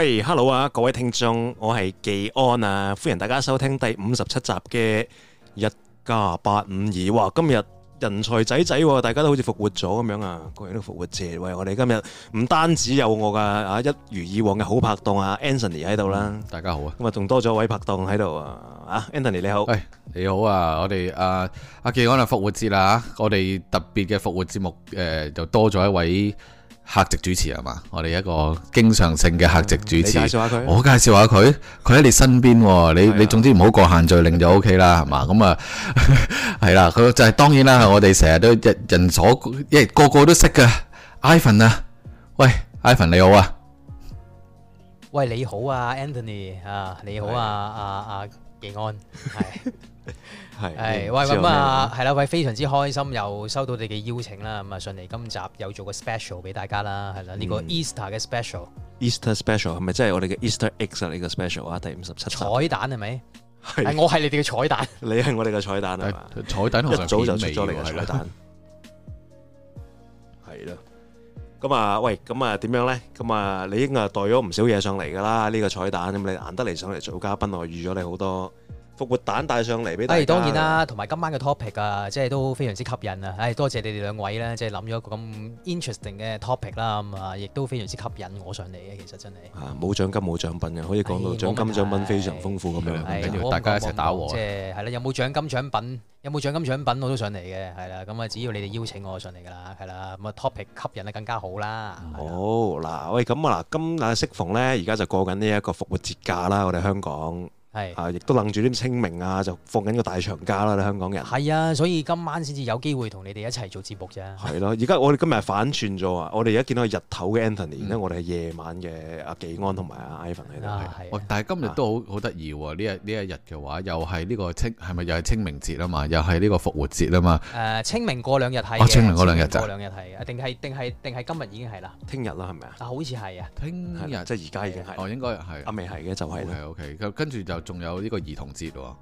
h e l l o 啊，hey, hello, 各位聽眾，我係紀安啊，歡迎大家收聽第五十七集嘅一家八五二。哇，今日人才仔仔，大家都好似復活咗咁樣啊，各位都復活節喎。我哋今日唔單止有我噶，啊一如以往嘅好拍檔啊 Anthony 喺度啦，大家好啊，咁啊仲多咗位拍檔喺度啊，啊 Anthony 你好，喂、哎、你好啊，我哋阿阿紀安啊復活節啦，我哋特別嘅復活節目誒就、呃、多咗一位。客席主持係嘛，我哋一個經常性嘅客席主持，介紹我介紹下佢，佢喺你身邊，你你總之唔好過限聚令就 OK 啦，係嘛，咁啊係啦，佢就係當然啦，我哋成日都人所，即係個個都識噶，Ivan 啊，喂，Ivan 你好啊，喂你好啊，Anthony 啊，你好啊啊啊，紀、 啊啊、安係。係，誒，嗯、喂，咁知道、嗯、啊，係啦，喂，非常之開心，嗯、又收到你嘅邀請啦，咁啊、嗯，上嚟今集又做個 special 俾大家啦，係啦，呢、這個、e 嗯、Easter 嘅 special，Easter special 係咪即係我哋嘅 Easter X 啊？呢個 special 啊，第五十七集彩蛋係咪？係的，我係你哋嘅彩蛋， 你係我哋嘅彩蛋啊，彩蛋一早就出咗你嘅彩蛋，係咯是的，咁 啊，喂，咁啊，點樣咧？咁啊，你已經啊帶咗唔少嘢上嚟噶啦，呢個彩蛋咁你難得嚟上嚟做嘉賓，我預咗你好多。復活蛋帶上嚟俾大家。誒當然啦，同埋今晚嘅 topic 啊，即係都非常之吸引啊！誒多謝你哋兩位啦，即係諗咗個咁 interesting 嘅 topic 啦，咁啊亦都非常之吸引我上嚟嘅，其實真係。啊冇獎金冇獎品嘅，可以講到獎金獎品非常豐富咁樣，跟住大家一齊打和。即係係啦，有冇獎金獎品？有冇獎金獎品我都上嚟嘅，係啦。咁啊，只要你哋邀請我上嚟㗎啦，係啦。咁啊，topic 吸引啊更加好啦。好嗱喂，咁啊嗱，今啊適逢咧，而家就過緊呢一個復活節假啦，我哋香港。係啊，亦都諗住啲清明啊，就放緊個大長假啦！你香港人。係啊，所以今晚先至有機會同你哋一齊做節目啫。係咯，而家我哋今日反轉咗啊！我哋而家見到係日頭嘅 Anthony，而家我哋係夜晚嘅阿紀安同埋阿 Ivan 嚟啦。啊，係。哇！但係今日都好好得意喎，呢一呢一日嘅話，又係呢個清係咪又係清明節啊嘛？又係呢個復活節啊嘛？誒，清明過兩日係。哦，清明過兩日就。過兩日係啊？定係定係定係今日已經係啦。聽日啦，係咪啊？啊，好似係啊。聽日即係而家已經係。哦，應該係。啊，未係嘅就係。係，OK，跟跟住就。仲有呢個兒童節喎、哦，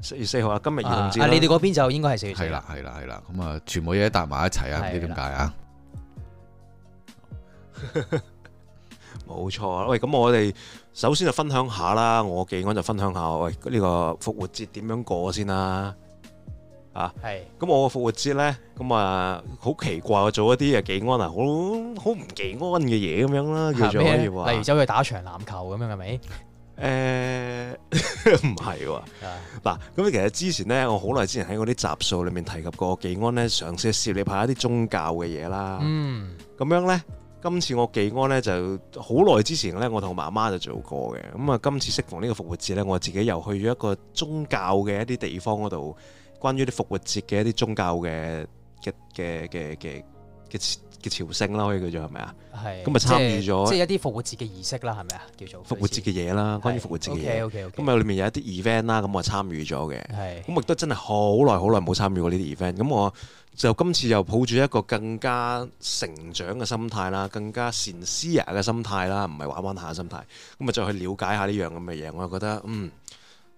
四 月四號啦，今日兒童節、啊、你哋嗰邊就應該係四月四號。係啦，係啦，係啦，咁啊，全部嘢搭埋一齊啊！唔啦知點解啊？冇 錯啊！喂，咁我哋首先就分享下啦，我忌安就分享下，喂，呢、呢個復活節點樣過先啦、啊？啊，係是。咁我復活節咧，咁啊好奇怪，我做一啲嘢忌安啊，好好唔忌安嘅嘢咁樣啦，叫做可以話，例如走去打場籃球咁樣，係咪？誒唔係喎，嗱咁、 啊、 其實之前呢，我好耐之前喺我啲集數裏面提及過，記安呢嘗試去你拍一啲宗教嘅嘢啦。嗯，咁樣呢，今次我記安呢就好耐之前呢，我同我媽媽就做過嘅。咁啊，今次適逢呢個復活節呢，我自己又去咗一個宗教嘅一啲地方嗰度，關於啲復活節嘅一啲宗教嘅嘅嘅嘅嘅。朝聖啦，可以叫做係咪啊？係咁啊，的參與咗即係一啲復活節嘅儀式啦，係咪啊？叫做復活節嘅嘢啦，關於復活節嘅嘢。咁啊，裏、okay, okay, okay. 面有一啲 event 啦，咁我參與咗嘅。係咁的，亦都真係好耐好耐冇參與過呢啲 event。咁我就今次又抱住一個更加成長嘅心態啦，更加善思嘅心態啦，唔係玩玩下心態。咁啊，再去了解下呢樣咁嘅嘢，我又覺得嗯。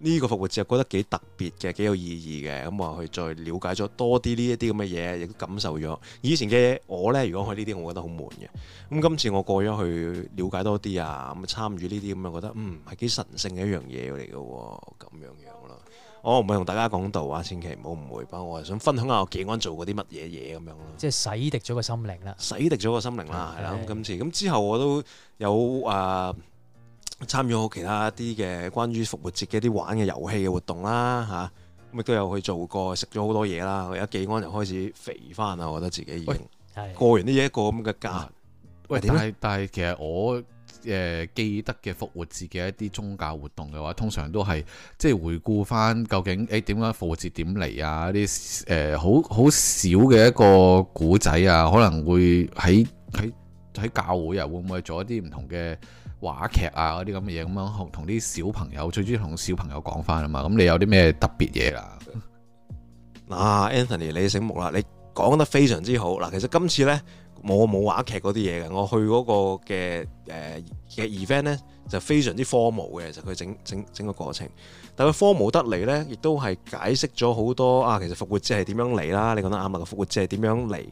呢個復活節啊，覺得幾特別嘅，幾有意義嘅，咁啊去再了解咗多啲呢一啲咁嘅嘢，亦都感受咗以前嘅我呢，如果去呢啲，我覺得好悶嘅。咁今次我過咗去，去了解多啲啊，咁參與呢啲咁啊，覺得嗯係幾神聖嘅一樣嘢嚟嘅喎，咁樣樣咯。我唔係同大家講道啊，千祈唔好誤會。我想分享下我幾安做過啲乜嘢嘢咁樣咯。即係洗滌咗個心靈啦，洗滌咗個心靈啦，係啦的。咁今次咁之後我都有啊。呃參與好其他一啲嘅關於復活節嘅一啲玩嘅遊戲嘅活動啦嚇，咁、啊、亦都有去做過食咗好多嘢啦。而家記安又開始肥翻啦，我覺得自己已經過完啲嘢，過咁嘅假。喂，但係但係其實我誒、呃、記得嘅復活節嘅一啲宗教活動嘅話，通常都係即係回顧翻究竟誒點樣復活節點嚟啊？一啲誒好好少嘅一個古仔啊，可能會喺喺喺教會啊，會唔會做一啲唔同嘅？話劇啊嗰啲咁嘅嘢，咁樣學同啲小朋友，最中意同小朋友講翻啊嘛。咁你有啲咩特別嘢啦？嗱，Anthony，你醒目啦，你講得非常之好。嗱，其實今次呢，我冇話劇嗰啲嘢嘅，我去嗰個嘅誒嘅 event 呢，就非常之荒謬嘅。其實佢整整整個過程，但佢荒謬得嚟呢，亦都係解釋咗好多啊。其實復活節係點樣嚟啦？你講得啱唔啱？復活節係點樣嚟？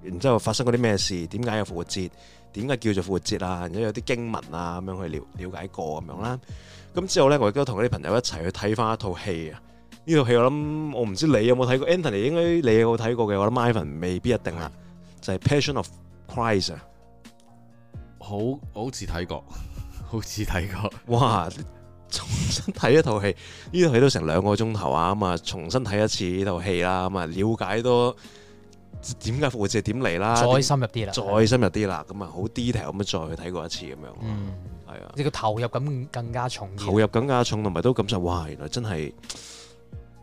然之後發生過啲咩事？點解有復活節？點解叫做復活節啊？然之有啲經文啊，咁樣去了了解過咁樣啦。咁之後呢，我亦都同嗰啲朋友一齊去睇翻一套戲啊。呢套戲我諗，我唔知你有冇睇過。Anthony 應該你有冇睇過嘅，我諗 Ivan 未必一定啦。就係、是、Passion of Christ 啊，好好似睇過，好似睇過。哇！重新睇一套戲，呢套戲都成兩個鐘頭啊，咁啊，重新睇一次呢套戲啦，咁啊，了解多。點解復活節係點嚟啦？再深入啲啦，再深入啲啦，咁啊好 detail 咁再去睇過一次咁樣，係啊、嗯，你個的投入感更加重，投入感更加重，同埋都感受哇，原來真係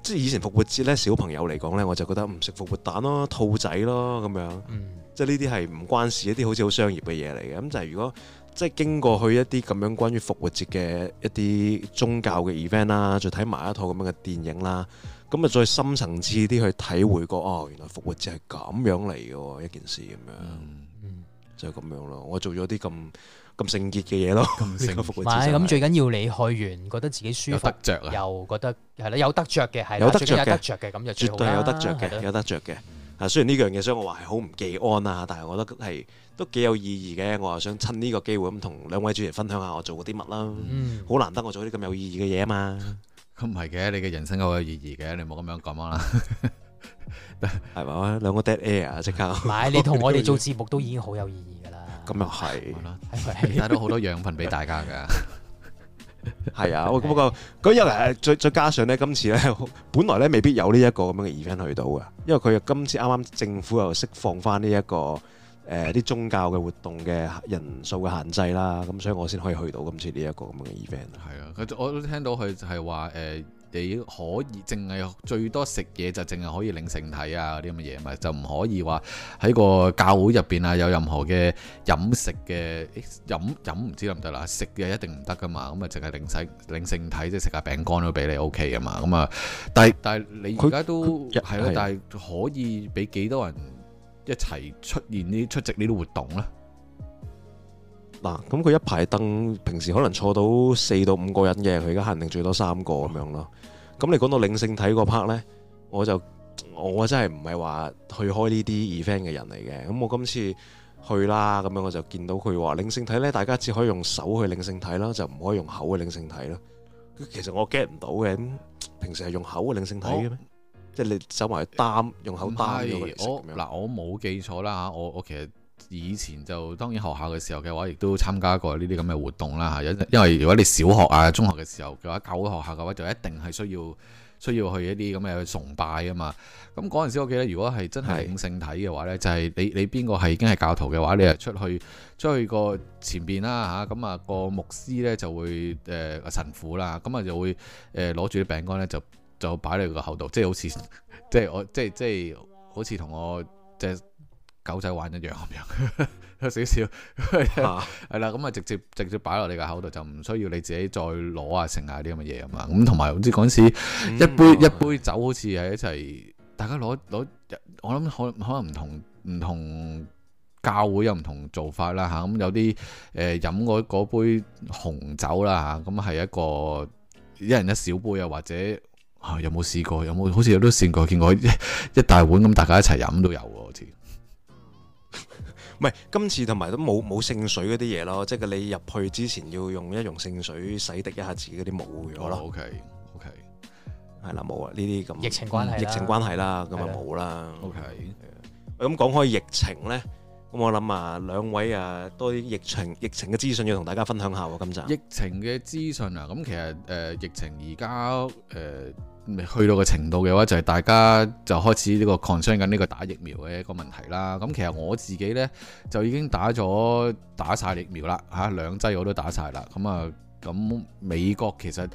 即係以前復活節咧，小朋友嚟講咧，我就覺得唔食復活蛋咯，兔仔咯咁樣，嗯、即係呢啲係唔關事，一啲好似好商業嘅嘢嚟嘅。咁就係如果即係經過去一啲咁樣關於復活節嘅一啲宗教嘅 event 啦，再睇埋一套咁樣嘅電影啦。咁咪再深層次啲去體會過、嗯、哦，原來復活節係咁樣嚟嘅喎，一件事咁樣，嗯、就係咁樣咯。我做咗啲咁咁聖潔嘅嘢咯，咁、嗯、麼 復活節咁、就是、最緊要你去完覺得自己舒服，得着啊，又覺得係啦，有得着嘅係有得着嘅，有得著嘅咁又絕對係有得着嘅，有得着嘅。啊的，雖然呢樣嘢，所以我話係好唔記安啊，但係我覺得係都幾有意義嘅。我啊想趁呢個機會咁同兩位主持分享下我做過啲乜啦。好、嗯、難得我做啲咁有意義嘅嘢啊嘛。咁唔係嘅，你嘅人生好有意義嘅，你唔好咁樣講啦。係 嘛，兩個 dead air 啊，即刻是。唔係，你同我哋做節目都已經好有意義噶啦。咁又係，係咪 是？帶到好多養分俾大家噶。係 啊，不過嗰日嚟，再 再加上咧，今次咧，本來咧未必有呢一個咁樣嘅 event 去到噶，因為佢今次啱啱政府又釋放翻呢一個。誒啲、呃、宗教嘅活動嘅人數嘅限制啦，咁、嗯、所以我先可以去到今次呢一個咁嘅 event。係啊，佢我都聽到佢就係話誒，你可以淨係最多食嘢就淨係可以領聖體啊嗰啲咁嘅嘢，唔就唔可以話喺個教會入邊啊有任何嘅飲食嘅、欸、飲飲唔知得唔得啦，食嘅一定唔得噶嘛。咁啊淨係領洗領聖體即係食下餅乾都俾你 OK 啊嘛。咁啊，但係但係你而家都係咯，但係可以俾幾多人？一齊出現呢，出席呢啲活動咧，嗱，咁佢一排凳，平時可能坐到四到五個人嘅，佢而家限定最多三個咁樣咯。咁你講到領聖體嗰 part 呢，我就我真係唔係話去開呢啲 event 嘅人嚟嘅。咁我今次去啦，咁樣我就見到佢話領聖體呢，大家只可以用手去領聖體啦，就唔可以用口去領聖體咯。其實我 get 唔到嘅，平時係用口去領聖體嘅咩？即係你走埋去擔，嗯、用口擔嘅。係、嗯、這樣 我嗱，我冇記錯啦嚇。我我其實以前就當然學校嘅時候嘅話，亦都參加過呢啲咁嘅活動啦嚇。因為如果你小學啊、中學嘅時候嘅話，教會學校嘅話就一定係需要需要去一啲咁嘅崇拜啊嘛。咁嗰陣時我記得，如果係真係領聖體嘅話咧，是就係你你邊個係已經係教徒嘅話，你係出去出去個前邊啦嚇。咁啊、那個牧師咧就會誒、呃、神父啦，咁啊就會誒攞住啲餅乾咧就。就擺你個口度，即係好似，即係我，即係即係，好似同我隻狗仔玩一樣咁樣， 有少少係啦。咁 啊 直，直接直接擺落你個口度就唔需要你自己再攞啊，盛下啲咁嘅嘢，咁嘛。咁同埋，好似嗰陣時一杯一杯酒好一，好似係一齊大家攞攞。我諗可可能唔同唔同教會有唔同做法啦。吓、啊、咁有啲誒，飲、呃、嗰杯紅酒啦吓，咁、啊、係一個一人一小杯啊，或者。有冇試過？有冇好似有都試過？見過一大碗咁，大家一齊飲都有喎。好似唔係今次同埋都冇冇聖水嗰啲嘢咯，即係你入去之前要用一用聖水洗滌一下自己嗰啲污穢咯。OK OK 係啦，冇啊，呢啲咁疫情關係，疫情關係啦，咁啊冇啦。OK 我咁講開疫情咧，咁我諗啊，兩位啊，多啲疫情疫情嘅資訊要同大家分享下喎。今集疫情嘅資訊啊，咁其實誒，疫情而家誒。去到個程度嘅話，就係、是、大家就開始呢、這個 concern 緊呢個打疫苗嘅一個問題啦。咁其實我自己呢，就已經打咗打晒疫苗啦，嚇兩劑我都打晒啦。咁啊，咁、嗯、美國其實誒、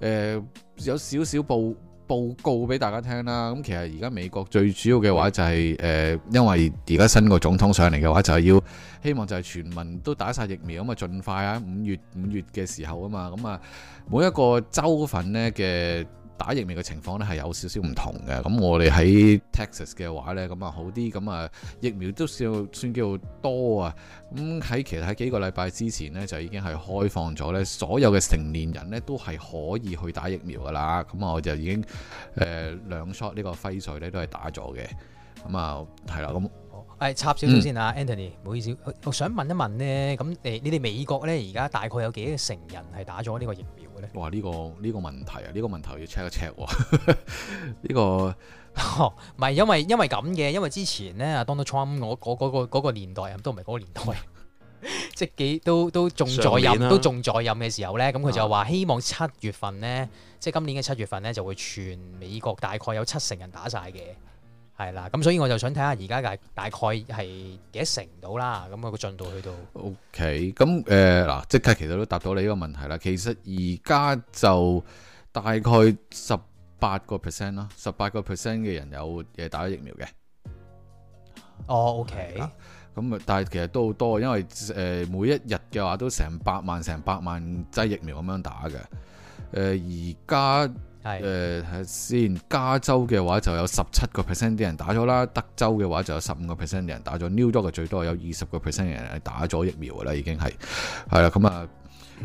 呃、有少少報報告俾大家聽啦。咁其實而家美國最主要嘅話就係、是、誒、呃，因為而家新個總統上嚟嘅話，就係要希望就係全民都打晒疫苗，咁啊盡快啊五月五月嘅時候啊嘛，咁啊每一個州份呢嘅。打疫苗嘅情況咧係有少少唔同嘅，咁我哋喺 Texas 嘅話咧，咁啊好啲，咁啊疫苗都少算叫多啊。咁、嗯、喺其實喺幾個禮拜之前呢，就已經係開放咗咧，所有嘅成年人咧都係可以去打疫苗噶啦。咁我就已經誒、呃、兩 shot 呢個輝瑞咧都係打咗嘅。咁啊係啦，咁誒插少少先啊，Anthony，唔好意思，我想問一問呢，咁誒你哋美國咧而家大概有幾多成人係打咗呢個疫苗？哇！呢、呢個呢、呢個問題啊，呢、呢個問題要 check 一 check 呢、 呢個唔係、哦、因為因為咁嘅，因為之前咧 Donald Trump 我嗰嗰、嗰個年代，唔都唔係嗰個年代， 即係幾都都仲在任，面啊、都仲在任嘅時候咧，咁、嗯、佢就話希望七月份咧，啊、即係今年嘅七月份咧，就會全美國大概有七成人打晒嘅。係啦，咁所以我就想睇下而家大大概係幾多成到啦，咁、個進度去到。O K，咁誒嗱，呃、即刻其實都答到你呢個問題啦。其實而家就大概十八個 percent 咯，十八個 percent 嘅人有誒打咗疫苗嘅。哦，O K。咁啊，但係其實都好多，因為誒、呃、每一日嘅話都成百萬、成百萬劑疫苗咁樣打嘅。誒、呃，而家。誒睇、嗯、先，加州嘅話就有十七個 percent 啲人打咗啦，德州嘅話就有十五個 percent 嘅人打咗，New York 嘅最多有二十個 percent 嘅人係打咗疫苗啦，已經係係啦，咁啊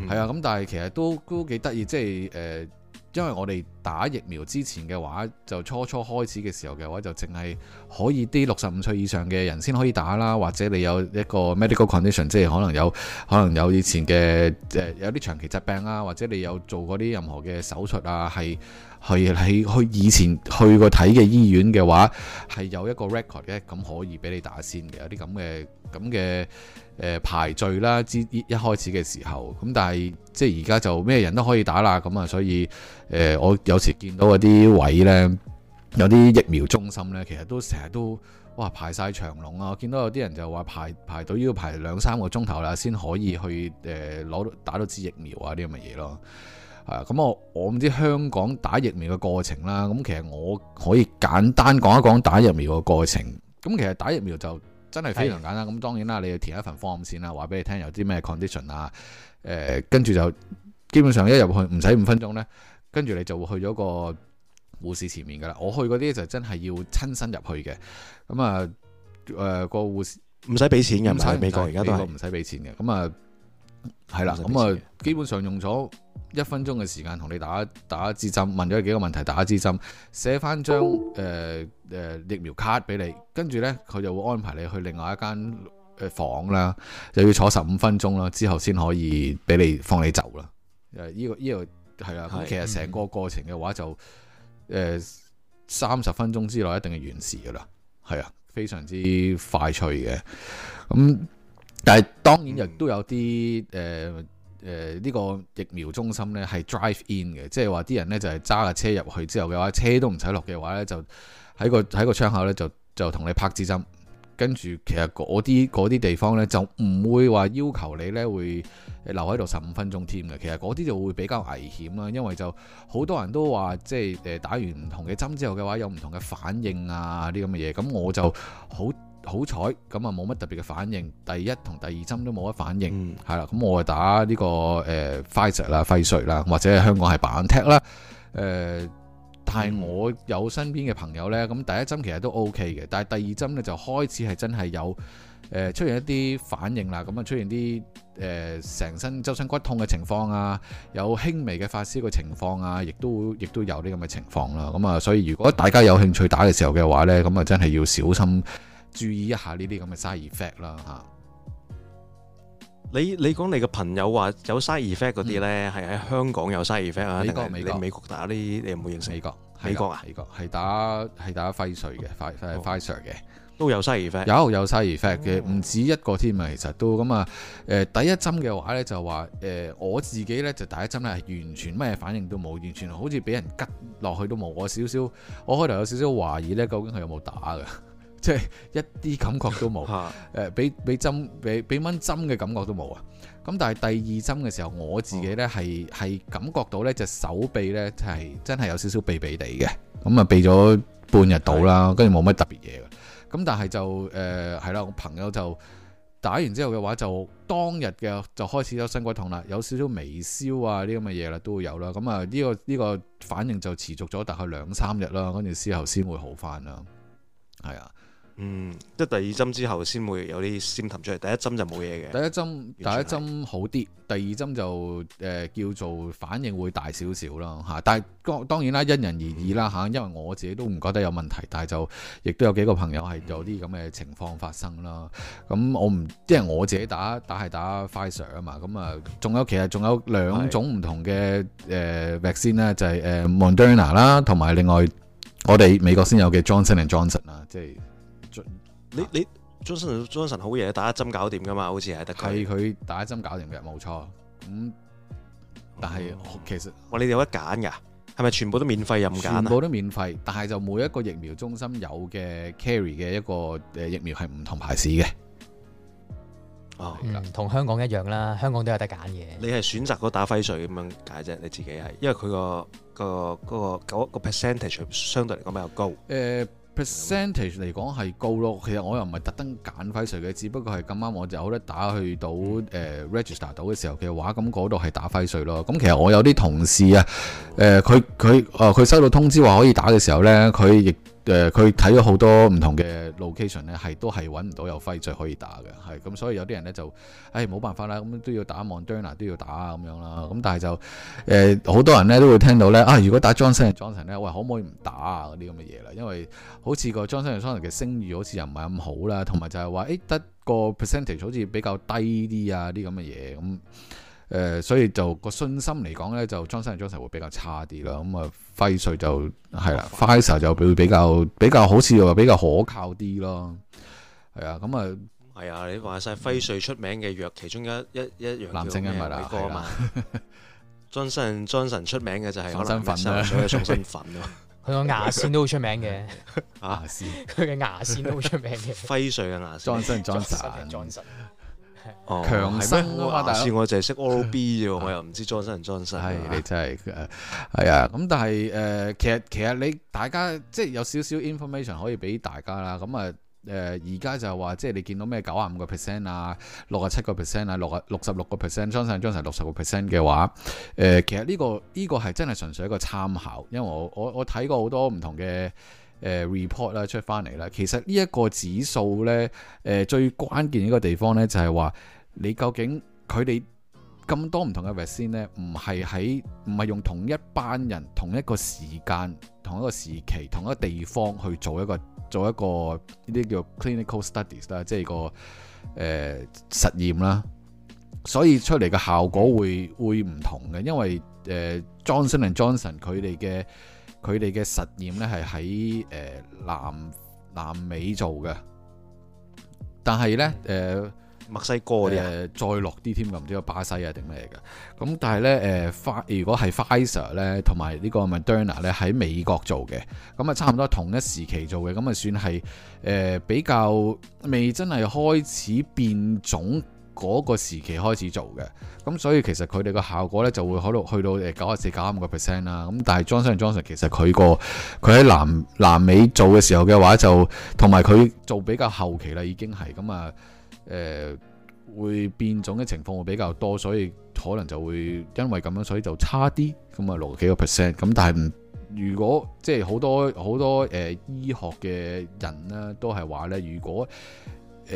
係啊，咁、嗯、但係其實都都幾得意，即係誒。呃因為我哋打疫苗之前嘅話，就初初開始嘅時候嘅話，就淨係可以啲六十五歲以上嘅人先可以打啦，或者你有一個 medical condition，即係可能有可能有以前嘅誒、呃、有啲長期疾病啊，或者你有做過啲任何嘅手術啊，係。係你去，去以前去過睇嘅醫院嘅話，係有一個 record 嘅，咁可以俾你打先嘅。有啲咁嘅咁嘅誒排序啦，之一開始嘅時候。咁但係即係而家就咩人都可以打啦。咁啊，所以誒、呃，我有時見到嗰啲位呢，有啲疫苗中心呢，其實都成日都哇排晒長龍啊！我見到有啲人就話排排到要排兩三個鐘頭啦，先可以去誒攞到打到支疫苗啊啲咁嘅嘢咯。啊，咁、嗯、我我唔知香港打疫苗嘅過程啦，咁、嗯、其實我可以簡單講一講打疫苗嘅過程。咁、嗯、其實打疫苗就真係非常簡單。咁是的、嗯、當然啦，你要填一份 form 先啦，話俾你聽有啲咩 condition 啊，誒、嗯，跟住就基本上一入去唔使五分鐘咧，跟住你就會去咗個護士前面㗎啦。我去嗰啲就真係要親身入去嘅。咁啊誒個護士唔使俾錢嘅，唔使美國而家都唔使俾錢嘅。咁啊係啦，咁啊基本上用咗。嗯嗯嗯一分鐘嘅時間同你打打一支針，問咗幾個問題，打一支針，寫翻張誒誒、呃呃、疫苗卡俾你，跟住呢，佢就會安排你去另外一間誒房啦，就要坐十五分鐘啦，之後先可以俾你放你走啦。誒、這個，依、這個依、這個係啦。咁、啊、是其實成個過程嘅話就誒三十分鐘之內一定係完事噶啦。係啊，非常之快脆嘅。咁、嗯、但係當然亦都有啲誒。呃誒呢、呃這個疫苗中心呢係 drive in 嘅，即係話啲人呢就係揸架車入去之後嘅話，車都唔使落嘅話呢，就喺個喺個窗口呢，就就同你拍支針，跟住其實嗰啲啲地方呢，就唔會話要求你呢會留喺度十五分鐘添嘅，其實嗰啲就會比較危險啦，因為就好多人都話即係誒打完唔同嘅針之後嘅話有唔同嘅反應啊啲咁嘅嘢，咁我就好。好彩咁啊，冇乜特別嘅反應。第一同第二針都冇乜反應，係啦、嗯。咁我打呢、呢個誒輝瑞啦、輝瑞啦，Pfizer, Pfizer, 或者香港係板踢啦。誒，但係我有身邊嘅朋友呢，咁第一針其實都 O K 嘅，但係第二針呢，就開始係真係有誒、呃、出現一啲反應啦。咁啊出現啲誒成身周身骨痛嘅情況啊，有輕微嘅發燒嘅情況啊，亦都亦都有啲咁嘅情況啦、啊。咁、嗯、啊，所以如果大家有興趣打嘅時候嘅話呢，咁啊真係要小心。注意一下呢啲咁嘅 side effect 啦嚇。你你講你嘅朋友話有 side effect 嗰啲咧，係喺、嗯、香港有 side effect 啊？美國美國打啲，你有冇認識？美國美國，美國啊？美國係打係打輝瑞嘅，輝輝瑞嘅都有 side effect 有。有有 side effect 嘅，唔止一個添啊！其實都咁啊。誒、呃、第一針嘅話咧，就話誒、呃、我自己咧就第一針咧係完全咩反應都冇，完全好似俾人拮落去都冇。我少少，我開頭有少少懷疑咧，究竟佢有冇打㗎？即係、就是、一啲感覺都冇，誒、 呃，俾俾針，俾俾蚊針嘅感覺都冇啊！咁但係第二針嘅時候，我自己呢係係、哦、感覺到呢隻手臂呢係真係有少少痹痹地嘅，咁啊痹咗半日到啦，跟住冇乜特別嘢嘅。咁、嗯、但係就誒係啦，我朋友就打完之後嘅話，就當日嘅就，就開始有身骨痛啦，有少少微燒啊啲咁嘅嘢啦都會有啦。咁啊呢個呢、這個反應就持續咗大概兩三日啦，跟住之後先會好翻啦。係啊。嗯，即係第二針之後先會有啲先氹出嚟，第一針就冇嘢嘅。第一針第一針好啲，第二針就誒叫做反應會大少少啦嚇。但係當當然啦，因人而異啦嚇、啊。因為我自己都唔覺得有問題，嗯、但係就亦都有幾個朋友係有啲咁嘅情況發生啦。咁、啊、我唔即係我自己打、嗯、打係打、Pfizer 啊嘛。咁啊，仲有其實仲有兩種唔同嘅誒 vaccine 咧，的 uh, vaccine, 就係誒 Moderna 啦，同、uh, 埋、啊、另外我哋美國先有嘅 Johnson and Johnson 啦，即係。你你 Johnson Johnson 好嘢，打一針搞掂噶嘛？好似係得佢，佢打一針搞掂嘅，冇錯。咁、嗯、但係是、嗯、其實，哇、哦！你哋有得揀噶？係咪全部都免費任揀，全部都免費，但係就每一個疫苗中心有嘅 carry 嘅一個誒疫苗係唔同牌子嘅。哦，同的、嗯、香港一樣啦，香港都有得揀嘢。你係選擇嗰打輝瑞咁樣解啫，你自己係，因為佢個個嗰個嗰個 percentage 相對嚟講比較高。誒、呃。Percentage 嚟講係高咯，其實我又唔係特登揀輝瑞嘅，只不過係咁啱我就好得打去到誒、呃、register 到嘅時候嘅話，咁嗰度係打輝瑞咯。咁、嗯、其實我有啲同事啊，誒佢佢啊佢收到通知話可以打嘅時候呢，佢亦。誒佢睇咗好多唔同嘅 location 咧，係都係揾唔到有 Pfizer，可以打嘅，係咁所以有啲人咧就，誒、哎、冇辦法啦，咁都要打 Moderna 都要打啊咁樣啦，咁但係就誒好、呃、多人咧都會聽到咧啊，如果打 Johnson & Johnson 咧、哎，喂可唔可以唔打啊嗰啲咁嘅嘢啦，因為好似個 Johnson & Johnson 嘅聲譽好似又唔係咁好啦，同埋就係話誒得個 percentage 好似比較低啲啊啲咁嘅嘢咁。誒，所以就個信心嚟講咧，就 Johnson Johnson 會比較差啲啦。咁啊，輝瑞就係啦，輝瑞就會比較比較好似話比較可靠啲咯。係啊，咁啊係啊，你話晒輝瑞出名嘅藥，其中一一一樣男性因為偉哥啊嘛？Johnson Johnson 出名嘅就係爽身粉啊，所以爽身粉咯。佢個牙線都好出名嘅，嚇！佢嘅牙線都好出名嘅。輝瑞嘅牙線 Johnson Johnson Johnson。哦，強生啊嘛，但係我淨係識 O B 啫，我又唔知裝身唔裝身。係你真係誒，係啊，咁但係誒，其實其實你大家即係有少少 information 可以俾大家啦。咁啊誒，而、呃、家就係話即係你見到咩九啊五個 percent 啊，六啊七個 percent 啊，六啊六十六個 percent 裝身裝成六十個 percent 嘅話，誒、呃，其實呢、這個呢、這個係真係純粹一個參考，因為我我我睇過好多唔同嘅。誒 report 啦出翻嚟啦，其實呢一個指數咧，誒、呃、最關鍵一個地方咧就係話，你究竟佢哋咁多唔同嘅 vaccine 咧，唔係喺唔係用同一班人、同一個時間、同一個時期、同一個地方去做一個做一個呢啲叫 clinical studies 啦，即係個誒實驗啦，所以出嚟嘅效果會會唔同嘅，因為誒、呃、Johnson and Johnson 佢哋嘅。佢哋嘅實驗咧係喺誒南南美做嘅，但係咧誒墨西哥嘅、呃、再落啲添㗎，唔知個巴西啊定咩嘅，咁但係咧誒，花、呃、如果係 Pfizer 咧同埋呢個 Moderna 咧喺美國做嘅，咁啊差唔多同一時期做嘅，咁啊算係誒、呃、比較未真係開始變種，嗰個時期開始做嘅，咁所以其實佢哋個效果呢，就會去到去到誒九十四、九十五個 percent 啦。咁但係 Johnson Johnson 其實佢個佢喺南南美做嘅時候嘅話就，就同埋佢做比較後期啦，已經係咁啊誒，會變種嘅情況會比較多，所以可能就會因為咁樣，所以就差啲咁啊六幾個 percent。咁但係唔如果即係好多好多誒、呃、醫學嘅人呢，都係話呢，如果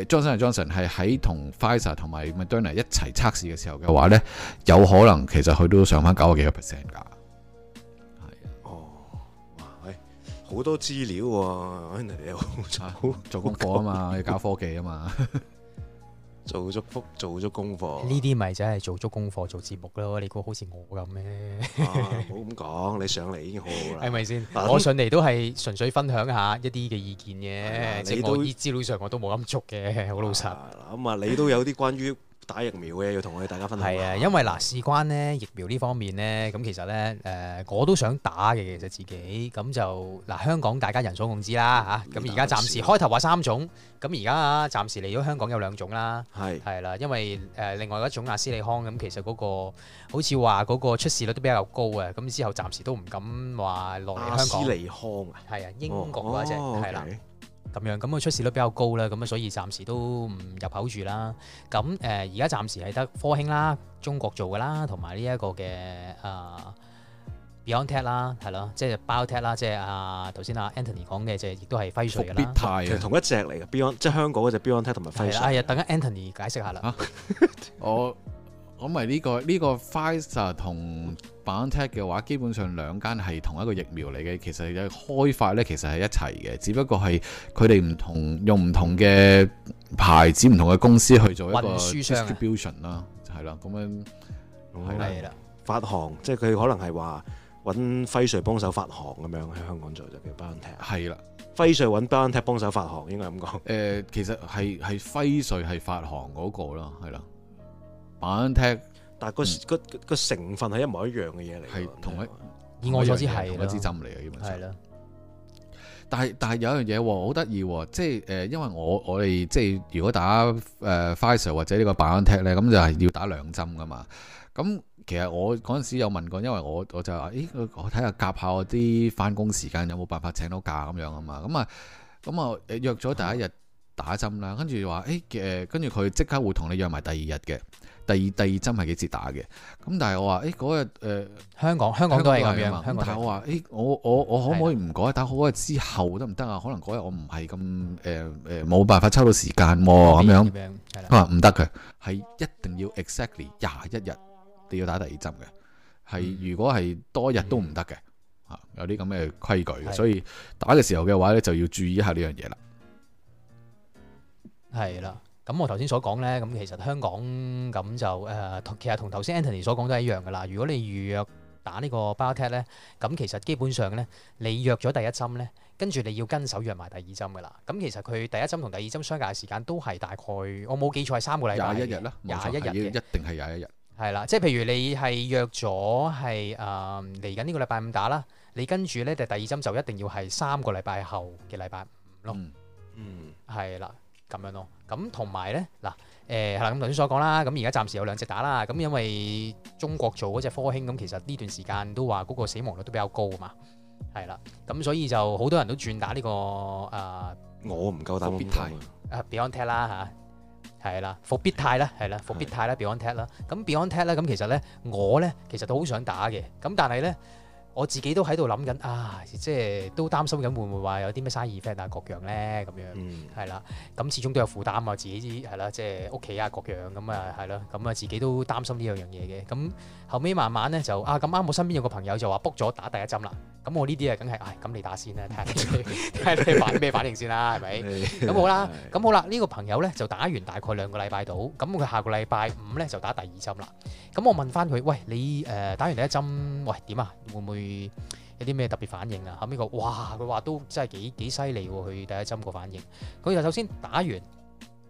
Johnson 係 Johnson 係喺同 Pfizer 同埋 Moderna 一齊測試嘅時候嘅話咧，有可能其實佢都上翻九個幾個 percent 㗎。係啊，哦，哇，好、哎、多資料喎、啊，原來你又做 做功課啊嘛， 要搞科技啊嘛。 做足福，做足功課。呢啲咪就係做足功課做節目咯？你估好似我咁咩？唔好咁講，你上嚟已經好好啦。係咪先？ 我上嚟都係純粹分享一下一啲嘅意見嘅，你係啲資料上我都冇咁足嘅，好老實。咁啊，你都，都有啲、啊啊、關於。打疫苗嘅要同我哋大家分享。係啊，因為嗱，事關咧疫苗呢方面呢，咁其實呢，誒、呃，我都想打嘅，其實自己咁就嗱、呃，香港大家人所共知啦嚇，咁而家暫時、啊、開頭話三種，咁而家啊暫時嚟咗香港有兩種啦，係係啦，因為誒、呃、另外一種阿斯利康咁，其實嗰、嗰個好似話嗰個出事率都比較高啊，咁之後暫時都唔敢話落嚟香港。阿斯利康啊，係啊，英國嗰隻係啦。哦哦 okay. 咁樣咁啊出事率比較高啦，咁啊所以暫時都唔入口住啦。咁誒而家暫時係得科興啦、中國做嘅啦，同埋呢一個嘅啊、呃、Beyond Tech 啦，係咯，即係包 Tech 啦，即係啊頭先啊 Anthony 講嘅，即係亦都係輝瑞啦。其實同一隻嚟嘅 Beyond，即係香港嗰隻 Beyond Tech 同埋輝瑞。係啊，等下 Anthony 解釋下啦、啊。我。咁咪呢個呢、呢個輝瑞同班 tag 嘅話，基本上兩間係同一個疫苗嚟嘅。其實嘅開發咧，其實係一齊嘅，只不過係佢哋唔同用唔同嘅牌子、唔同嘅公司去做一個 distribution 啦，係啦。咁樣係啦，發行即係佢可能係話揾輝瑞幫手發行咁樣，喺香港做就叫班 tag，係啦，的輝瑞揾班 tag 幫手發行應該咁講。誒、呃，其實係係輝瑞係發行嗰、嗰個咯，係啦。BioNTech，但係、那個、嗯、個成分係一模一樣嘅嘢嚟，係同佢，是以我所知同一支針嚟嘅係啦。但係但係有一樣嘢好得意，即係誒、呃，因為我我哋即係如果打誒 Pfizer 或者個 tech，呢個 BioNTech 咧，咁就係、是、要打兩針㗎嘛。咁其實我嗰陣時有問過，因為我我就話：，誒，我睇下夾下我啲返工時間有冇辦法請到假咁樣啊嘛。咁、嗯、啊，咁、嗯、啊約咗第一日打針啦，跟住話誒，跟住佢即刻會同你約埋第二日嘅。第二第二針係幾時打嘅？咁但係我話，誒、哎、嗰日誒、呃、香港香港都係咁樣。香港樣但我話，誒、哎、我我我可唔可以唔改對了 打？好日之後得唔得啊？可能嗰日我唔係咁誒誒，冇、呃、辦、呃、法抽到時間喎、啊、咁對樣。佢話唔得嘅，係、啊、一定要 exactly 廿一日你要打第二針嘅。係如果係多一日都唔得嘅嚇，嗯、有啲咁嘅規矩，對了 所以打嘅時候嘅話咧就要注意一下呢樣嘢啦。係啦。咁我頭先所講咧，咁其實香港咁就誒、呃，其實同頭先 Anthony 所講都係一樣噶啦。如果你預約打呢個 BioNTech 咧，咁其實基本上咧，你約咗第一針咧，跟住你要跟手約埋第二針噶啦。咁其實佢第一針同第二針相隔嘅時間都係大概，我冇記錯係三個禮拜。廿一日啦，廿一日，一定係廿一日。係啦，即係譬如你係約咗係誒嚟緊呢個禮拜五打啦，你跟住咧就第二針就一定要係三個禮拜後嘅禮拜五咯。嗯，係啦。咁樣咯，咁同埋咧，嗱，誒，係啦，咁頭先所講啦，咁而家暫時有兩隻打啦，咁因為中國做嗰隻科興，咁其實呢段時間都話嗰個死亡率都比較高啊嘛，係啦，咁所以就好多人都轉打呢個誒，我唔夠膽。BioNTech 啊，BioNTech 啦嚇，係啦，復必泰啦，係啦，復必泰啦，BioNTech 啦，咁 BioNTech 啦，咁其實咧，我咧其實都好想打嘅，咁但係咧。我自己都喺度諗緊，啊，即係都擔心緊會唔會話有啲咩 side effect 啊，各樣咧咁樣，係啦、嗯，咁始終都有負擔啊，自己啲係啦，即係屋企啊，各樣咁啊，係、嗯、咯，咁啊、嗯、自己都擔心呢樣樣嘢嘅。咁、嗯、後尾慢慢咧就啊，咁啱我身邊有個朋友就話 book 咗打第一針啦。咁我呢啲啊，梗係唉，咁你先打先啦，睇下睇下你反咩 反應先啦，係咪？咁 好啦，咁好啦，呢、呢個朋友咧就打完大概兩個禮拜到，咁佢下個禮拜五咧就打第二針啦。咁我問翻佢，喂，你誒、呃、打完第一針，喂點啊？會唔會？有啲咩特別反應啊？後尾個哇，佢話都真係幾幾犀利喎！佢第一針個反應。佢就首先打完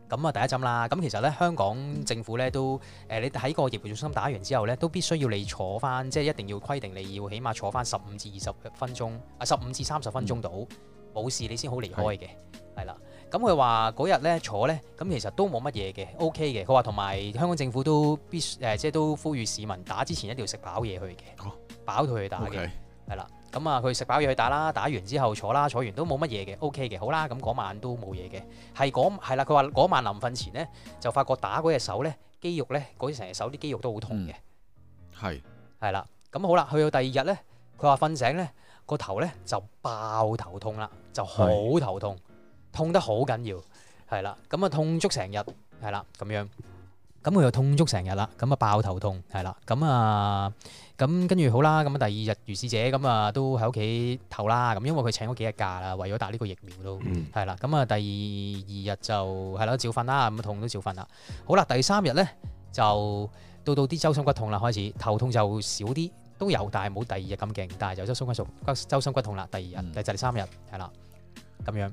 咁啊，第一針啦。咁其實咧，香港政府咧都誒，你、呃、喺個疫苗中心打完之後咧，都必須要你坐翻，即係一定要規定你要起碼坐翻十五至二十分鐘，啊，十五至三十分鐘到冇、嗯、事，你先好離開嘅。係啦是的 的，咁佢話嗰日咧坐咧，咁其實都冇乜嘢嘅，OK 嘅。佢話同埋香港政府都必須、呃、即係都呼籲市民打之前一定要食飽嘢去嘅。飽佢去打嘅，係啦 Okay.、嗯，咁、嗯、啊，佢食飽嘢去打啦，打完之後坐啦，坐完都冇乜嘢嘅，OK 嘅，好啦，咁、那、嗰、個、晚都冇嘢嘅，係嗰係啦，佢話嗰晚臨瞓前咧，就發覺打嗰隻手咧，肌肉咧，嗰隻成隻手啲肌肉都好痛嘅，係係啦，咁、嗯、好啦，去到第二日咧，佢話瞓醒咧，個頭咧就爆頭痛啦，就好頭痛，的痛得好緊要，係啦，咁、嗯、啊痛足成日，係啦，咁、嗯、樣，咁佢又痛足成日啦，咁啊爆頭痛，係、嗯、啦，咁、嗯、啊。嗯嗯嗯嗯嗯嗯咁跟住好啦，咁啊第二日如是者，咁啊都喺屋企唞啦，咁因為佢請咗幾日假啦，為咗打呢個疫苗都係啦。咁啊、嗯、第二日就係啦，照瞓啦，咁痛都照瞓啦。好啦，第三日咧就到到啲周身骨痛啦，開始頭痛就少啲，都有，但係冇第二日咁勁，但係就周身骨痛骨周身骨痛啦。第二日、嗯、第第三日係啦咁樣。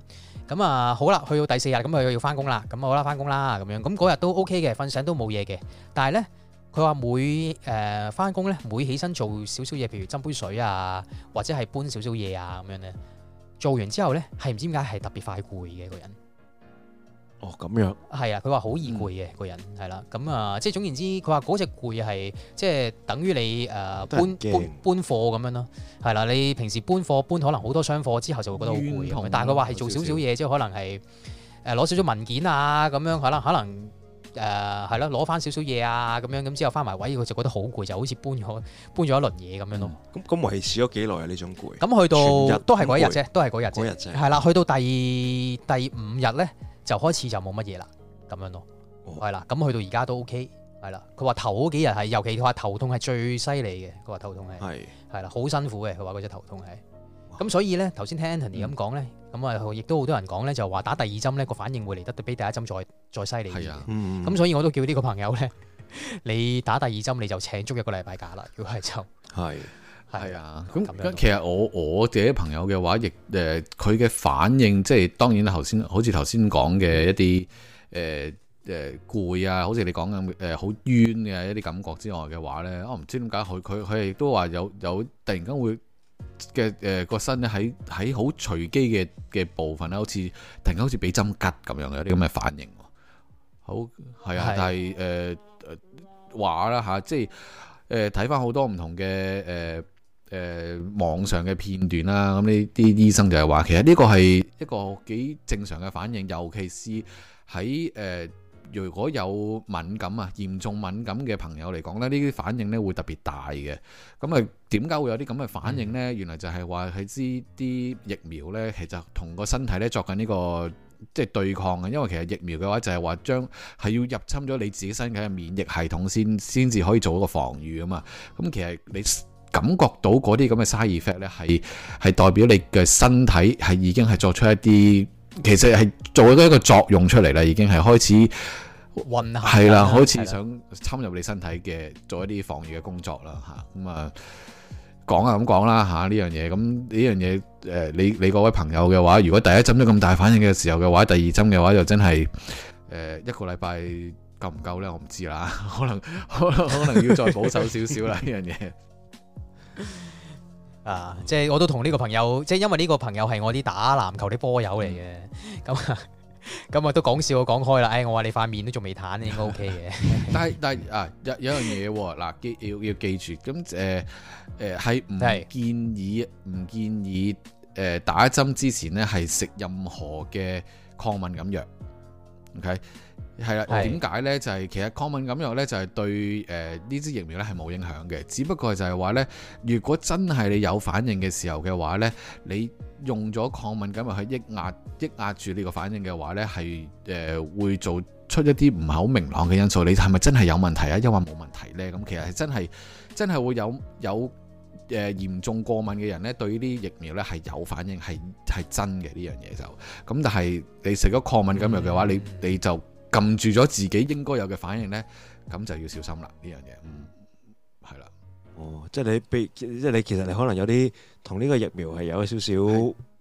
咁、嗯、啊好啦，去到第四日，咁佢要翻工啦，咁好啦，翻工啦咁樣。咁、那、嗰、個、日都 OK 嘅，瞓醒都冇嘢嘅，但係咧。佢話每誒返工咧，每起身做少少嘢，譬如斟杯水啊，或者係搬少少嘢啊咁樣咧，做完之後咧係唔知點解係特別快攰嘅個人。哦，咁樣。係啊，佢話好易攰嘅個人，係啦、嗯，咁啊、嗯，即係總言之，佢話嗰隻攰係即係等於你誒搬行搬搬貨咁樣咯，係啦，你平時搬貨搬可能好多箱貨之後就會覺得好攰，但係佢話係做少少嘢之後可能係誒攞少少文件啊咁樣，可能可能。可能誒係啦，攞翻、呃、少少嘢啊，咁樣咁之後翻埋位，佢就覺得好攰，就好似搬咗搬咗一輪嘢咁樣咯。咁咁維持咗幾耐啊？呢種攰？咁去到日都係嗰一日啫，累都係嗰日啫。係啦、就是，去到第第五日咧，就開始就冇乜嘢啦，咁樣咯。係啦、哦，咁去到而家都 OK。係啦，佢話頭嗰幾日係，尤其佢話頭痛係最犀利嘅。佢話頭痛係係啦，好的辛苦嘅。佢話嗰隻頭痛係。咁、 嗯、所以咧，頭先聽 Anthony 咁講咧，咁啊，亦都好多人講咧，就話打第二針咧，個反應會嚟得比第一針再再犀利啲。咁、啊嗯、所以我都叫呢個朋友咧，你打第二針你就請足一個禮拜假啦。如果係就係係、嗯、啊，咁樣。其實我我自己朋友嘅話，亦誒佢嘅反應，即係當然頭先好似頭先講嘅一啲誒誒攰啊，好、呃、似、呃、你講咁誒好冤嘅一啲感覺之外嘅話咧，我唔知點解佢佢佢亦都話有有，有，有突然間會。嘅誒個身咧喺喺好隨機嘅嘅部分啦，好似突然間好似俾針吉咁樣嘅有啲咁嘅反應，好係啊，的但係誒話啦吓，即係誒睇翻好多唔同嘅誒誒網上嘅片段啦，咁呢啲醫生就係話，其實呢個係一個幾正常嘅反應，尤其是喺誒。呃如果有敏感啊，嚴重敏感嘅朋友嚟講咧，呢啲反應咧會特別大嘅。咁啊，點解會有啲咁嘅反應咧？原來就係話係呢啲疫苗咧，其實同個身體咧作緊呢個即係對抗啊。因為其實疫苗嘅話就係話將係要入侵咗你自己身體嘅免疫系統先先至可以做一個防禦啊嘛。咁其實你感覺到嗰啲咁嘅 side effect 咧，係係代表你嘅身體係已經係作出一啲其實係做咗一個作用出嚟啦，已經係開始。係啦，好似想侵入你身體嘅，做一啲防禦嘅工作啦，吓咁啊，講、嗯、啊咁講啦，吓呢樣嘢，咁呢樣嘢，誒，你你嗰位朋友嘅話，如果第一針都咁大反應嘅時候嘅話，第二針嘅話就真係，誒、啊，一個禮拜夠唔夠呢？我唔知啦，可能可能可能要再保守少少啦，呢樣嘢。啊，即係我都同呢個朋友，即係因為呢個朋友係我啲打籃球啲波友嚟嘅，咁啊、嗯。咁啊，都講笑講開啦，誒，我話你塊面都仲未癱，應該 OK 嘅。但係但係啊，有有樣嘢喎，嗱，要要記住，咁誒誒係唔建議唔係建議誒、呃、打針之前咧係食任何嘅抗敏感藥，OK。係啦，點解呢？就係、是、其實抗敏感藥物咧，就係對誒呢支疫苗呢係冇影響嘅。只不過就係話呢，如果真係你有反應嘅時候嘅話呢，你用咗抗敏感藥物去抑壓抑壓住呢個反應嘅話呢，係誒、呃、會做出一啲唔係好明朗嘅因素。你係咪真係有問題啊？抑或冇問題呢？咁其實係真係真係會有有誒、呃、嚴重過敏嘅人呢，對呢啲疫苗呢係有反應，係係真嘅呢樣嘢就。咁但係你食咗抗敏感藥物嘅話，mm hmm. 你你就。撳住咗自己應該有嘅反應呢，咁就要小心啦。呢樣嘢，係啦。哦，即係你，即係你其實你可能有啲同呢個疫苗係有少少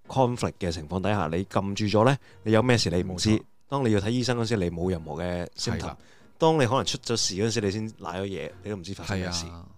conflict 嘅情況底下，的你撳住咗呢，你有咩事你唔知。錯當你要睇醫生嗰時你冇任何嘅 symptoms 的當你可能出咗事嗰時你先賴咗嘢，你都唔知發生咩事。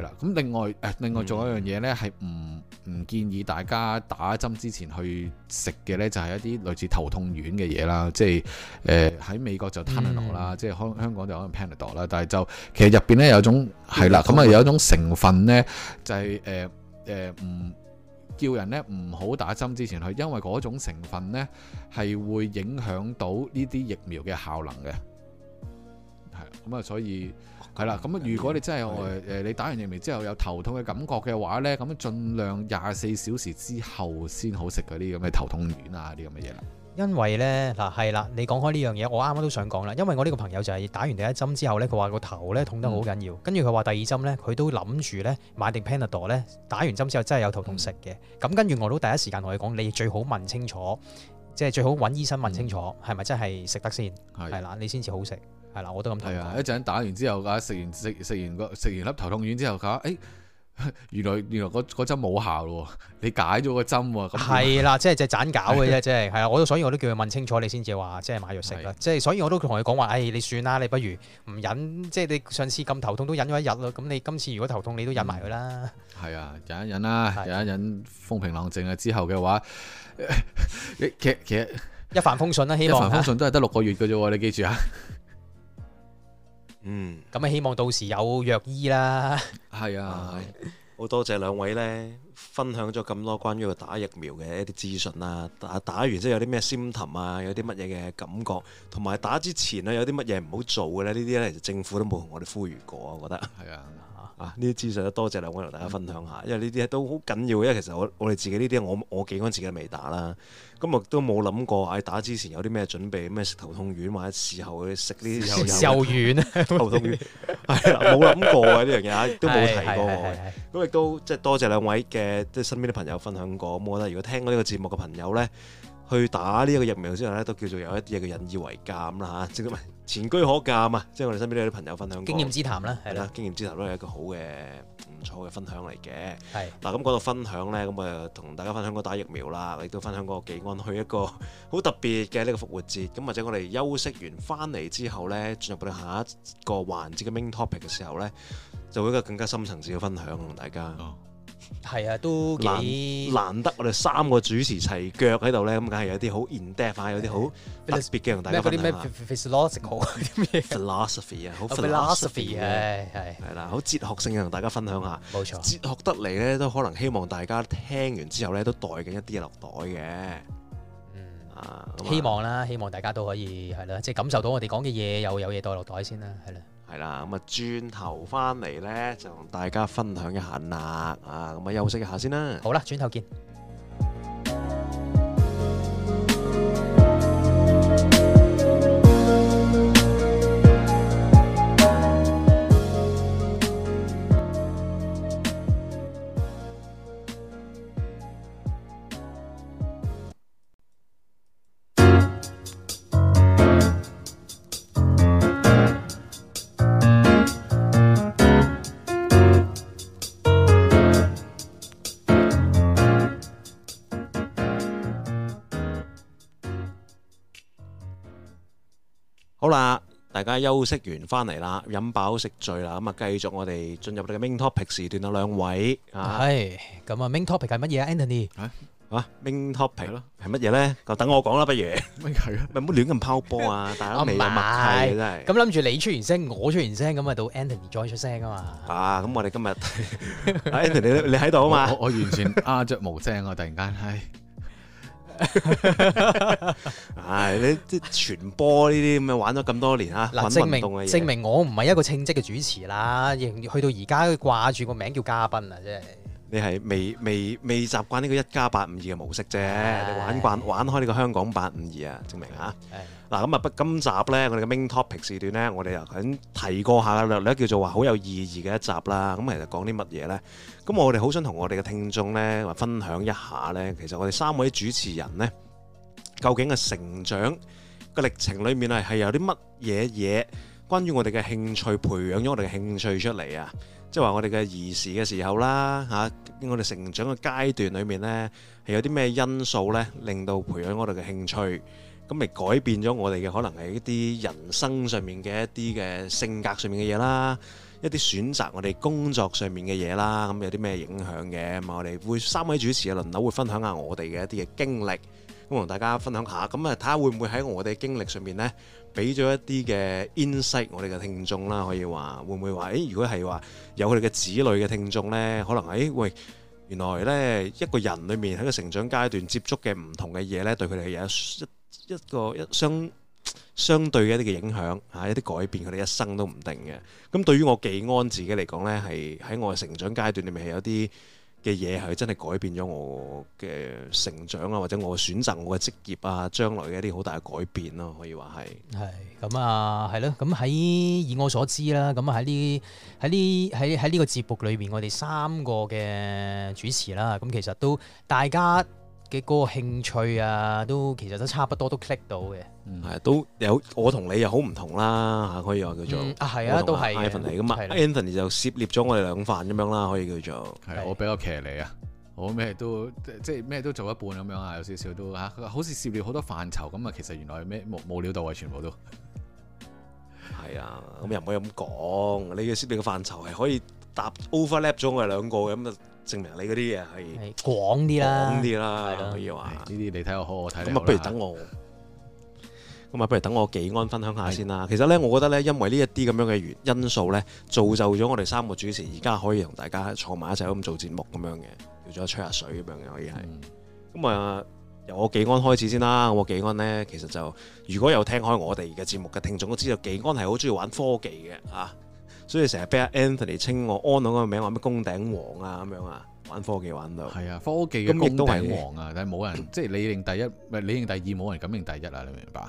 啦，咁另外誒，另外做一樣嘢咧，係唔唔建議大家打針之前去食嘅咧，就係一啲類似頭痛丸嘅嘢啦。即係誒喺美國就 Tylenol 啦、嗯，即係香香港就可能 Panadol 啦。但係就其實入邊咧有一種係啦，咁啊、嗯、的有一種成分咧就係誒誒唔叫人咧唔好打針之前去，因為嗰種成分咧係會影響到呢啲疫苗嘅效能嘅。係咁啊，所以。係啦，咁如果你真係誒的、呃、你打完疫苗之後有頭痛嘅感覺嘅話呢，咁盡量廿四小時之後先好食嗰啲咁嘅頭痛丸啊，呢咁嘅嘢啦。因為呢，嗱係啦，你講開呢樣嘢，我啱啱都想講啦。因為我呢個朋友就係打完第一針之後呢，佢話個頭呢痛得好緊要，嗯、跟住佢話第二針呢，佢都諗住呢，買定 Panadol 呢，打完針之後真係有頭痛食嘅。咁、嗯、跟住我都第一時間同佢講，你最好問清楚。即係最好揾醫生問清楚，係咪真係食得先？係啦，你先至好食。係啦，我都咁睇。係啊，一陣打完之後，啊食完食食完食完粒頭痛丸之後，嚇，誒原來原來嗰針冇效咯，你解咗個針喎，咁樣。係啦，即係隻盞搞嘅啫，即係。係啊，我所以我都叫佢問清楚，你先至話即係買藥食啦。即係所以我都同佢講話，誒你算啦，你不如唔忍。即係你上次咁頭痛都忍咗一日咯，咁你今次如果頭痛你都忍埋佢啦。係啊，忍一忍啦，忍一忍，風平浪靜啊之後嘅話。其實其實一帆風順啦，希望一帆風順都係得六個月嘅啫，你記住啊。嗯，咁啊，希望到時有藥醫啦。係啊，好多謝兩位咧。分享咗咁多關於個打疫苗嘅一啲資訊啊，打打完之後有啲咩心疼啊，有啲乜嘢嘅感覺，同埋打之前咧有啲乜嘢唔好做嘅呢？呢啲咧其實政府都冇同我哋呼籲過，我覺得。係啊，呢啲、啊、資訊多謝兩位同大家分享下，嗯、因為呢啲都好緊要嘅，因為其實我我哋自己呢啲我我幾個自己都未打啦，咁啊都冇諗過，喺打之前有啲咩準備，咩食頭痛丸或者事後去食啲、啊、頭痛丸。頭痛丸冇諗過嘅呢樣嘢都冇提過嘅，咁亦 都即係多謝兩位嘅。也也謝謝即係身邊啲朋友分享過，咁、嗯、我覺得如果聽過呢個節目嘅朋友呢，去打呢一個疫苗之後呢，都叫做有一啲嘢叫引以為鑑啦嚇，即係前係居可鑑。啊！即係我哋身邊啲朋友分享經驗之談啦，係啦，經驗之談都係一個好嘅唔錯嘅分享嚟嘅。嗱是，咁、啊、講到分享呢，咁我同大家分享過打疫苗啦，亦都分享過幾安去一個好特別嘅呢個復活節。咁或者我哋休息完翻嚟之後呢，進入到我哋下一個環節嘅 main topic 嘅時候呢，就會一個更加深層次嘅分享同大家。嗯係啊，都幾難得我哋三個主持齊腳喺度咧，咁梗係有啲好 in depth，反有啲好特別嘅同 大家分享下。咩嗰啲咩 philosophy 好啊，啲咩 philosophy 啊很，好 philosophy 嘅係，係啦，好哲學性嘅同 大家分享下。冇錯，哲學得嚟咧都可能希望大家聽完之後咧都帶緊一啲嘢落袋嘅。嗯啊，希望啦，希望大家都可以係啦，即係感受到我哋講嘅嘢有有嘢帶落袋先啦，係啦。係啦，咁啊轉頭翻嚟咧，就同大家分享一下啦，啊，咁啊休息一下先啦。好啦，轉頭見。大家休息完翻嚟啦，飲飽食醉啦，咁啊繼續我哋進入我哋嘅 main topic 時段啊，兩位，係，咁啊 main topic 係乜嘢啊，Anthony，啊，啊，main topic 係乜嘢咧？就等我講啦，不如，係啊，唔好亂咁拋波啊，大佬你又唔係，真係，咁諗住你出完聲，我出完聲，咁啊到 Anthony 再出聲啊嘛，啊，咁我哋今日，阿 Anthony 你你喺度啊嘛，我完全鴉雀無聲啊，突然間，唉。唉、 哎，你即傳播呢啲咁樣玩咗咁多年啊，運證，證明我唔係一個稱職嘅主持啦，去到而家都掛住個名叫嘉賓啊，真係你係未未未習慣呢個一家八五二嘅模式啫，唉你玩慣玩開呢個香講八五二啊，證明吓。嗱咁啊，今集呢，我哋嘅 main topic 時段呢，我哋又肯提過下，略略叫做話好有意義嘅一集啦。咁其實講啲乜嘢呢？咁我哋好想同我哋嘅聽眾呢，話分享一下呢。其實我哋三位主持人呢，究竟嘅成長嘅歷程裏面啊，係有啲乜嘢嘢？關於我哋嘅興趣培養咗我哋嘅興趣出嚟啊！即係話我哋嘅兒時嘅時候啦，嚇，我哋成長嘅階段裏面呢，係有啲咩因素呢，令到培養我哋嘅興趣？咁咪改變咗我哋嘅可能係一啲人生上面嘅一啲嘅性格上面嘅嘢啦，一啲選擇我哋工作上面嘅嘢啦，咁有啲咩影響嘅？咁啊，我哋會三位主持嘅，輪流會分享下我哋嘅一啲嘅經歷，咁同大家分享下。咁啊，睇下會唔會喺我哋嘅經歷上面咧，俾咗一啲嘅 insight 我哋嘅聽眾啦，可以話會唔會話？誒，如果係話有佢哋嘅子女嘅聽眾咧，可能誒喂，原來咧一個人裏面喺個成長階段接觸嘅唔同嘅嘢咧，對佢哋有～一個一相相對一啲嘅影響嚇、啊，一啲改變佢哋一生都唔定嘅。咁對於我寄安自己嚟講呢，係喺我嘅成長階段，裏面，係有啲嘅嘢係真係改變咗我嘅成長啊，或者我選擇我嘅職業啊，將來嘅一啲好大嘅改變咯，可以話係。係咁啊，係咯。咁喺以我所知啦，咁喺呢喺呢喺喺呢個節目裏邊，我哋三個嘅主持啦，咁其實都大家。嘅嗰個興趣啊，都其實都差不多都 click 到嘅，係、嗯嗯、都有我同你又好唔同啦嚇，可以話叫做啊係、嗯、啊，都係 Anthony 咁啊，Anthony 就涉獵咗我哋兩範咁樣啦，可以叫做係我比較騎你啊，我咩都即係咩都做一半咁樣啊，有少少都嚇，好似涉獵好多範疇咁啊，其實原來咩冇冇，冇料到啊，全部都係啊，咁又唔可以咁講，你嘅涉獵嘅範、範疇係可以搭 overlap 咗我哋兩個咁證明你嗰啲嘢係廣啲啦，啦的可以話。呢啲你睇我好我好睇。咁啊，不如等我。咁啊，不如等我紀安分享下先啦。的其實咧，我覺得咧，因為呢一啲咁樣嘅因素咧，造就咗我哋三個主持而家可以同大家坐埋一齊咁做節目咁樣嘅，叫咗吹下水咁樣嘅可以係。咁啊、嗯，由我紀安開始先啦。我紀安咧，其實就如果有聽開我哋嘅節目嘅聽眾都知道，紀安係好中意玩科技嘅啊。所以成日俾阿 Anthony 稱我安朗嗰個名，話咩宮頂王啊咁樣啊，玩科技玩到係啊，科技嘅宮都係王啊，但係冇人即係你認第一，唔係你認第二，冇人敢認第一啦，你明唔明白？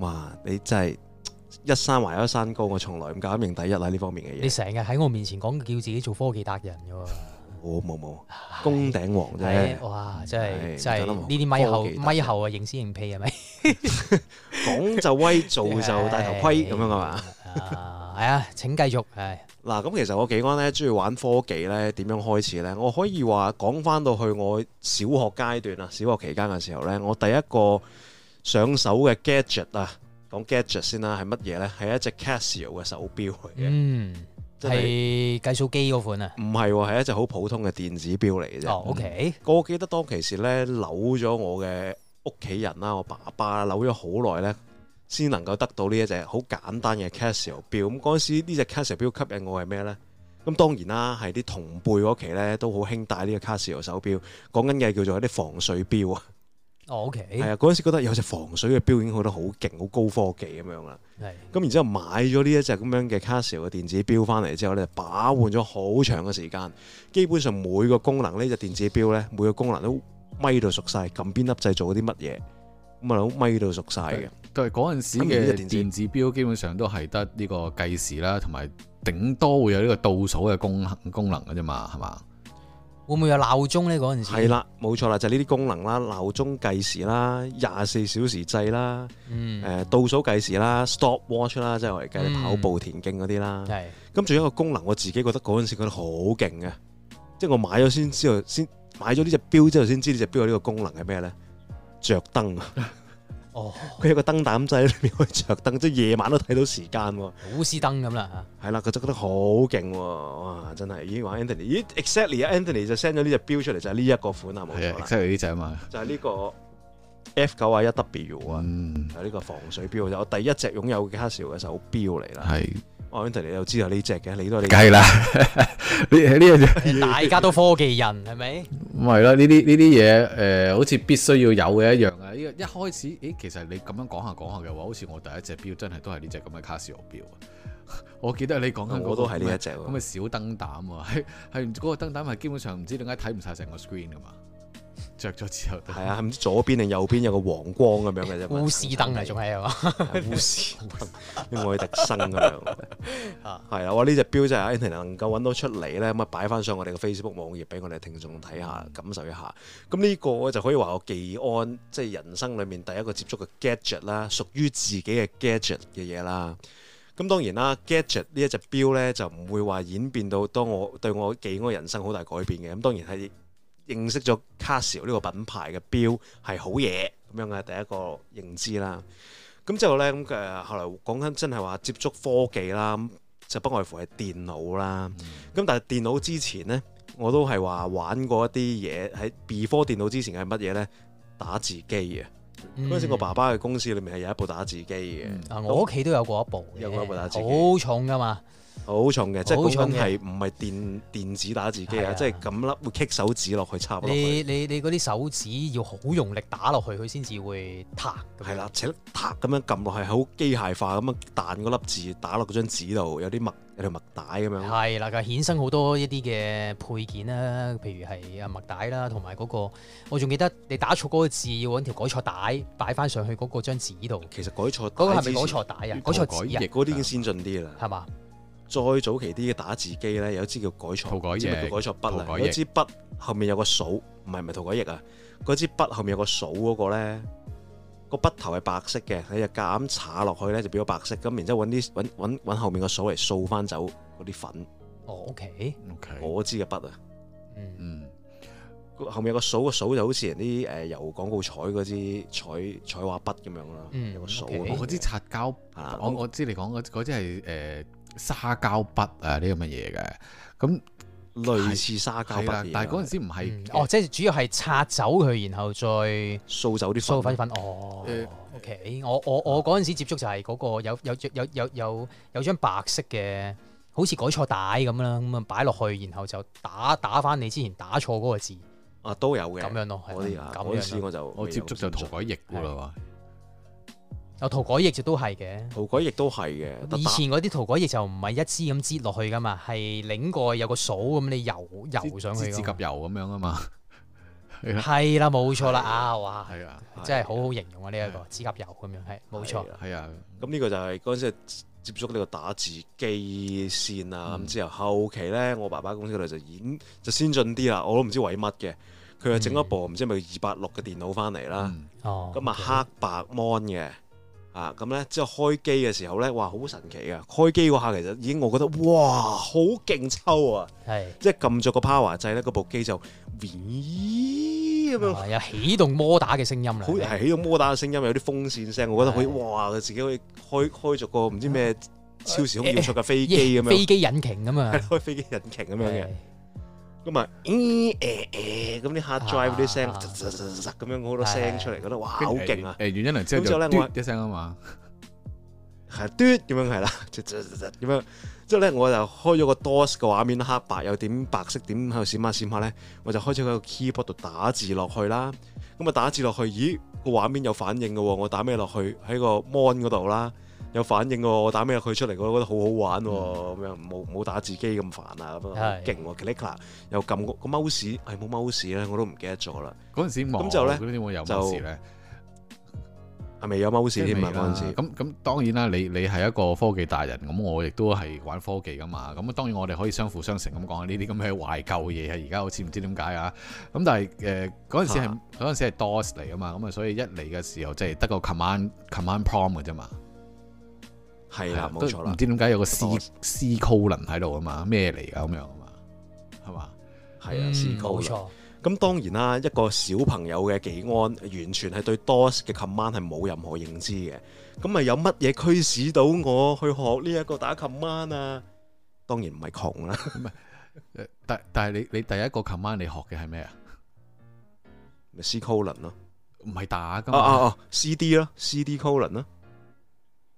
哇！你真係一山還有一山高，我從來唔敢認第一啦呢方面嘅嘢。你成日喺我面前講叫自己做科技達人嘅喎，我冇冇宮頂王真係哇，真係真係呢啲咪後咪後啊，認屎認屁係咪講就威，做就戴頭盔咁樣啊嘛～係啊，請繼續係。嗱，咁其實我幾安咧，中意玩科技咧，點樣開始咧？我可以話講翻到去我小學階段啊，小學期間嘅時候咧，我第一個上手嘅 gadget 啊，講 gadget 先啦，係乜嘢咧？係一隻 Casio 嘅手表嚟嘅。嗯，係計數機嗰款啊。唔係，係一隻好普通嘅電子表嚟嘅啫。哦，OK、嗯。我記得當其時咧，扭咗我嘅屋企人啦，我爸爸扭咗好耐咧。先能夠得到呢一隻好簡單嘅 CASIO 表。咁嗰陣時，呢隻 CASIO 表吸引我係咩呢？咁當然啦，係啲同輩嗰期呢都好興戴呢個 CASIO 手錶。講緊嘅係叫做一啲防水表啊。哦，OK。係啊，嗰陣時覺得有隻防水嘅表已經覺得好勁、好高科技咁樣啦。係。咁然之後買咗呢一隻咁樣嘅 CASIO 嘅電子錶翻嚟之後呢，把玩咗好長嘅時間，基本上每個功能呢隻電子錶呢，每個功能都咪到熟晒，撳邊粒掣做啲乜嘢，咁啊，咪到熟晒嘅。都係嗰陣時嘅電子表，基本上都係得呢個計時啦，同埋頂多會有呢個倒數嘅功功能嘅啫嘛，係嘛？會唔會有鬧鐘咧？嗰陣時係啦，冇錯啦，就呢、係、啲功能啦，鬧鐘計時啦，廿四小時制啦，誒、嗯呃，倒數計時啦，stopwatch 啦，Stop watch, 即係計、嗯、跑步田徑、田徑嗰啲啦。咁仲有一個功能，我自己覺得嗰陣時覺得好勁嘅，即、就、係、係、我買咗先知道，先買咗呢隻表之後先知呢隻表有呢個功能係咩咧？着燈。 哦，佢有個燈膽仔喺裏面，可以着燈，即係夜晚都睇到時間，烏絲燈咁啦。係啦，佢覺得好勁，啊，哇！真係，咦，玩 Anthony，咦，Exactly，Anthony 就 send 咗呢隻表出嚟，就係呢一個款，係咪？Exactly 呢隻啊嘛。就係呢個 F 九啊一 W 啊，嗯，就呢個防水表，就是，我第一隻擁有嘅 Cartier 嘅手表嚟啦。係。我睇嚟又知道呢隻嘅，你都你梗係啦呢呢樣嘢。大家都科技人係咪？唔係啦，呢啲呢啲嘢，誒，好、呃、似必須要有嘅一樣啊！呢 一開始，誒，其實你咁樣講下講下嘅話，好似我第一隻表真係都係呢隻咁嘅卡西歐表。 我記得你講緊、嗰個，我都係呢一隻，咁啊小燈膽啊，係唔？嗰個燈膽係基本上唔知點解睇唔晒成個 screen 噶嘛着咗之後，係啊，唔知左邊定右邊有個黃光咁樣嘅啫，烏絲燈啊，仲喺度，烏絲燈，愛迪生咁樣， 啊，係啦，哇，呢隻表就係 a n 能夠揾到出嚟咧，咁啊擺翻上我哋嘅 Facebook 網頁俾我哋聽眾睇下，感受一下。咁呢個就可以話我技安，即係人生裏面第一個接觸嘅 gadget 啦，屬於自己嘅 gadget 嘅嘢啦。咁當然啦，gadget 呢一隻表咧就唔會話演變到當我對我技安人生好大改變嘅。咁當然係。認識咗卡士呢個品牌嘅標係好嘢咁樣嘅第一個認知啦。咁之後咧，咁誒，後來講緊真係話接觸科技啦，就是、不外乎係電腦啦。咁、嗯、但係電腦之前咧，我都係話玩過一啲嘢，喺 before 電腦之前係乜嘢咧？打字機嘅嗰陣，我爸爸嘅公司裏面係有一部打字機嘅、嗯。啊，我屋企都有過一部，有過一,一部打字機，好重噶嘛。好重嘅，重即係根本係唔係電電子打字機啊！的即係咁粒會棘手指落去差唔多你你你嗰啲手指要好用力打落去，去，佢先至會彈。係啦，且彈咁樣撳落去，好機械化咁樣彈嗰粒字打落嗰張紙度，有啲墨有條墨帶咁樣。係啦，佢衍生好多一啲嘅配件啦，譬如係啊墨帶啦，同埋嗰個我仲記得你打錯嗰個字，要揾條改錯帶擺翻上去嗰個張紙度。其實改錯帶嗰個係咪改錯帶啊？改錯紙啊？嗰啲已經先進啲啦，係嘛？再早期啲嘅打字機咧，有一支叫改錯，改支叫改錯筆啊！支筆後面有個掃，唔係唔係塗改液啊！嗰支筆後面有個掃嗰個咧，個筆頭係白色嘅，你就夾硬擦落去咧，就變咗白色咁。然之後揾啲揾揾揾後面個掃嚟掃翻走嗰啲粉。哦 o、okay? k 我支嘅筆啊，Okay. 嗯，後面有個掃、個掃就好似人啲誒油廣告彩嗰支彩彩畫筆咁樣啦，嗯、有個掃。我 okay? 支擦膠啊的！我我知你講嗰嗰支係沙膠筆啊，呢個乜嘢嘅咁類似沙膠筆、啊，但係嗰陣時唔係、嗯，哦，即、就、係、是、主要係拆走佢，然後再掃走啲掃粉粉。啊、哦，OK，欸、我我我嗰陣時接觸就係嗰、那個有有有有有有張白色嘅，好似改錯帶咁啦，咁啊擺落去，然後就打打返你之前打錯嗰個字。啊，都有嘅，咁樣咯，嗰啲我，我，我，我，我就我接觸就塗改液過嚟有塗改液就都係嘅，塗改液都係嘅。以前嗰啲塗改液就唔係一支咁摺落去噶嘛，係擰過有個掃，咁你油油上去嘅，指甲油咁樣啊嘛，係啦，冇錯啦啊，哇，係啊，真係好好形容啊！呢一個指甲油咁樣係冇錯，係啊。咁呢個就係嗰陣時接觸呢個打字機先啦。咁之後後期咧，我爸爸公司度就已經就先進啲啦，我都唔知為乜嘅，佢就整一部唔知咪二八六嘅電腦翻嚟啦，哦，咁啊黑白 mon 嘅。啊，咁咧之後開機嘅時候咧，哇，好神奇啊！開機嗰下其實已經，我覺得哇，好勁抽啊！係是，即係撳著個 power 掣咧，個部機就咁樣係啊，起啊，起動摩打嘅聲音啦，係起到摩打嘅聲音，有啲風扇聲，是我覺得可以哇，自己可以開開著個唔知咩超時空要塞嘅飛機咁樣，啊啊啊欸啊啊啊，飛機引擎咁啊，開飛機引擎咁樣嘅。啊啊啊啊啊啊啊咁啊咦，誒誒，咁啲 hard drive 啲聲，咁樣好多聲出嚟，覺得哇好勁啊！誒，原因嚟之後就一聲啊嘛，係嘟咁樣係啦，咁樣之後咧，我就開咗個 dots 個畫面黑白，有點白色點喺度閃下閃下咧，我就開始喺個 keyboard 度打字落去啦。咁啊打字落去，咦，個畫面有反應嘅，我打咩落去喺個 mon 嗰度啦。有反應喎、哦！我打咩佢出嚟，我覺得好好玩喎、哦！咁樣冇冇打自己咁煩啊！咁啊勁喎！click 啦，又撳個個 mouse，係冇 mouse 咧，我都唔記得咗啦。嗰陣時冇，咁之後咧就係未有 mouse 添啊！嗰陣時，咁咁當然啦，你你係一個科技大人，咁我亦都係玩科技噶嘛。咁啊，當然我哋可以相輔相成咁講呢啲咁嘅懷舊嘢啊，而家好似唔知點解啊。咁但係誒，嗰陣時係嗰陣時係 DOS 嚟啊嘛。咁啊，所以一嚟嘅時候即係得個 command command prompt 嘅啫嘛。係啊，冇錯啦，唔知點解有個 C D OS，C colon 喺度啊嘛，咩嚟、嗯、啊咁樣啊嘛，係嘛，係啊，C colon 冇錯。咁當然啦，一個小朋友嘅幾安完全係對 DOS 嘅 command 係冇任何認知嘅。咁啊，有乜嘢驅使到我去學呢一個打 command 啊？當然唔係窮啦， 但但係你你第一個 command 你學嘅係咩啊？咪 C colon 咯，唔係打噶，哦哦哦 C D 咯，C D colon 咯。CD，啊 CD col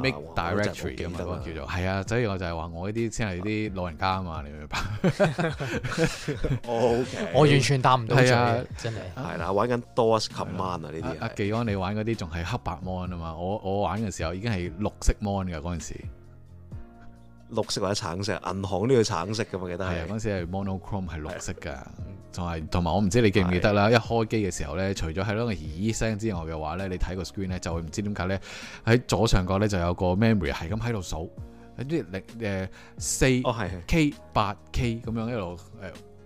Make directory 啊嘛，叫做係啊，所以我就係話我呢啲先係啲老人家啊嘛，你明唔明白？我我完全答唔到上嚟，真係係啦，玩緊 Doors Command 啊，呢啲阿記安你玩嗰啲仲係黑白 mon 啊嘛，我我玩嘅時候已經係綠色 mon 㗎嗰陣時。綠色或者橙色，銀行都要橙色㗎嘛？我記得係嗰陣時係 monochrome 係綠色㗎，同埋同埋我唔知你記唔記得啦。的一開機嘅時候咧，除咗係咯咦聲之外嘅話咧，你睇個 screen 咧，就會唔知點解咧喺左上角咧，就有個 memory 係咁喺度數啲零誒四哦係 K 八 K 咁樣一路誒。哦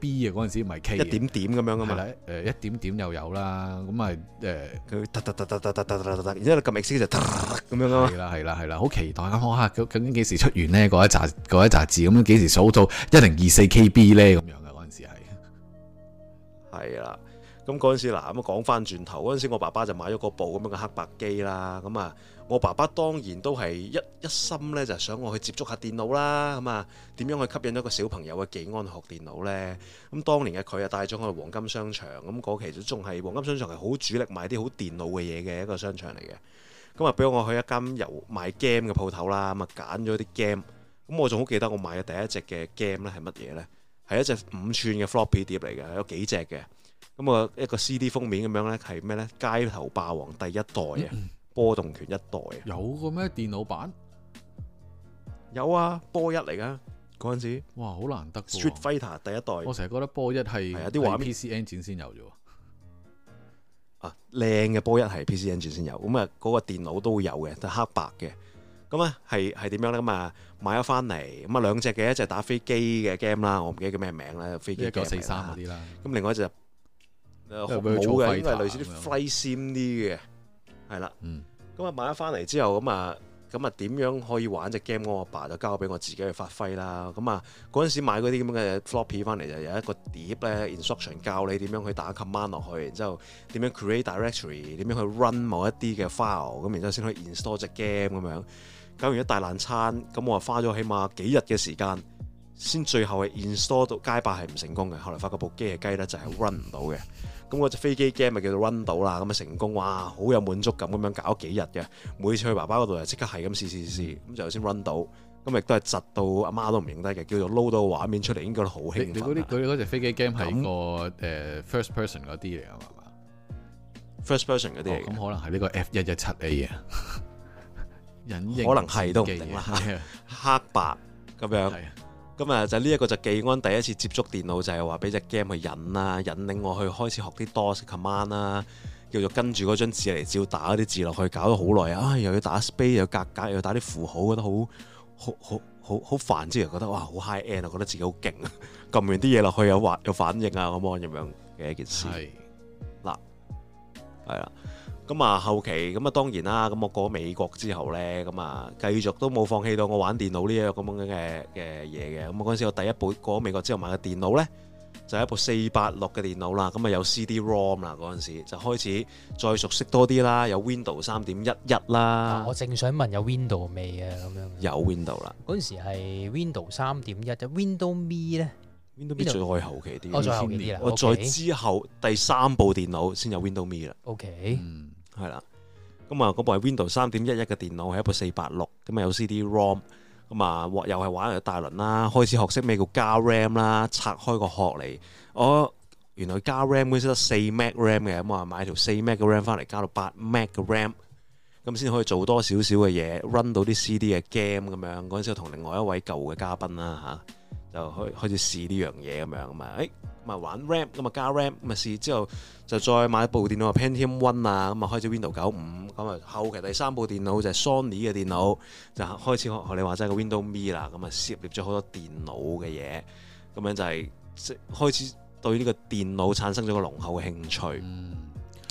B 啊，嗰陣時唔係 K 一點點咁樣噶嘛，誒一、呃、點點又有啦，咁咪，誒佢突突突突突突突突突然之後撳 ex 就咁 這樣咯，係啦係啦係啦，好期待啊！哇、嗰個，究竟幾時出完呢？嗰一集嗰一集字咁樣幾時數到一零二四 KB 咧？咁樣嘅嗰陣時係，係啦。咁嗰陣時，嗱咁啊，講返轉頭，嗰陣時我爸爸就買咗個部咁樣嘅黑白機啦。咁啊，我爸爸當然都係一一心咧，就想我去接觸下電腦啦。咁啊，點樣去吸引一個小朋友嘅幾安學電腦呢？咁當年嘅佢啊，帶咗我去黃金商場。咁嗰期仲係黃金商場係好主力賣啲好電腦嘅嘢嘅一個商場嚟嘅。咁啊，俾我去一間有賣 game 嘅鋪頭啦。咁啊，揀咗啲 game。咁我仲好記得我買嘅第一隻嘅 game 咧係乜嘢呢？係一隻五寸嘅 floppy 碟嚟嘅，有幾隻嘅。咁啊，一個 C D 封面咁樣咧，係咩咧？街頭霸王第一代啊，嗯嗯波動拳一代啊，有個咩電腦版？有啊，波一嚟噶嗰陣時，哇，好難得，啊。Street Fighter 第一代，我成日覺得波一係係啊啲畫面 PC Engine 先有啫，啊，靚嘅，啊、波一係 PC Engine 先有，咁啊，嗰個電腦都會有嘅，就黑白嘅。咁啊，係係點樣咧？咁啊買咗翻嚟，咁啊兩隻嘅，一隻打飛機嘅 game 啦，我唔記得叫咩名啦，飛機一九四三啲啦。咁另外一隻。冇嘅，因為類似啲 flash sim 啲嘅，係啦。咁啊買咗翻嚟之後，咁啊咁啊點樣可以玩隻 game？我阿爸，爸就交俾我自己去發揮啦。咁啊嗰陣時買嗰啲咁嘅 floppy 翻嚟，就有一個碟咧、嗯、instruction 教你點樣去打 command 落去，然之後點樣 create directory，點樣去 run 某一啲嘅 file，咁然之後先可以 install 隻 game 咁樣。搞完一大難餐，咁我啊花咗起碼幾日嘅時間，先最後係 install 到街霸係唔成功嘅。後來發覺部機嘅雞咧，就係、是、run 唔到嘅。咁嗰隻飛機 game 咪叫做 run 到啦，咁啊成功，哇，好有滿足感，咁樣搞幾日嘅。每次去爸爸嗰度就即刻係咁試試試，咁就先 run 到。咁亦都係窒到阿媽都唔認得嘅，叫做 load 到畫面出嚟，應該都好興奮。你嗰啲嗰啲嗰隻飛機 game 係個誒 first person 嗰啲嚟啊嘛，first person 嗰啲。咁可能係呢個 F 一一七 A 啊，隱形可能係都唔定啦，黑白咁樣。咁啊、嗯，就呢、是、一個就技安第一次接觸電腦，就係話俾隻 game 去引啦、啊，引領我去開始學啲 dos command 啦、啊，叫做跟住嗰張字嚟照打啲字落去，搞咗好耐啊，又要打 space，又要格格，又要打啲符號，覺得好好好好好煩，之後覺得哇好 high end，啊，覺得自己好勁，撳 完啲嘢落去有畫有反應啊，咁樣咁樣嘅一件事。係是。嗱，係啦。咁啊，後期咁啊，當然啦。咁我過咗美國之後咧，咁啊，繼續都冇放棄到我玩電腦呢一樣咁樣嘅嘅嘢嘅。咁嗰陣時，我第一部過咗美國之後買嘅電腦咧，就係一部四八六嘅電腦啦。咁啊，有 CD-ROM 啦，嗰陣時就開始再熟悉多啲啦。有 Windows 三點一一啦。我正想問有 Windows 未啊？咁樣有 Windows 啦。嗰陣時係 Windows 三點一啫。Windows ME 咧，Windows ME 再後期啲。哦，再後面啲啦。我再之後第三部電腦先有 Windows ME 啦。OK。係啦，咁啊，嗰部係 Windows 三點一一嘅電腦，係一部四八六，咁啊有 CD-ROM，咁啊又係玩咗大輪啦，開始學識咩叫加 RAM 啦，拆開個殼嚟，哦，原來加 RAM 嗰陣時得四 Meg RAM 嘅，咁啊買條四 Meg 嘅 RAM 翻嚟加到八 Meg 嘅 RAM，咁先可以做多少少嘅嘢，run 到啲 CD 嘅 game 咁樣，嗰陣時同另外一位舊嘅嘉賓啦吓，就開開始試呢樣嘢咁樣啊誒。哎咁啊玩 RAM 咁啊加 RAM 咁啊試之後就再買一部電腦 Pentium One 啊，咁啊開始 Window 九五，咁啊後期第三部電腦就係 Sony 嘅電腦，就開始學你話齋個 Window Me 啦，咁啊涉獵咗好多電腦嘅嘢，咁樣就係開始對呢個電腦產生咗個濃厚嘅興趣。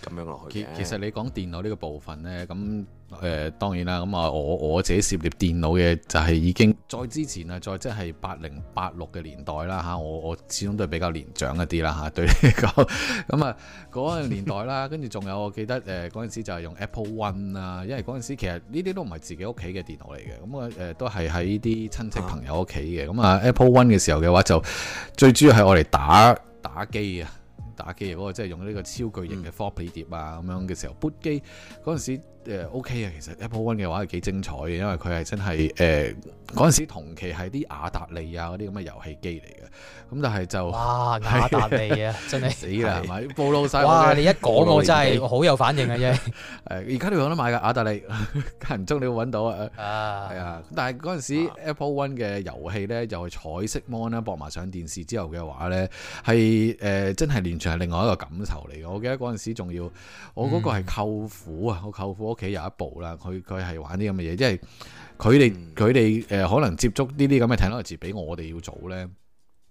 咁樣落去。其實你講電腦呢個部分呢，咁誒、呃、當然啦。咁啊，我我自己涉獵電腦嘅就係已經再之前再啊，再即係八零八六嘅年代啦嚇。我我始終都係比較年長一啲啦嚇，對你嚟講。咁啊嗰、嗰個年代啦，跟住仲有我記得誒嗰陣時就係用 Apple One 啊，因為嗰陣時其實呢啲都唔係自己屋企嘅電腦嚟嘅。咁我誒都係喺啲親戚朋友屋企嘅。咁啊 Apple One 嘅時候嘅話就最主要係我嚟打打機啊。打機嗰個，即係用呢個超巨型嘅 floppy disk 啊，咁樣嘅時候 boot 機嗰陣時。誒 OK 啊，其實 Apple One 嘅話係幾精彩嘅，因為佢係真係誒陣時同期係啲雅達利啊啲咁嘅遊戲機嚟嘅。咁但係就哇雅達利啊， 了真係死啦，係咪暴露晒哇！Okay, 你一講我真係好有反應啊，啫係。而家你有得買㗎，雅達利間唔 中你會揾到啊。係啊，啊，但係陣時 Apple One 嘅遊戲咧，又係彩色芒咧，播埋上電視之後嘅話咧，係誒、呃、真係完全係另外一個感受嚟嘅。我記得陣時仲要我個係舅父啊，我舅父。嗯 屋企有一部啦，佢佢係玩啲咁嘅嘢，即係佢哋佢哋誒可能接觸呢啲咁嘅 technology 比我哋要早咧。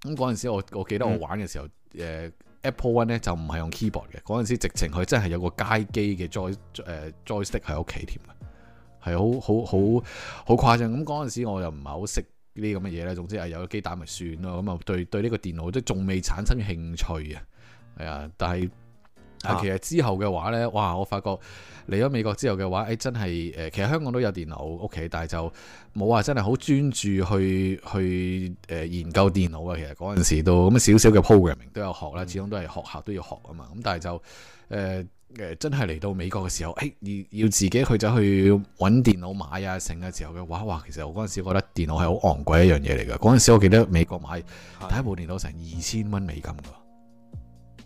咁嗰陣時我我記得我玩嘅時候，誒、呃、Apple One 咧就唔係用 keyboard 嘅，嗰陣時直情佢真係有個街機嘅 joy 誒 joystick 喺屋企添啊，係好好好好誇張。咁嗰陣時我又唔係好識呢啲咁嘅嘢咧，總之啊有個機打咪算咯。咁啊對對呢個電腦都仲未產生興趣啊，係啊，但係。啊，其實之後嘅話呢，哇！我發覺嚟咗美國之後嘅話，誒、哎、真係誒，其實香港都有電腦屋企，但係就冇話真係好專注去去誒研究電腦啊。其實嗰陣時都咁少少嘅 programming 都有學啦，始終都係學校都要學啊嘛。咁、嗯、但係就誒誒、呃，真係嚟到美國嘅時候，誒、哎、要自己去就去揾電腦買啊成嘅時候嘅話，哇！其實我嗰陣時覺得電腦係好昂貴一樣嘢嚟㗎。嗰陣時我記得美國買第一部電腦成二千蚊美金㗎。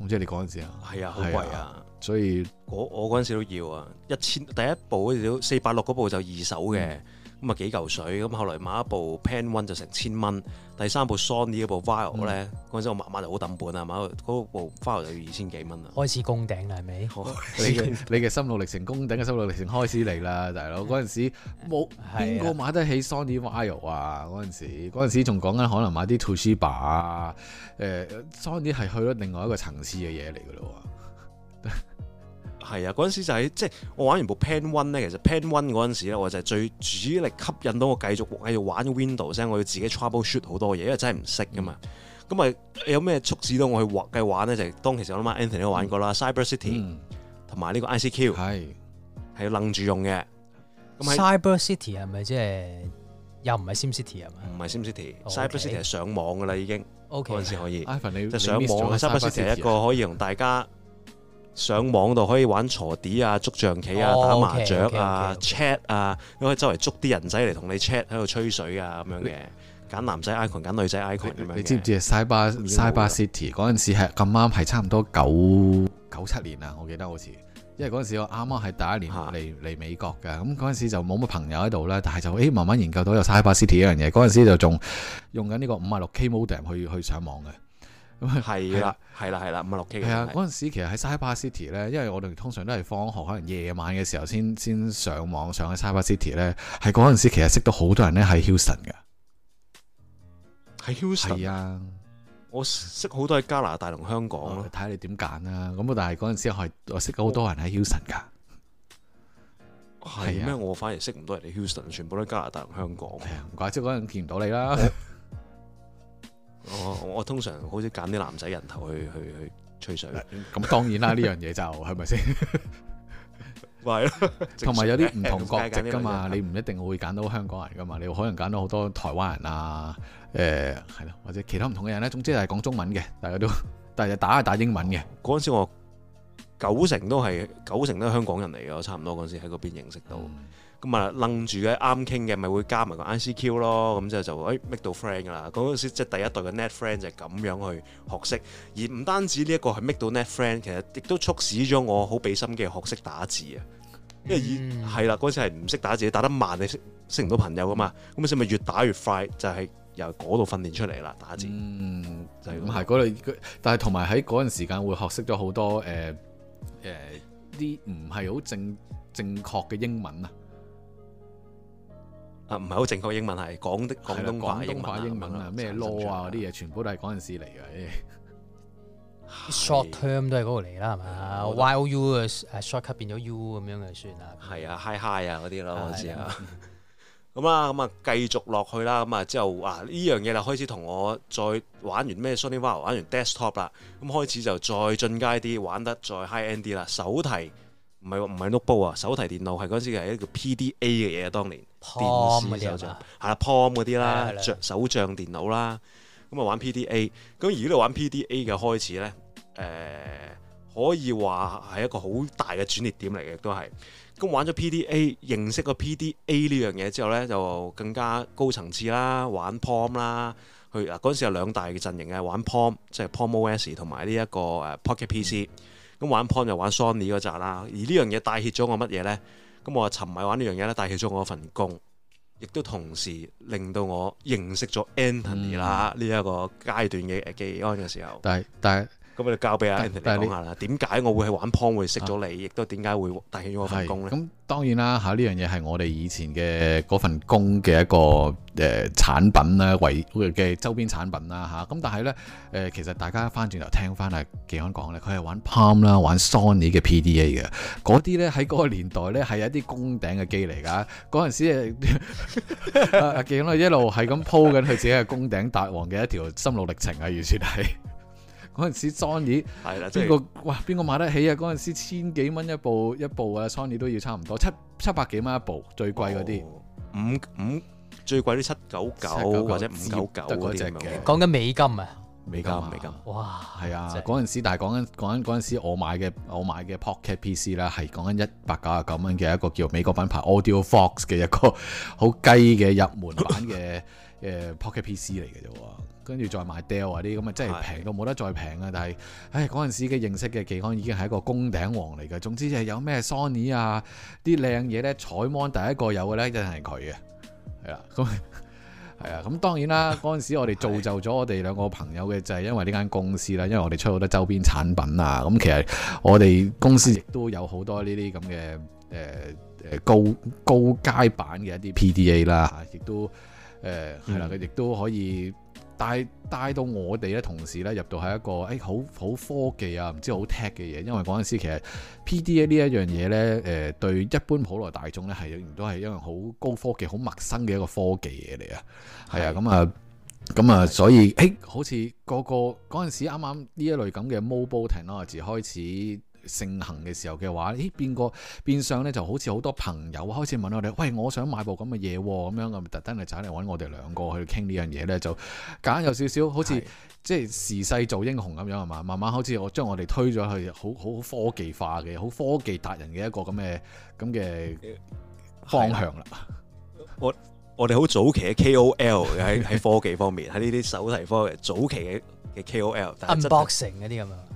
唔知你嗰陣時啊，係啊，好貴啊，所以我我嗰時都要啊，一千第一部嗰時四百六，嗰部就二手嘅、嗯。咁啊，幾嚿水咁。後來買一部 Pan One 就成千蚊，第三部 Sony 嗰部 Vaio 咧，嗰陣、嗯、時我媽媽就好抌本啦。買，買部，部 Vaio 就要二千幾蚊啦。開始攻頂啦，係咪？你嘅你嘅心路歷程，攻頂嘅心路歷程開始嚟啦，大佬嗰陣時冇邊個買得起 Sony Vaio 啊？嗰陣時嗰陣時仲講緊可能買啲 Toshiba 啊。誒，Sony 係去咗另外一個層次嘅嘢嚟㗎咯喎。 係啊，嗰陣時就係即係我玩完部 Pan One 咧，其實 Pan One 嗰陣時咧，我就係最主力吸引到我繼續係要玩 Window 先，我要自己 Trouble Shoot 好多嘢，因為真係唔識噶嘛。咁啊有咩促使到我去繼續玩咧？就係當其實我諗埋 Anthony 都玩過啦，Cyber City 同埋呢個 ICQ 係要楞住用嘅。咁 Cyber City 係咪即係又唔係 Sim City 啊？唔係 Sim City，Cyber City 係上網噶啦，已經嗰陣時可以。就上網，Cyber City 係一個可以同大家。上網度可以玩鋤子啊、捉象棋啊、打麻雀啊、chat 啊，可以周圍捉啲人仔嚟同你 chat 喺度吹水啊咁樣嘅，揀男仔 icon 揀女仔 icon 咁樣。你知唔知啊？Cyber Cyber City 嗰陣時係咁啱係差唔多九九七年啊，我記得好似，因為嗰陣時我啱啱係第一年嚟嚟美國嘅，咁嗰陣時就冇乜朋友喺度啦，但係就誒慢慢研究到有 Cyber City 呢樣嘢，嗰陣時就仲用緊呢個五啊六 K modem 去去上網嘅。咁係啦，係啦，係啦，五六 K 嘅。係啊，嗰陣時其實喺 Cyber City 咧，因為我哋通常都係放學可能夜晚嘅時候先先上網上去 Cyber City 咧，係嗰陣時其實識到好多人咧，係 Houston 嘅，係 Houston。係啊，我識好多喺加拿大同香港，睇下你點揀啦，咁但係嗰陣時我係我識好多人喺 Houston 噶。係咩？我反而識唔到人哋 Houston，全部都加拿大同香港。唔怪之嗰陣見唔到你啦。我，我通常好少揀啲男仔人頭去去，去吹水，咁 當然啦呢樣嘢就係咪先？係咯，同埋有啲唔同國籍噶嘛， 你唔一定會揀到香港人噶嘛，你可能揀到好多台灣人啊，誒係咯，或者其他唔同嘅人咧，總之係講中文嘅，大家都，但係打係打英文嘅。嗰陣 時我九成都係九成都係香港人嚟噶，我差唔多嗰陣時喺嗰邊認識到。嗯咁啊，愣住嘅啱傾嘅，咪會加埋個 ICQ 咯。咁之後就誒、哎、make 到 friend 噶啦。嗰陣時即係第一代嘅 net friend 就係咁樣去學識，而唔單止呢一個係 make 到 net friend，其實亦都促使咗我好俾心機學識打字啊。因為係啦，嗰陣、嗯、時係唔識打字，打得慢你識識唔到朋友噶嘛。咁所以咪越打越快，就係、是、由嗰度訓練出嚟啦。打字、嗯、就係咁度。但係同埋喺嗰陣時間會學識咗好多誒誒啲唔係好正正確嘅英文啊。唔係好正確英文係講的廣東廣東話英文啊，咩 law 啊嗰啲嘢，全部都係嗰陣時嚟嘅。short term 都係嗰度嚟啦，係嘛？While you 誒 short 級變咗 u 咁樣嘅算啦，係啊，high high 啊嗰啲咯，嗰陣時啊。咁啊，咁啊，繼續落去啦。咁啊之後啊，呢樣嘢就開始同我再玩完咩 sony va 玩完 desktop 啦。咁開始就再進階啲，玩得再 high end 啲啦。手提唔係唔係 notebook 啊，note board，手提電腦係嗰陣時係一個 P D A 嘅嘢，當年。當年電視手杖係啦 Palm 嗰啲啦，手像電腦啦，咁啊玩 PDA，咁而嗰度玩 PDA 嘅開始咧，誒、呃，可以話係一個好大嘅轉捩點嚟嘅，都係，咁玩咗 PDA，認識個 PDA 呢樣嘢之後咧，就更加高層次啦，玩 Palm 啦，去嗱嗰陣時有兩大嘅陣營嘅，玩 Palm 即係 Palm OS 同埋呢一個誒 Pocket PC，咁、嗯、玩 Palm 就玩 Sony 嗰扎啦，而帶呢樣嘢帶挈咗我乜嘢咧？咁我話沉迷玩呢樣嘢咧，帶起咗我一份工作，亦都同時令到我認識咗 Anthony 啦、嗯。呢一個階段嘅嘅嘅時候，咁我交俾阿健嚟講下啦，點解我會喺玩 Palm 會識咗你，亦都點解會帶起咗我份工呢、啊、我份工咧？咁當然啦，吓呢樣嘢係我哋以前嘅嗰份工嘅一個誒、呃、產品啦，為嘅周邊產品啦，吓、啊、咁但係咧誒，其實大家翻轉頭聽翻阿健講咧，佢係玩 Palm 啦，玩 Sony 嘅 PDA 嘅，嗰啲咧喺嗰個年代咧係一啲工頂嘅機嚟噶，嗰陣時阿健咧一路係咁鋪緊佢自己嘅工頂大王嘅一條心路歷程啊，完全係。 嗰陣時 Sony 係啦、嗯，邊、嗯、個誰哇邊個買得起啊？嗰陣時千幾蚊一部一部啊，Sony 都要差唔多七七百幾蚊一部，最貴嗰啲、哦、五五最貴啲，七九九或者五九九嗰啲嘅。講緊美金啊，美金、啊、美金、啊。哇，係啊！嗰陣是時，但係講緊講緊嗰陣時我，我買嘅我買嘅 Pocket PC 啦，係講緊一百九十九蚊嘅一個叫美國品牌 Audio Fox 嘅一個好雞嘅入門版嘅。 誒 Pocket PC 嚟嘅啫喎，跟住再買 Dell 啊啲咁啊，真係平到冇得再平啊！但係，誒嗰陣時嘅認識嘅技安已經係一個巔峯王嚟嘅。總之就係有咩 Sony 啊啲靚嘢咧，彩芒第一個有嘅咧，就係佢嘅。係啦，咁係啊，咁當然啦，嗰陣時我哋造就咗我哋兩個朋友嘅，就係因為呢間公司啦，因為我哋出好多周邊產品啊。咁其實我哋公司亦都有好多呢啲咁嘅誒誒高高階版嘅一啲 PDA 啦，亦都。誒係啦，佢亦都可以帶帶到我哋咧，同時咧入到係一個誒好好科技啊，唔知好 t a 踢嘅嘢，因為嗰陣時其實 P.D.A 呢一樣嘢咧，誒、呃、對一般普羅大眾咧係都係一樣好高科技、好陌生嘅一個科技嘢嚟啊，係啊，咁啊，咁啊，所以誒、欸，好似個個嗰陣時啱啱呢一類咁嘅 mobile 停咯，就開始。盛行嘅時候嘅話，咦、欸、變個變相咧就好似好多朋友開始問我哋，喂，我想買部咁嘅嘢喎，咁樣咁特登嚟走嚟揾我哋兩個去傾呢樣嘢咧，就揀有少少好似的即係時勢做英雄咁樣，慢慢慢慢好似我將我哋推咗去好好科技化嘅，好科技達人嘅一個咁嘅咁嘅方向啦。我我哋好早期嘅 KOL 喺喺科技方面，喺呢啲手提科技早期嘅 KOL，Unboxing 嗰啲咁啊。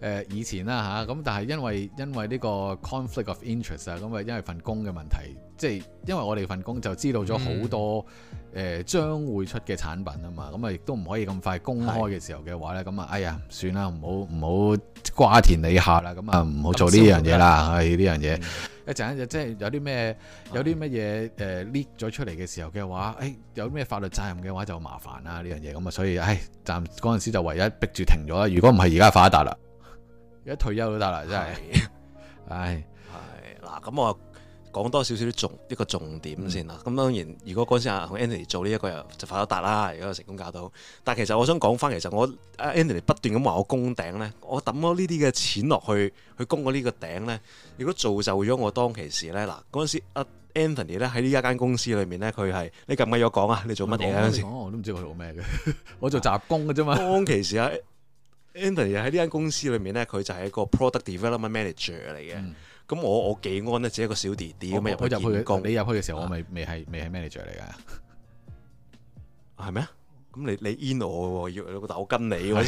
誒以前啦嚇，咁但係因為因為呢個 conflict of interest 啊，咁啊因為份工嘅問題，即係因為我哋份工就知道咗好多誒將會出嘅產品啊嘛，咁啊亦都唔可以咁快公開嘅時候嘅話咧，咁啊是哎呀算啦，唔好唔好瓜田李下啦，咁啊唔好做呢樣嘢啦，係呢樣嘢一陣間即係有啲咩有啲乜嘢誒 lift 咗出嚟嘅時候嘅話，誒、哎、有咩法律責任嘅話就麻煩啦呢樣嘢，咁啊所以唉暫嗰陣時就唯一逼住停咗啦，如果唔係而家發達啦。一退休都得啦，真係，唉是，係嗱、哎，咁我講多少少啲重一個重點先啦。咁、嗯、當然，如果嗰陣時阿 Anthony 做呢、這、一個又就發咗達啦，而家成功搞到。但係其實我想講翻，其實我阿 Anthony 不斷咁話我供頂咧，我抌咗呢啲嘅錢落去去供我呢個頂咧，如果造就咗我當其時咧，嗱嗰陣時阿 Anthony 咧喺呢一間公司裏面咧，佢係你咁嘅咗講啊？你做乜嘢陣時，我都唔知佢做咩嘅， 我做雜工嘅啫嘛。當其時喺。 Anthony 喺呢間公司裏面咧，佢就係一個 product development manager 嚟嘅。咁我我技安咧只係一個小弟弟咁入去入去講。你入去嘅時候，我咪未係未係 manager 嚟噶？係咩？咁你你 in 我，要但係我跟你，係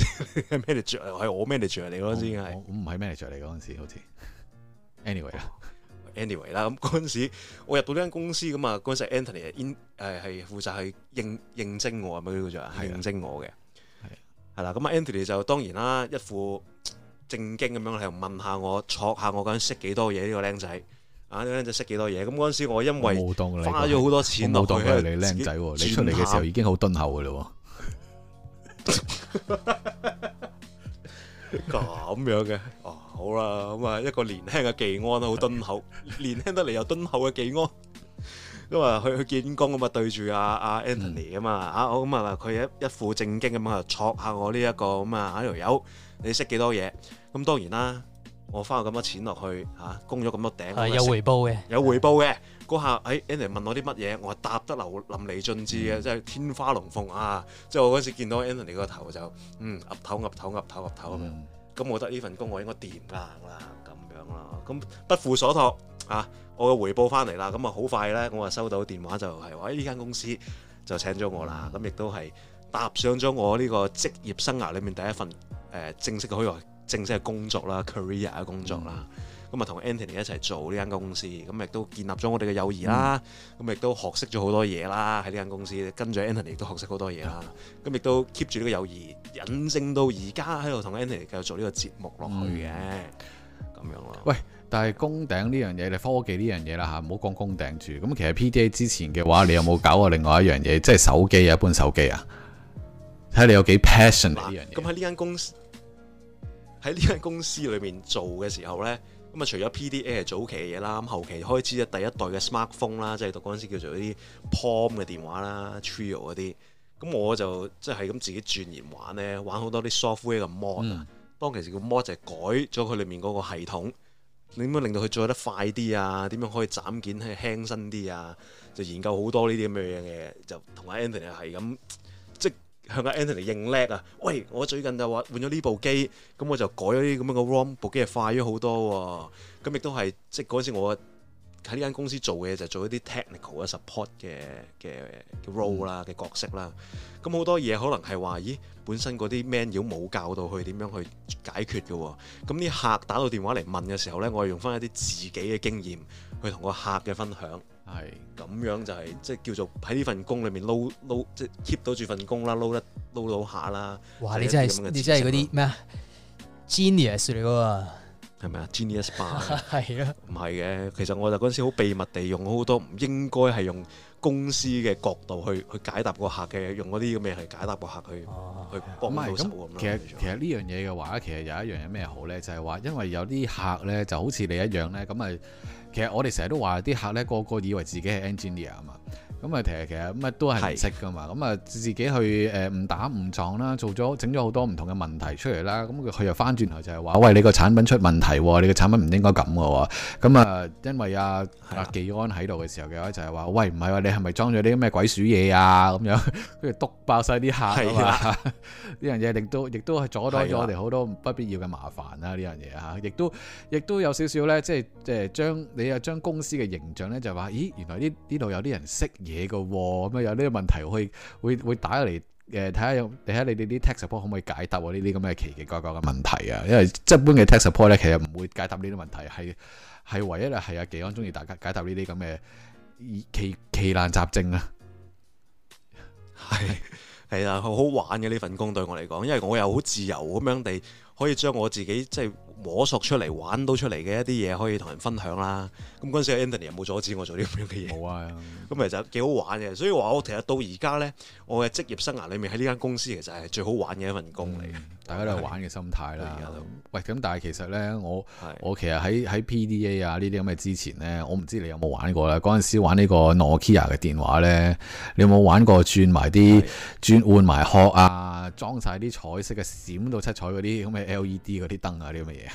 manager，係我 manager 嚟咯。先係我唔係 manager 嚟嗰陣時，好似 anyway 啊，anyway 啦。咁嗰陣時我入到呢間公司噶嘛？嗰陣時 Anthony in 係係負責係應應徵我啊，係咪叫做啊？應徵我嘅。係啦，咁啊 Anthony 就當然啦，一副正經咁樣嚟問下我，坐下我究竟識幾多嘢？呢個僆仔啊？呢個僆仔識幾多嘢？咁嗰陣時我因為花咗好多錢落去，我冇當佢係你僆仔，你出嚟嘅時候已經好敦厚嘅咯。咁樣嘅哦、啊，好啦，咁啊一個年輕嘅技安好敦厚， 年輕得嚟又敦厚嘅技安。因、嗯、啊，打打這個、去去見工咁啊，對住阿阿 Anthony 啊嘛，啊，我咁啊，佢一一副正經咁啊，挫下我呢一個咁啊，喺度友，你識幾多嘢？咁當然啦，我花咗咁多錢落去嚇，供咗咁多頂，嗯、呢有回報嘅，的有回報嘅。嗰下誒、欸欸、Anthony 問我啲乜嘢，我係答得流淋漓盡致嘅，嗯、即係天花龍鳳啊！即係我嗰時見到 Anthony 個頭就，嗯，岌頭岌頭岌頭岌頭咁樣。咁我覺得呢份工我應該掂啦，咁樣啦。咁不負所託。啊！啊我嘅回報翻嚟啦，咁啊好快呢，我啊收到電話就係、是、話，呢、哎、間公司就請咗我啦，咁亦、嗯、都係踏上咗我呢個職業生涯裡面第一份誒、呃、正式嘅可正式嘅工作啦，career 嘅工作啦，咁啊同、嗯、Anthony 一齊做呢間公司，咁亦都建立咗我哋嘅友誼啦，咁亦、嗯、都學識咗好多嘢啦，喺呢間公司跟住 Anthony 亦都學識好多嘢啦，咁亦都 keep 住呢個友誼，引證到而家喺度同 Anthony 繼續做呢個節目落去嘅，咁、嗯嗯、樣咯。喂。但係工頂呢樣嘢，你科技呢樣嘢啦嚇，唔好講工頂住。咁其實 PDA 之前嘅話，你有冇搞過另外一樣嘢，即係手機啊，一般手機啊，睇下你有幾 passion 係呢樣嘢。咁喺呢間公司喺呢間公司裏面做嘅時候咧，咁啊除咗 PDA 係早期嘅嘢啦，咁後期開始咧第一代嘅 smartphone 啦，即係讀嗰陣時叫做啲 Palm 嘅電話啦，Treo 嗰啲，咁我就即係咁自己鑽研玩咧，玩好多啲 software 嘅 mod。當其時嘅 mod 就係改咗佢裏面嗰個系統。你點樣令到佢做得快啲啊？點樣可以斬件輕身啲啊？就研究好多呢啲咁嘅嘢，就同阿 Anthony 係咁，即係向阿 Anthony 認叻啊！喂，我最近就話換咗呢部機，咁我就改咗啲咁樣嘅 ROM，部機係快咗好多喎，啊。咁亦都係即係嗰陣時我。喺呢間公司做嘢就做一啲 technical 嘅 support 嘅嘅 role 啦嘅角色啦，咁好多嘢可能係話，咦，本身嗰啲 manual 如果冇教到佢點樣去解決嘅，咁啲客打到電話嚟問嘅時候咧，我係用翻一啲自己嘅經驗去同個客嘅分享。係是，咁樣就係即係叫做喺呢份工裏面撈撈，即係 keep 到住份工啦，撈得撈到下啦。哇！你真係你真係嗰啲咩啊？專業嚟㗎！Genius. 係咪啊？Genius Bar，係啊，唔係嘅。其實我就嗰陣時好秘密地用好多唔應該係用公司嘅角度去去解答個客嘅，用嗰啲咁咩去解答個客去、哦、去搏埋一手咁、嗯、其實說其實呢樣嘢嘅話，其實有一樣嘢咩好咧，就係、是、話因為有啲客咧就好似你一樣咧，咁啊，其實我哋成日都話啲客咧個個以為自己係 Engineer 啊嘛。咁啊，其實其實咁啊，都係唔識噶嘛。咁啊的，自己去誒誤打誤撞啦，做咗整咗好多唔同嘅問題出嚟啦。咁佢佢又翻轉頭就係話，喂，你個產品出問題喎，你個產品唔應該咁嘅喎。咁啊，因為啊，的啊紀安喺度嘅時候嘅話，就係話，喂，唔係喎，你係咪裝咗啲咩鬼鼠嘢啊？咁樣，跟住篤爆晒啲客。呢樣嘢亦都亦都係阻擋咗我哋好多不必要嘅麻煩啦。呢樣嘢嚇，亦都亦都有少少咧，即係誒將你啊將公司嘅形象咧就話，咦，原來呢呢度有啲人，有人識嘢。嘢嘅喎，咁樣有呢啲問題，可以會會打嚟，誒睇下有睇下你哋啲 tech support 可唔可以解答呢啲咁嘅奇奇怪怪嘅問題啊？因為一般嘅 tech support 咧，其實唔會解答呢啲問題，係係唯一係阿幾安中意大家解答呢啲咁嘅奇奇難雜症啊。係係啊，好好玩嘅呢份工對我嚟講，因為我又好自由咁樣地可以將我自己即係。摸索出嚟玩到出嚟嘅一啲嘢，可以同人分享啦。咁嗰陣時，Anthony 有冇阻止我做呢咁樣嘅嘢？冇啊。咁 其實幾好玩嘅。所以話我其實到而家咧，我嘅職業生涯裏面喺呢間公司其實係最好玩嘅一份工嚟、嗯。大家都係玩嘅心態啦。喂，咁但係其實咧，我是我其實喺喺 PDA 啊呢啲咁嘅之前咧，我唔知你有冇玩過咧。嗰陣時玩呢個 Nokia、ok、嘅電話咧，你有冇玩過轉埋啲是轉換埋殼啊，我裝晒啲彩色嘅閃到七彩嗰啲咁嘅 LED 嗰啲燈啊啲咁嘅嘢？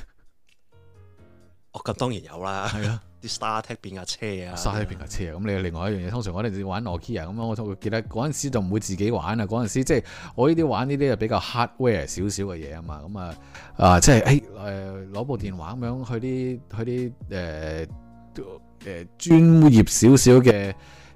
我咁、哦、當然有啦，係啊，啲 star tech 變架車啊，star tech 變架車啊。咁你另外一樣嘢，通常我哋玩 Nokia、ok、咁、嗯，我我記得嗰陣時就唔會自己玩，就是、玩小小啊。嗰陣時即係我呢啲玩呢啲就比較 hardware 少少嘅嘢啊嘛。咁啊啊，即係誒誒攞部電話咁樣去啲去啲誒誒專業少少嘅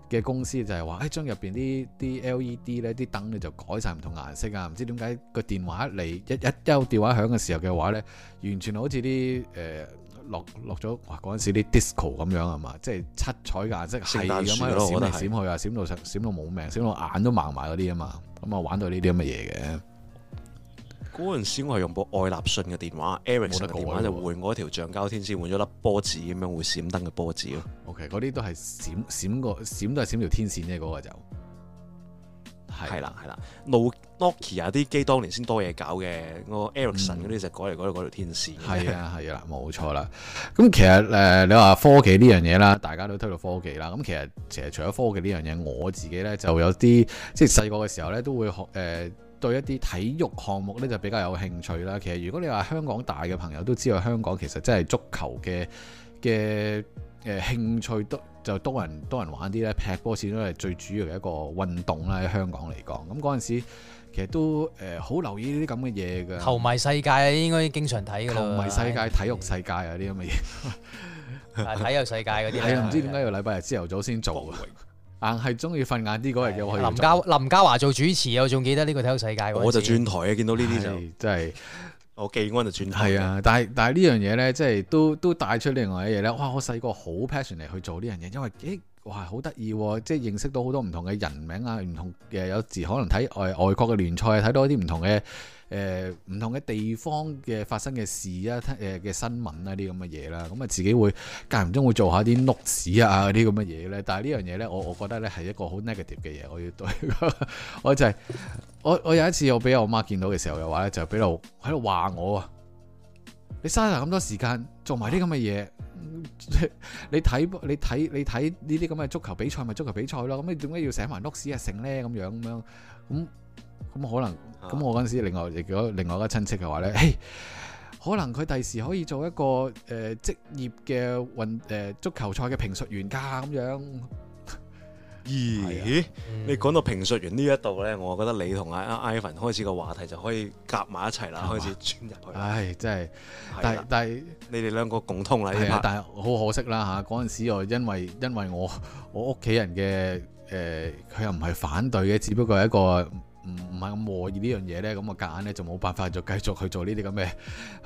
嘅公司，就係話誒將入邊啲啲 L E D 咧啲燈咧就改晒唔同顏色啊。唔知點解個電話嚟一一一有電話響嘅時候嘅話咧，完全好似啲誒。呃落落咗哇！嗰陣時啲 disco 咁樣係嘛，即係七彩顏色係咁樣閃嚟閃去啊，閃到成閃到冇命，閃到眼都盲埋嗰啲啊嘛，咁啊玩到呢啲咁嘅嘢嘅。嗰陣時我係用部愛立信嘅電話，Eric 嘅電話就換我一條橡膠天線，換咗粒波子咁樣會閃燈嘅波子咯。OK，嗰啲都係閃閃過，閃都係閃條天線啫，嗰、嗰個就。係啦，係啦，Nokia 啲機當年先多嘢搞嘅，我、那個、Ericsson 嗰啲就、嗯、改嚟改去嗰條天線，係啊，係啊，冇錯啦。咁其實誒，你話科技呢樣嘢啦，大家都推到科技啦。咁其實其實除咗科技呢樣嘢，我自己咧就有啲即係細個嘅時候咧都會學誒，對一啲體育項目咧就比較有興趣啦。其實如果你話香港大嘅朋友都知道，香港其實真係足球嘅嘅。誒興趣都就多人多人玩啲咧，劈波先都係最主要嘅一個運動啦。喺香港嚟講，咁嗰陣時其實都誒好留意呢啲咁嘅嘢嘅。球迷世界應該經常睇嘅啦。球迷世界、體育世界啊啲咁嘅嘢。啊！體育世界嗰啲。係唔知點解要禮拜日朝頭早先做，硬係中意瞓晏啲嗰日又去。林嘉林嘉華做主持，我仲記得呢個體育世界嗰。我就轉台啊！見到呢啲就即係。我寄安就轉台。係、okay，啊，但係但係呢樣嘢咧，即係都都帶出另外一嘢咧。哇！我細個好 passion 嚟去做呢樣嘢，因為咦、欸、哇，好得意，即係認識到好多唔同嘅人名啊，唔同嘅有時可能睇外外國嘅聯賽，睇到一啲唔同嘅誒唔同嘅地方嘅發生嘅事啊，誒、呃、嘅新聞啊啲咁嘅嘢啦。咁啊，自己會間唔中會做下啲碌屎啊嗰啲咁嘅嘢咧。但係呢樣嘢咧，我我覺得咧係一個好 negative 嘅嘢，我要對我就係、是。 我我有一次我俾我媽見到嘅時候嘅話咧，就俾度喺度話我啊，你嘥咁多時間做埋啲咁嘅嘢，你睇你睇你睇呢啲咁嘅足球比賽咪足球比賽咯，咁你點解要寫埋 notes 啊成咧咁樣咁樣，咁、嗯、咁、嗯嗯、可能咁我嗰陣時另外亦另外一個親戚嘅話咧，可能佢第時可以做一個誒職、呃、業嘅運誒足球賽嘅評述員㗎咁樣。咦？啊嗯、你講到評述員呢一度咧，我覺得你同阿阿 Ivan 開始個話題就可以夾埋一齊啦，嗎開始轉入去。唉、哎，真係，但係但係你哋兩個共通啦，對但係好可惜啦嚇，嗰陣時我因為因為我我屋企人嘅誒佢又唔係反對嘅，只不過係一個唔唔係咁和諧呢樣嘢咧，咁啊夾硬咧就冇辦法就繼續去做呢啲咁嘅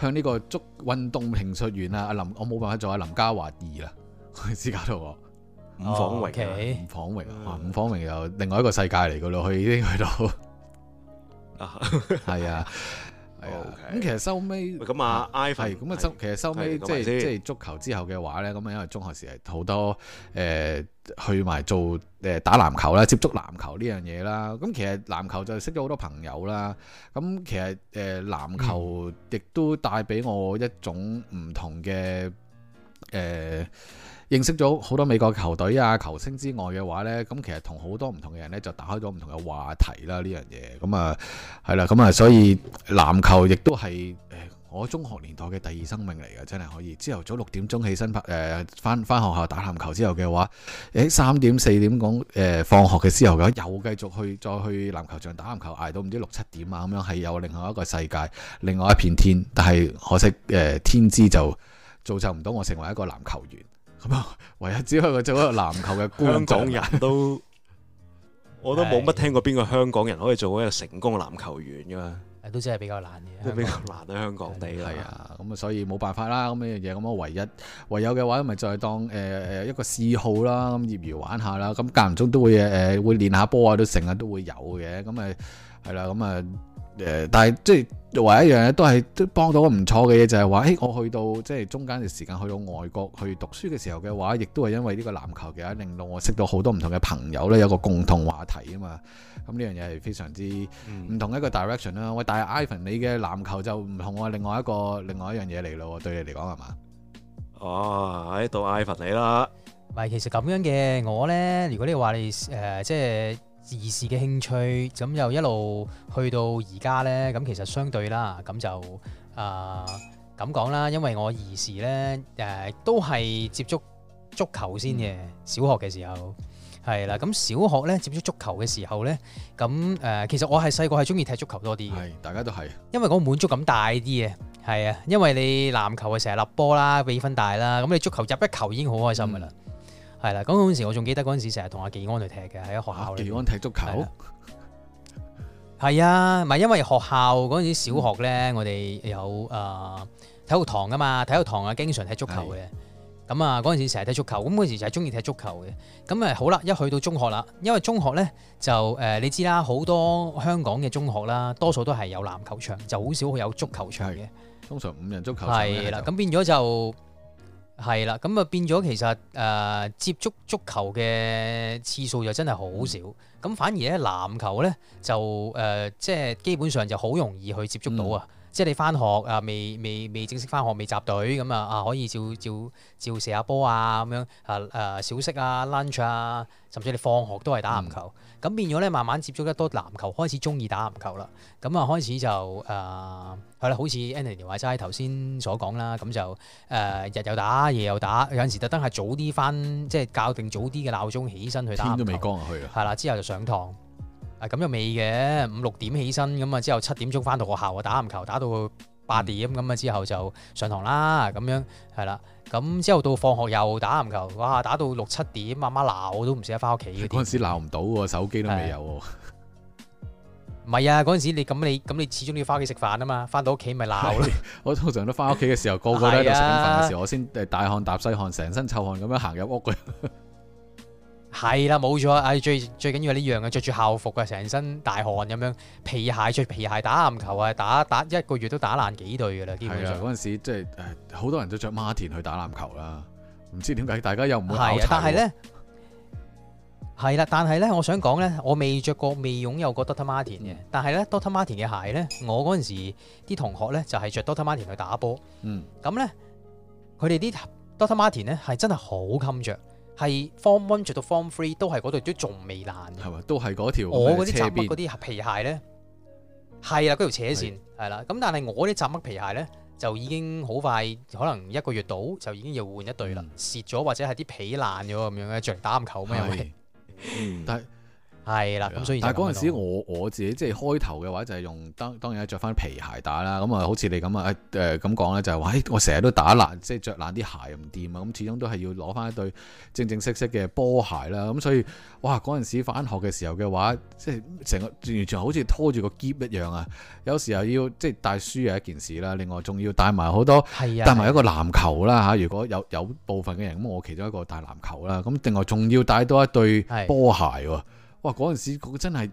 向呢個足運動評述員、嗯、啊！阿林我冇辦法做阿林嘉華二啊，私搞到我。五房榮啊，Okay. 五房榮啊，嗯、五房榮又另外一個世界嚟㗎喇，佢已經去到，係啊係啊，咁、Okay. 其實收尾咁啊 iPhone 係咁啊收，其實收尾即係即係足球之後嘅話咧，咁啊因為中學時係好多誒、呃、去埋做誒、呃、打籃球啦，接觸籃球呢樣嘢啦，咁其實籃球就識咗好多朋友啦，咁其實誒籃、呃、球亦都帶俾我一種唔同嘅誒。嗯嗯認識咗好多美國球隊啊、球星之外嘅話呢，咁其實同好多唔同嘅人呢，就打開咗唔同嘅話題啦，呢樣嘢咁啊係啦，咁啊所以籃球亦都係誒我中學年代嘅第二生命嚟嘅，真係可以朝頭早六點鐘起身拍誒返返學校打籃球之後嘅話，誒、欸、三點四點講誒、呃、放學嘅時候又繼續去再去籃球場打籃球，捱到唔知六七點啊咁樣係有另外一個世界，另外一片天，但係可惜誒、呃、天資就造就唔到我成為一個籃球員。咁啊，唯一只可以做一個籃球嘅 香港人都，我都冇乜聽過邊個香港人可以做一個成功嘅籃球員噶。誒，都真係比較難嘅，都比較難喺香港地。係啊，咁、嗯、啊，所以冇辦法啦。咁樣嘢，咁、嗯、啊，唯一唯有嘅話，咪就係當誒誒、呃、一個嗜好啦，咁業餘玩下啦。咁間唔中都會誒、呃、會練下波啊，都成日都會有嘅。咁、嗯、啊，係、嗯、啦，咁、嗯、啊。誒，但係即係唯一一樣嘢都係都幫到唔錯嘅嘢，就係話，誒，我去到即係中間嘅時間，去到外國去讀書嘅時候嘅話，亦都係因為呢個籃球嘅話，令到我識到好多唔同嘅朋友咧，有個共同話題啊嘛。咁呢樣嘢係非常之唔同一個 direction 啦、嗯。喂，但係 Ivan，你嘅籃球就唔同我，另外一個另外一樣嘢嚟咯，對你嚟講係嘛？哦，喺度 Ivan 你啦。唔係，其實咁樣嘅我咧，如果你話你誒、呃、即係。兒時嘅興趣，咁又一路去到而家呢。咁其實相對啦，咁就啊咁講啦，因為我兒時呢，誒、呃、都係接觸足球先嘅，嗯、小學嘅時候係啦，咁小學呢，接觸足球嘅時候呢，咁、呃、誒其實我係細個係中意踢足球多啲，大家都係，因為嗰個滿足感大啲嘅，係啊，因為你籃球啊成日立波啦，比分大啦，咁你足球入一球已經好開心噶啦。嗯。係啦，嗰陣時我仲記得嗰陣時成日同阿技安去踢嘅，喺學校咧。啊，技安踢足球，係啊，唔係因為學校嗰陣時小學咧，我哋有誒、呃、體育堂㗎嘛，體育堂啊，經常踢足球嘅。咁啊的，嗰陣時成日踢足球，咁嗰時就係中意踢足球嘅。咁啊，好啦，一去到中學啦，因為中學咧就誒，你知啦，好多香港嘅中學啦，多數都係有籃球場，就好少有足球場嘅。通常五人足球場係啦，咁變咗就。係啦，咁啊變咗其實誒、呃、接觸足球嘅次數就真係好少，咁、嗯、反而呢籃球呢，就誒即係基本上就好容易去接觸到啊。嗯即係你翻學啊，未未未正式翻學未集隊咁啊，啊，啊可以照照照射下波啊咁樣啊啊小息啊 lunch 啊，甚至你放學都係打籃球，咁、嗯、變咗咧慢慢接觸得多籃球，開始鍾意打籃球啦。咁啊開始就誒係啦，好似 Anthony 話齋頭先所講啦，咁就誒日又打夜又打，打，有陣時特登係早啲翻，即係校定早啲嘅鬧鐘起身去打，天都未光啊去啊，係啦，之後就上堂。咁又未嘅，五六點起身咁啊，5, 之後七點鐘翻到學校啊，打籃球打到八點咁啊，之後就上堂啦咁樣，係啦，咁之後到放學又打籃球，哇打到六七點，阿媽鬧我都唔捨得翻屋企嗰啲。嗰陣時鬧唔到喎，的手機都未有喎。唔係啊，嗰陣時你咁你咁你始終要翻屋企食飯啊嘛，翻到屋企咪鬧咯。我通常都翻屋企嘅時候， 個個都喺度食緊飯嘅時候，的我先大汗搭細汗，成身臭汗咁樣行入屋係啦，冇錯。誒，最最緊要係呢樣嘅，著住校服嘅，成身大汗咁樣，皮鞋着皮鞋打籃球啊，打打，打一個月都打爛幾對嘅啦。的基本上嗰陣時即，即係好多人都着 Martin 去打籃球啦。唔知點解大家又唔會淘汰。係啦，但係咧， 我想講咧，我未着過、未擁有過 Dr. Martin 嘅、嗯。但係咧 Dr. Martin 嘅鞋咧，我嗰陣時啲同學咧就係着 Dr. Martin 去打波。嗯，咁咧佢哋啲 Dr. Martin 咧係真係好襟着。係 form one 着到 form three 都係嗰度都仲未爛嘅，係咪？都係嗰條我嗰啲雜嘜嗰啲皮鞋咧，係啦，嗰條斜線係啦。咁的但係我啲雜嘜皮鞋咧，就已經好快，可能一個月到就已經要換一對啦，嗯、蝕咗或者係啲皮爛咗咁樣嘅，着嚟打籃球咩？係啦，咁所以但係嗰陣時我我自己即係開頭嘅話就係用當當然着翻皮鞋打啦，咁、嗯、啊好似你咁啊，誒、咁講咧就係、是、話，誒、哎、我成日都打爛，即係着爛啲鞋唔掂啊，咁、嗯、始終都係要攞翻一對正正式式嘅波鞋啦，咁、嗯、所以哇嗰陣時翻學嘅時候嘅話，即係成個完全，全，全好似拖住個篋一樣啊，有時候要即係帶書係一件事啦，另外仲要帶埋好多，帶埋的一個籃球啦吓、啊，如果有有部分嘅人咁，我其中一個帶籃球啦，咁另外仲要帶多一對波鞋喎。的哇！嗰陣時，真係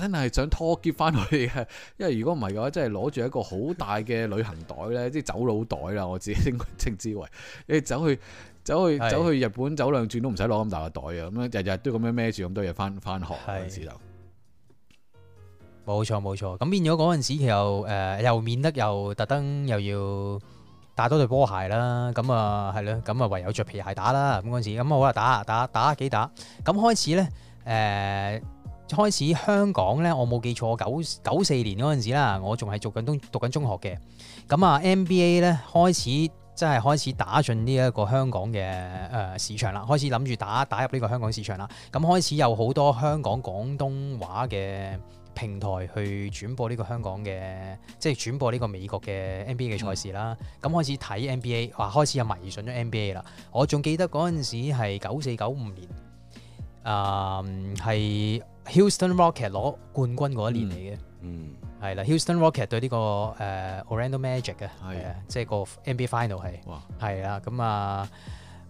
真係想拖結翻去，因為如果唔係嘅話，真係攞住一個好大嘅旅行袋咧，即係走佬袋啦。我自己該稱之為你走去走去走去日本走兩轉都唔使攞咁大個袋啊。咁樣日日都咁樣孭住咁多嘢翻翻學。嗰陣時就冇錯冇錯。咁變咗嗰陣時又誒又免得又特登又要帶多對波鞋啦。咁啊係咯，咁啊唯有着皮鞋打啦。咁嗰陣時咁好啦打打打幾打咁開始咧。誒、呃、開始香港咧，我冇記錯，九九四年嗰陣時啦，我仲係做緊中讀緊中學嘅。咁啊，NBA 咧開始真係開始打進呢一個香港嘅誒、呃、市場啦，開始諗住打打入呢個香港市場啦。咁開始有好多香港廣東話嘅平台去轉播呢個香港嘅，即係轉播呢個美國嘅 NBA 嘅賽事啦。咁、嗯、開始睇 NBA，話開始有迷上咗 NBA 啦。我仲記得嗰陣時係九四九五年。啊，係、um, Houston Rocket 攞冠軍嗰一年嚟嘅，嗯、mm，係、hmm. 啦。Houston Rocket 對呢、這個誒、uh, Orlando Magic 嘅、mm，係、hmm. 啊，即、就、係、是、個 NBA final 係，哇，係啊，咁啊，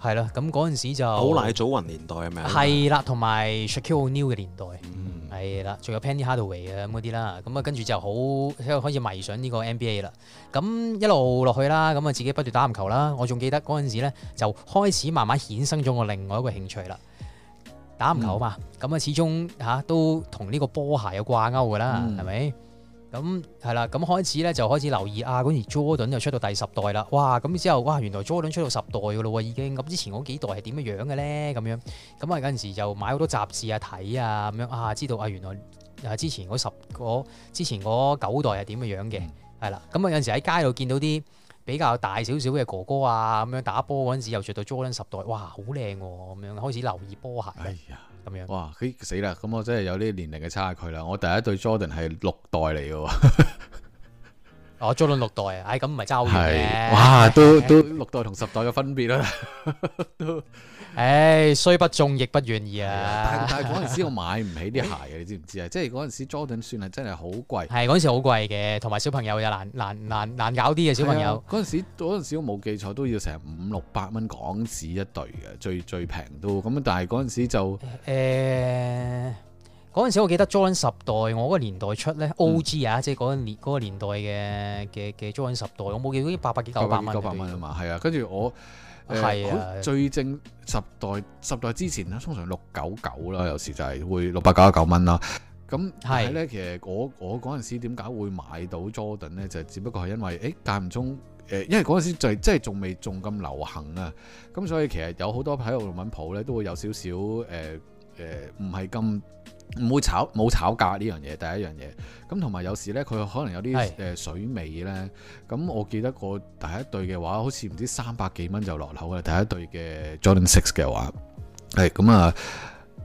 係咯，咁嗰陣時就好賴祖雲年代係咪啊？係啦的，同埋的 Shaquille O’Neal 嘅年代，嗯、mm，係、hmm. 啦，仲有 Penny Hardaway 啊咁嗰啲啦，咁啊跟住就好開始迷上呢個 NBA 啦，咁一路落去啦，咁啊自己不斷打籃球啦，我仲記得嗰陣時咧就開始慢慢衍生咗我另外一個興趣啦。打籃球啊嘛，咁啊，始終嚇都同呢個波鞋有掛鈎噶啦，係咪咁係啦？咁開始咧就開始留意啊。嗰時，Jordan 就出到第十代啦，哇！咁之後哇，原來 Jordan 出到十代噶咯喎，已經咁之前嗰幾代係點樣樣嘅咧？咁樣咁啊，有陣時就買好多雜誌啊睇啊，咁樣啊，知道啊原來啊之前嗰十之前嗰九代係點樣樣嘅係啦。咁啊 vs，有陣時喺街度見到啲比較大少少嘅哥哥啊，咁樣打波嗰陣時又着到 Jordan 十代，哇，好靚咁樣，開始留意波鞋。哎呀，咁樣，哇，佢死啦！咁我真係有啲年齡嘅差距啦。我第一對 Jordan 係六代嚟嘅， 哦，Jordan 六代啊，唉、哎，咁唔係周瑜嘅，哇，都 都，都六代同十代嘅分別啦。 都唉，雖、哎、不中，亦不願意啊！但但係嗰陣時我買唔起啲鞋啊， 你知唔知啊？即係嗰陣時 Jordan 算係真係好貴。係嗰陣時好貴嘅，同埋小朋友又難難難難搞啲嘅小朋友。嗰陣時嗰陣時我冇記錯都要成五六百蚊港紙一對嘅，最最平都咁，但係嗰陣時就誒嗰陣時我記得 Jordan 十代，我嗰個年代出咧，OG 啊，嗯、即係嗰年嗰個年代嘅嘅嘅 Jordan 十代，我冇記到八百幾九百蚊九百蚊啊嘛，係啊的，跟住我。係、呃、啊！最正十代十代之前咧，通常六九九啦，有時就係會六百九十九蚊啦。咁係咧，是其實我我嗰陣時點解會買到 Jordan 咧，就只不過係因為誒間唔中誒、呃，因為嗰陣時就真係仲未仲咁流行啊。咁所以其實有好多體育用品鋪咧，都會有少少誒誒，唔係咁。呃唔會炒，冇炒價呢樣嘢，第一樣嘢，咁同埋有時咧佢可能有啲誒水味咧，咁是我記得個第一對嘅話，好似唔知三百幾蚊就落樓啦，第一對嘅 Jordan Six 嘅話，係咁啊，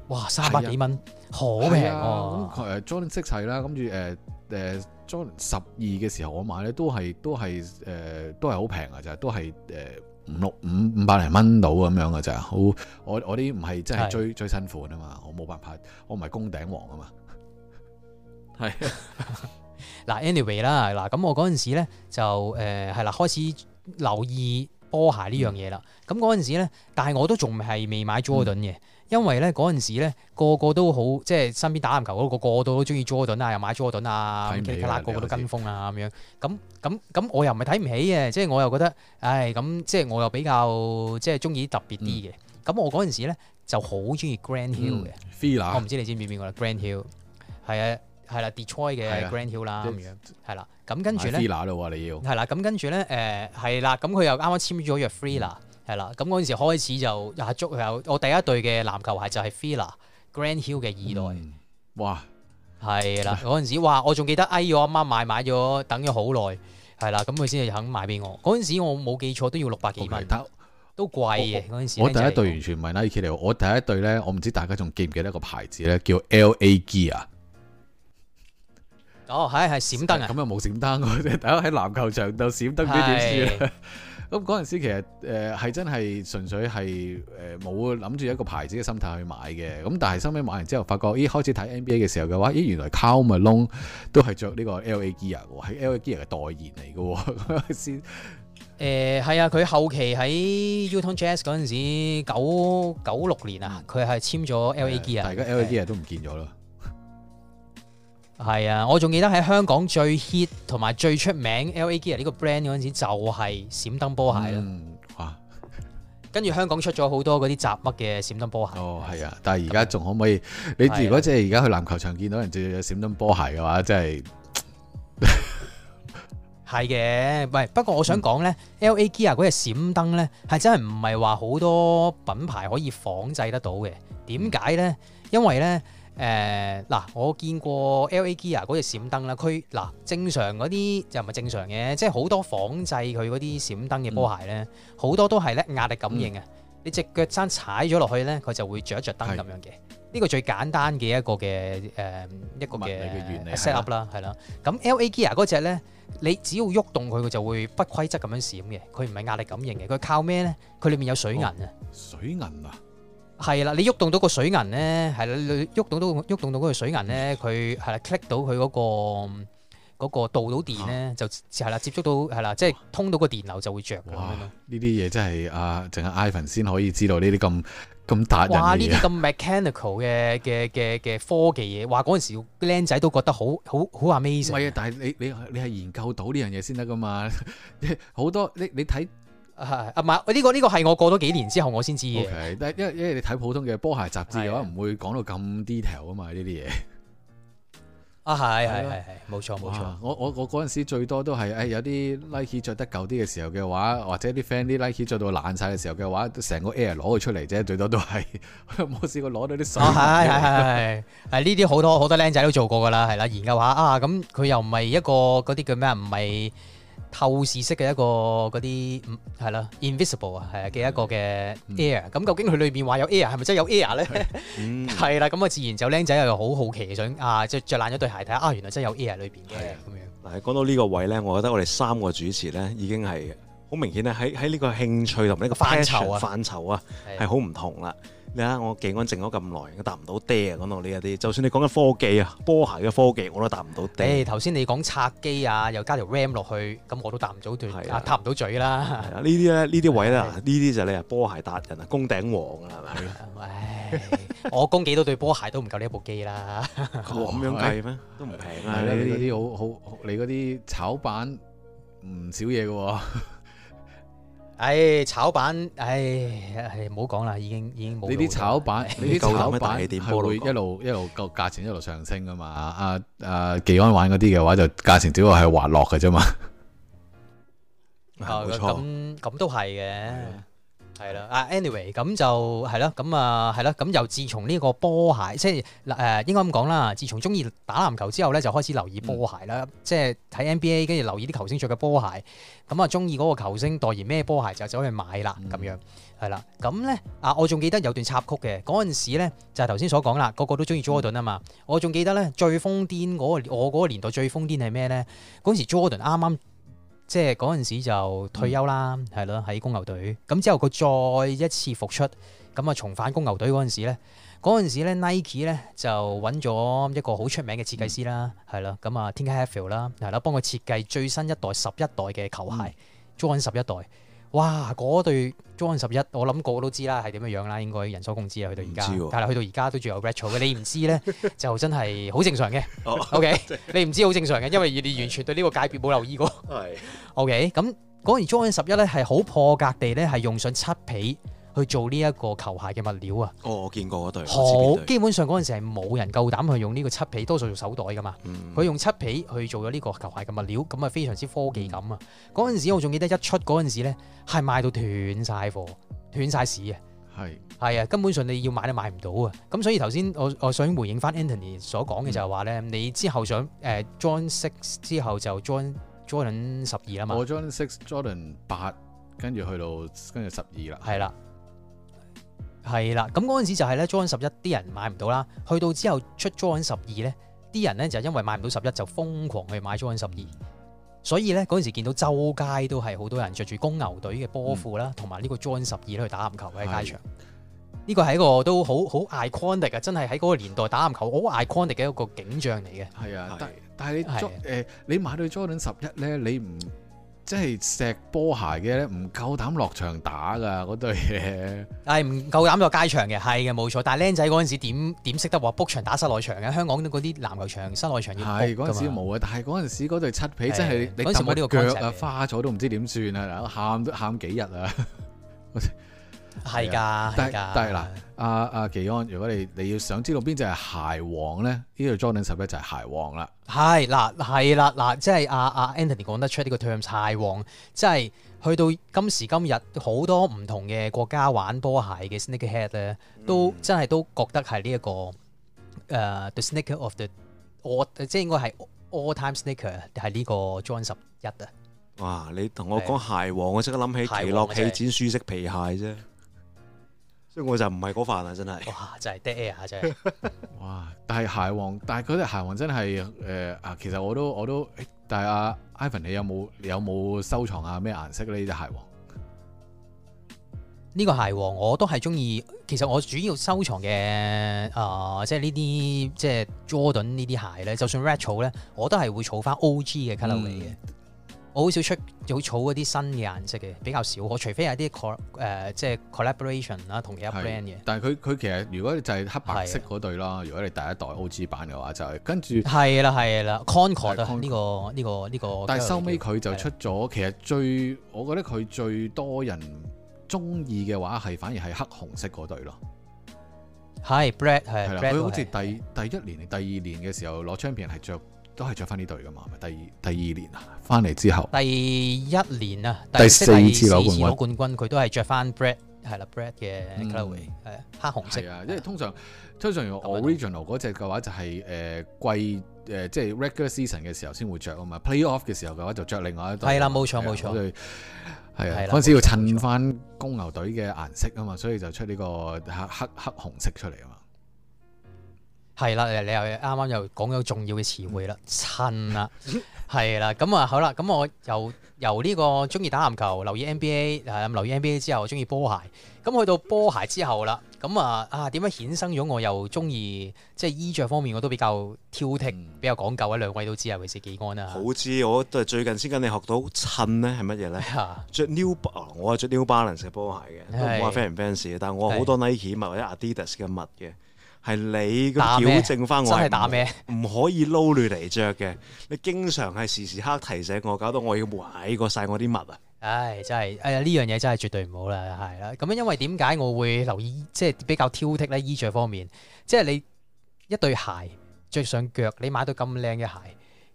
哇三百幾蚊好平喎，誒、啊啊啊、Jordan Six 係啦，跟住誒誒 Jordan 十二嘅時候我買咧都係都係誒、uh, 都係好平嘅就係都係誒。Uh, 五六五五百零蚊到咁樣嘅咋，好我我啲唔係真係追追新款啊嘛，我冇是辦法，我唔係攻頂王啊嘛。係嗱是 ，Anyway 啦，嗱，咁我嗰陣時咧就誒係啦，開始留意波鞋呢樣嘢啦。咁嗰陣時咧，但係我都仲係未買 Jordan 嘅。嗯因為咧嗰陣時咧個個都好，即係身邊打籃球嗰個個都都中意 Jordan 啊，又買 Jordan 啊，Kakla 個個都跟風啊咁樣。咁咁咁我又唔係睇唔起嘅，即係我又覺得，唉咁即係我又比較即係中意特別啲嘅。咁我嗰陣時咧就好中意 Grant Hill 嘅。Fila，我唔知你知唔知邊個啦，Grant Hill。係啊，係啦，Detroit 嘅 Grant Hill 啦咁樣。係啦，咁跟住咧。買 Fila 啦喎，你要。係啦，咁跟住咧，誒係啦，咁佢又啱啱簽咗約 Fila。係啦，咁嗰陣時開始就又係足有我第一對嘅籃球鞋就係 Fila Grand Hill 嘅二代。哇，係啦，嗰陣時哇，我仲記得哎，我阿媽買買咗等咗好耐，係啦，咁佢先至肯買俾我。嗰陣時我冇記錯都要六百幾蚊，都貴嘅嗰陣時。我第一對完全唔係 Nike 嚟，我第一對咧，我唔知大家仲記唔記得個牌子咧，叫 L.A.G. 啊。哦，係係閃燈啊！咁又冇閃燈，第一喺籃球場度閃燈都點算啊？咁嗰陣時其實誒係真係純粹係誒冇諗住一個牌子嘅心態去買嘅，咁但係收尾買完之後發覺，咦開始睇 NBA 嘅時候嘅話，咦原來 Karl Malone 都係着呢個 LA Gear 喎，係 LA Gear 嘅代言嚟嘅先。誒 係、呃、啊，佢後期喺 Utah Jazz 嗰陣時，九九六年啊，佢係簽咗 LA Gear、嗯。但係而家 LA Gear 都唔見咗啦。係啊，我仲記得喺香港最 hit 同埋最出名 LA Gear 呢個 brand 嗰陣時，就係閃燈波鞋啦，嗯。哇！跟住香港出咗好多嗰啲雜乜嘅閃燈波鞋。哦，係啊，但係而家仲可唔可以？啊，你如果即係而家去籃球場見到人着閃燈波鞋嘅話，真係係嘅。喂， 不過我想講咧，LA Gear 嗰隻閃燈咧，係、嗯、真係唔係話好多品牌可以仿製得到嘅。點解咧？嗯、因為咧。誒嗱、呃，我見過 LA Gear 嗰隻閃燈啦，佢嗱正常嗰啲就唔係正常嘅，即係好多仿製佢嗰啲閃燈嘅波鞋咧，好、嗯、多都係咧壓力感應啊，嗯、你隻腳踭踩咗落去咧，佢就會着一着燈咁是樣嘅，呢個最簡單嘅一個嘅誒一個嘅原理。set up 啦的，係啦。咁 LA Gear 嗰隻咧，你只要喐動佢，佢就會不規則咁樣閃嘅，佢唔係壓力感應嘅，佢靠咩咧？佢裏面有水銀啊，水銀啊。係啦，你喐動，動到個水銀咧，係啦，你喐到喐動到嗰個水銀咧，佢係啦，click 到佢嗰、嗰個嗰、嗰個、導到電咧，啊、就係啦，接觸到係啦，即係通到個電流就會着哇！呢啲嘢真係啊，淨係的、呃、Ivan 先可以知道呢啲咁咁達人。話呢啲咁 mechanical 嘅嘅嘅嘅科技嘢，話嗰陣時僆仔都覺得好好好 amazing。唔係啊，但係你你你係研究到呢樣嘢先得噶嘛？好 多你你睇。係，啊係，呢個呢個係我過咗幾年之後我先知嘅。因為因為你睇普通嘅波鞋雜誌嘅話，唔會講到咁 detail 啊嘛呢啲嘢。啊係係係係，冇錯冇錯。我我我嗰陣時最多都係誒有啲 Nike 着得舊啲嘅時候嘅話，或者啲 friend 啲 Nike 着到爛晒嘅時候嘅話，成個 Air 攞佢出嚟啫，最多都係冇試過攞到啲。哦係係係係係，呢啲好多好多僆仔都做過噶啦，係啦研究下啊，咁佢又唔係一個嗰啲叫咩啊，唔係。透視式嘅一個嗰啲，係啦 invisible 啊，係嘅，mm hmm. 一個嘅 air。咁究竟佢裏邊話有 air，係咪真係有 air 咧？係啦，mm，咁，hmm。啊 自然就僆仔又好好奇，想啊即係著爛咗對鞋睇下啊，原來真係有 air 裏邊嘅，咁樣。嗱，講到呢個位咧，我覺得我哋三個主持咧已經係。好明顯啊，喺喺呢個興趣同埋呢個範疇啊，範疇啊，係好唔同啦。你睇下我幾安靜咗咁耐，我答唔到爹講到呢一啲。就算你講緊科技啊，波鞋嘅科技我都答唔到爹。頭先你講拆機啊，又加條 RAM 落去，咁我都答唔到對啊，搭唔到嘴啦。呢啲咧，呢啲位啦，呢啲就你啊波鞋達人啊，工頂王啊，係咪？唉，我供幾多對波鞋都唔夠呢一部機啦。咁樣計咩？都唔平啊！你嗰啲好好，你嗰啲炒板唔少嘢㗎喎。唉、哎，炒版，唉、哎，係唔好講啦，已經已經冇。呢啲炒版，呢啲、哎、炒版，係會一路 一路價價錢一路上升噶嘛？啊啊，技安玩嗰啲嘅話就價錢只係係滑落嘅啫嘛。冇錯，咁咁都係嘅。係啦，啊，anyway，咁就係咯，咁啊係咯，咁、嗯、由自從呢個波鞋，即係嗱誒，應該咁講啦，自從中意打籃球之後咧，就開始留意波鞋啦，嗯、即係睇 NBA，跟住留意啲球星着嘅波鞋，咁啊中意嗰個球星代言咩波鞋就走去買啦，咁樣係啦，咁咧啊，我仲記得有段插曲嘅，嗰陣時咧就係頭先所講啦，個個都中意 Jordan 啊嘛，我仲記得咧最瘋癲我我嗰個年代最瘋癲係咩咧？嗰時 Jordan 啱啱。即係嗰陣時就退休啦，係咯，喺公牛隊。咁之後佢再一次復出，咁啊重返公牛隊嗰陣時呢，嗰陣時呢 Nike 呢就揾咗一個好出名嘅設計師啦，係啦、嗯，咁啊 Tinker Hatfield 啦，係啦，幫佢設計最新一代十一代嘅球鞋 Jordan 十一代。哇！嗰對 Jordan 十一，我諗個個都知啦，係點樣樣啦，應該人所共知啊。去到而家，啊、但係去到而家都仲有 retro 嘅。你唔知咧， 就真係好正常嘅。 OK，你唔知好正常嘅，因為你完全對呢個界別冇留意過。係 OK，咁嗰年 Jordan 十一咧係好破格地咧係用上七皮。去做呢一個球鞋嘅物料啊！哦，我見過嗰對。好，基本上嗰陣時係冇人夠膽去用呢個漆皮，多數做手袋噶嘛。佢、嗯嗯嗯、用漆皮去做咗呢個球鞋嘅物料，咁啊非常之科技感啊！嗰陣、嗯嗯、時我仲記得一出嗰陣時咧，係賣到斷晒貨、斷晒市啊！係係啊，根本上你要買都買唔到啊！咁所以頭先我我想回應翻 Anthony 所講嘅就係話咧，嗯嗯嗯你之後想，誒、呃、Jordan Six 之後就 Jordan Jordan 十二啊嘛。我 Jordan Six Jordan 八，跟住去到跟住十二啦。係啦。係啦，咁嗰陣時就係咧，Jordan 十一，啲人買唔到啦，去到之後出 Jordan 十二咧，啲人咧就因為買唔到十一就瘋狂去買 Jordan 十二，所以咧嗰陣時見到周街都係好多人着住公牛隊嘅波褲啦，同埋呢個 Jordan 十二去打籃球喺街場，呢個係一個都好好 iconic 啊，真係喺嗰個年代打籃球好 iconic 嘅一個景象嚟嘅。係啊，但的但係你誒的，呃，你買到 Jordan 十一咧，你唔？即係石波鞋嘅咧，唔夠膽落場打㗎，嗰對係唔、哎、夠膽落街場嘅，係嘅冇錯。但係僆仔嗰陣時點點識得話 book 場打室內場嘅？香港嗰啲籃球場室內場要 book 係嗰時冇啊，但係嗰陣時嗰對七皮、哎、真係你呢鬼腳啊，花咗都唔知點算啊，喊都喊幾日啊。呵呵。係噶，係噶，但係嗱，阿阿奇安，如果你你要想知道邊隻係鞋王咧，呢、這個 Jordan 十一就係鞋王啦。係嗱，係啦嗱，即係阿阿 Anthony 講得出呢個 term 鞋王，即係去到今時今日，好多唔同嘅國家玩波鞋嘅 sneakerhead 咧，都真係都覺得係呢一個誒、uh, the sneaker of the all 即係應該係 all time sneaker 係呢個 Jordan 十一啊。哇！你同我講鞋王，的鞋王我即刻諗起皮諾皮剪舒適皮鞋啫。即係我就唔係嗰份啦，真係哇，真係 dead air 真係 哇。但係鞋王，但係嗰隻鞋王真係誒啊。其實我都我都，但係阿、啊、Ivan，你有冇你有冇收藏下咩顏色呢隻鞋王？呢個鞋王我都係中意。其實我主要收藏嘅啊、呃，即係呢啲即係 Jordan 呢啲鞋咧，就算 retro 咧，我都係會儲翻 O.G. 嘅卡路里嘅。我好少出好草嗰啲新嘅顏色嘅，比較少。我除非係啲 c 即係 collaboration 啦，同其他 brand 嘅。但係佢佢其實，如果你就係黑白色嗰對啦。的如果你第一代 OG 版嘅話、就是，就係跟住係啦係啦 Concord 呢個呢個呢個。這個、但係收尾佢就出咗，的其實最我覺得佢最多人中意嘅話，係反而係黑紅色嗰對咯。係 Brett 係。係佢好似第第一年第二年嘅時候攞槍柄係着。都係着翻呢對噶嘛，咪第第二年啊，翻嚟之後。第一年啊，第四次攞冠軍，佢都係着翻 Brad e 係啦，Brad e 嘅 c o l o u r w 黑紅色。啊，因為通常通常 original 嗰隻嘅話就係誒貴誒，即係 regular season 嘅時候先會着啊嘛，playoff 嘅時候嘅話就着另外一對。係啦，冇錯冇錯。對，係啊，嗰陣時要襯翻公牛隊嘅顏色啊嘛，所以就出呢個黑黑黑紅色出嚟啊嘛。係啦，你又啱啱又講咗重要嘅詞彙啦，嗯、襯啦，係啦，咁啊好啦，咁我由由呢個中意打籃球，留意 NBA，留意 NBA 之後，中意波鞋，咁去到波鞋之後啦，咁啊啊點樣衍生咗？我又中意即係衣着方面我都比較挑剔，比較講究啊！兩位都知啊，尤其是幾安啊？好知，我都係最近先跟你學到襯咧，係乜嘢咧？着 New Balance，fancy，我係着 New Balance 嘅波鞋嘅，唔好話 fan 唔 fans 但係我好多 Nike 物或者 Adidas 嘅物嘅。係你個矯正翻我，真係打咩？唔可以撈亂嚟着嘅。你經常係時時刻提醒我，搞到我要買過晒我啲襪啊！唉，真係，唉呢樣嘢真係絕對唔好啦，係啦。咁樣因為點解我會留意，即係比較挑剔咧，衣着方面，即係你一對鞋着上腳，你買到咁靚嘅鞋，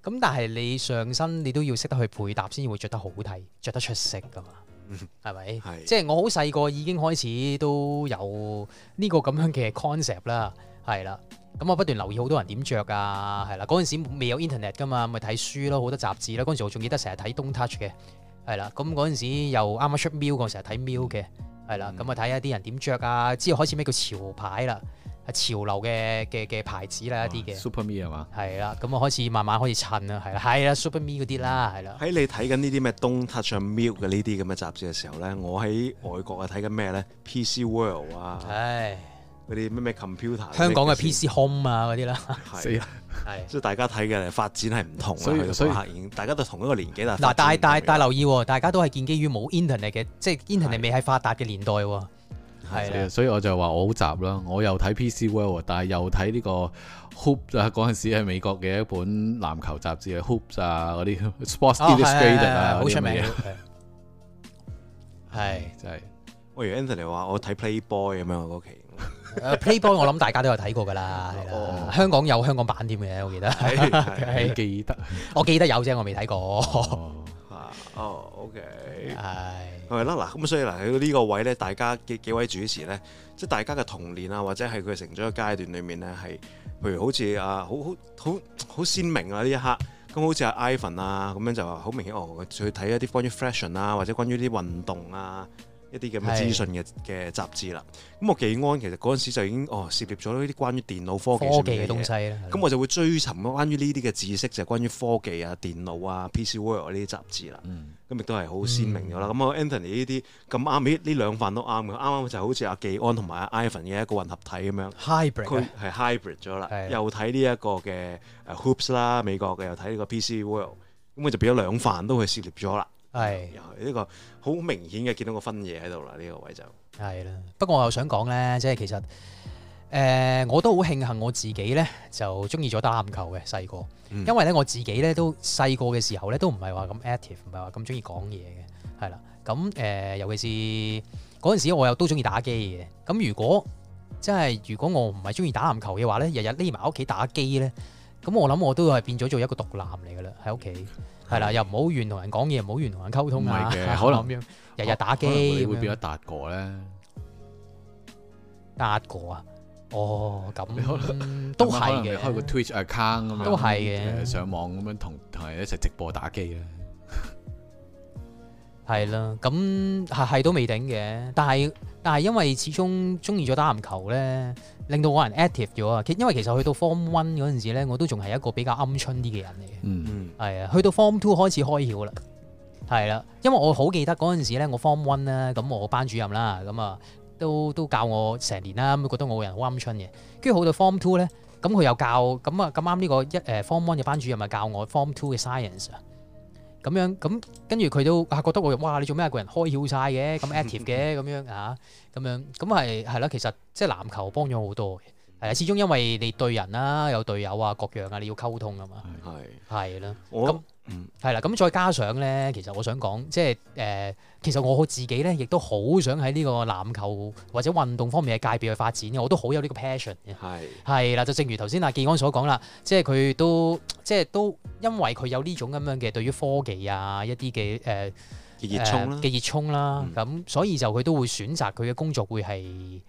咁但係你上身你都要識得去配搭，先會着得好睇，着得出色噶嘛。係咪？是的 即係我好細個已經開始都有呢個咁樣嘅 concept 啦，係啦。咁我不斷留意好多人點着啊，係啦。嗰陣時未有 internet 噶嘛，咪睇書咯，好多雜誌啦。嗰陣時我仲記得成日睇 Don't Touch 嘅，係啦。咁嗰陣時又啱啱出 Milk，我成日睇 Milk 嘅，係啦。咁啊睇下啲人點着啊，之後開始咩叫潮牌啦。潮流嘅嘅嘅牌子啦，一啲嘅，Superme 係嘛？係啦，咁啊開始慢慢開始襯啦，係啦，係啦，Superme 嗰啲啦，係啦。喺你睇緊呢啲咩東 Touch、Milk 嘅呢啲咁嘅雜誌嘅時候咧，我喺外國啊睇緊咩咧？PC World 啊，唉，嗰啲咩咩 Computer，香港嘅 PC Home 啊嗰啲啦，係，係，即係大家睇嘅發展係唔同啦。所以所以，大家都同一個年紀，但係嗱，大大大留意，大家都係建基於冇 Internet 嘅，即係 Internet 未係發達嘅年代。係啊，所以我就話我好雜啦，我又睇 PC World，但係又睇呢個 Hoop 啊，嗰陣時喺美國嘅一本籃球雜誌啊 Hoop 啊嗰啲 Sports Illustrated 啊，好出名，係就係，喂，如 Anthony 話我睇 Playboy 咁樣嗰期，Playboy 我諗大家都有睇過㗎啦，香港有香港版添嘅，我記得，係記得，我記得有啫，我未睇過。哦，OK，係，係啦，嗱，咁所以嗱喺到呢個位咧，大家嘅幾位主持咧，即係大家嘅童年啊，或者係佢成長嘅階段裏面咧，係譬如好似啊，好好好好鮮明啊呢一刻，咁好似阿 Ivan 啊咁樣就話好明顯，哦，去睇一啲關於 fashion 啦，或者關於啲運動啊。一啲咁嘅資訊嘅嘅雜誌啦，咁的我技安其實嗰陣時就已經哦涉獵咗呢啲關於電腦科技上面嘅東西啦，咁我就會追尋關於呢啲嘅知識，就係、是、關於科技啊、電腦啊、PC World 呢啲雜誌啦，咁亦都係好鮮明咗啦。咁、嗯、我 Anthony 呢啲咁啱尾呢兩份都啱嘅，啱啱就好似阿技安同埋阿 Ivan 嘅一個混合體咁樣 h 係 hybrid 咗啦，又睇呢一個嘅 Hoops 啦，美國嘅又睇呢個 PC World，咁我就變咗兩份都係涉獵咗啦。係，呢是個好明顯嘅見到個分野喺度啦，呢、這個位就係啦。不過我又想講咧，即係其實誒、呃，我都好慶幸我自己咧就中意咗打籃球嘅細個，嗯、因為咧我自己咧都細個嘅時候咧都唔係話咁 active，唔係話咁中意講嘢嘅係啦。咁誒、呃，尤其是嗰陣時我又都中意打機嘅。咁如果即係如果我唔係中意打籃球嘅話咧，日日匿埋屋企打機咧，咁我諗我都係變咗做一個毒男嚟噶啦喺屋企。係啦，又唔好願同人講嘢，唔好願同人溝通啊！係嘅，可能日日打機咁樣。會變咗達哥咧？達哥啊！哦，咁都係嘅。開個 Twitch account 咁樣都係嘅。上網咁樣同同人一齊直播打機啊。係啦的，咁係係都未頂嘅，但係但係因為始終中意咗打籃球咧。令到我人 active 咗啊！因為其實去到 Form One 嗰陣時咧，我都仲係一個比較鵪鶉啲嘅人嚟嘅。嗯嗯，係啊，去到 Form Two 開始開竅啦，係啦。因為我好記得嗰陣時咧，我 Form One 咧，咁我班主任啦，咁啊都都教我成年啦，咁覺得我個人好鵪鶉嘅。跟住去到 Form Two 咧，咁佢又教，咁啊咁啱呢個一誒 Form One 嘅班主任咪教我 Form Two 嘅 science。啊。咁樣，咁跟住佢都啊覺得我，哇你做咩個人開竅晒嘅咁 active 嘅咁樣啊！咁樣，咁係係啦，其實即係籃球幫咗好多嘅，係啊，始終因為你對人啦，有隊友啊，各樣啊，你要溝通啊嘛，係係啦，的我嗯係啦，咁再加上咧，其實我想講，即係誒、呃，其實我自己咧，亦都好想喺呢個籃球或者運動方面嘅界別去發展，我都好有呢個 passion 嘅的，係係啦，就正如頭先阿建安所講啦，即係佢都即係都因為佢有呢種咁樣嘅對於科技啊一啲嘅誒，呃嘅熱衷啦，咁所以就佢都會選擇佢嘅工作會係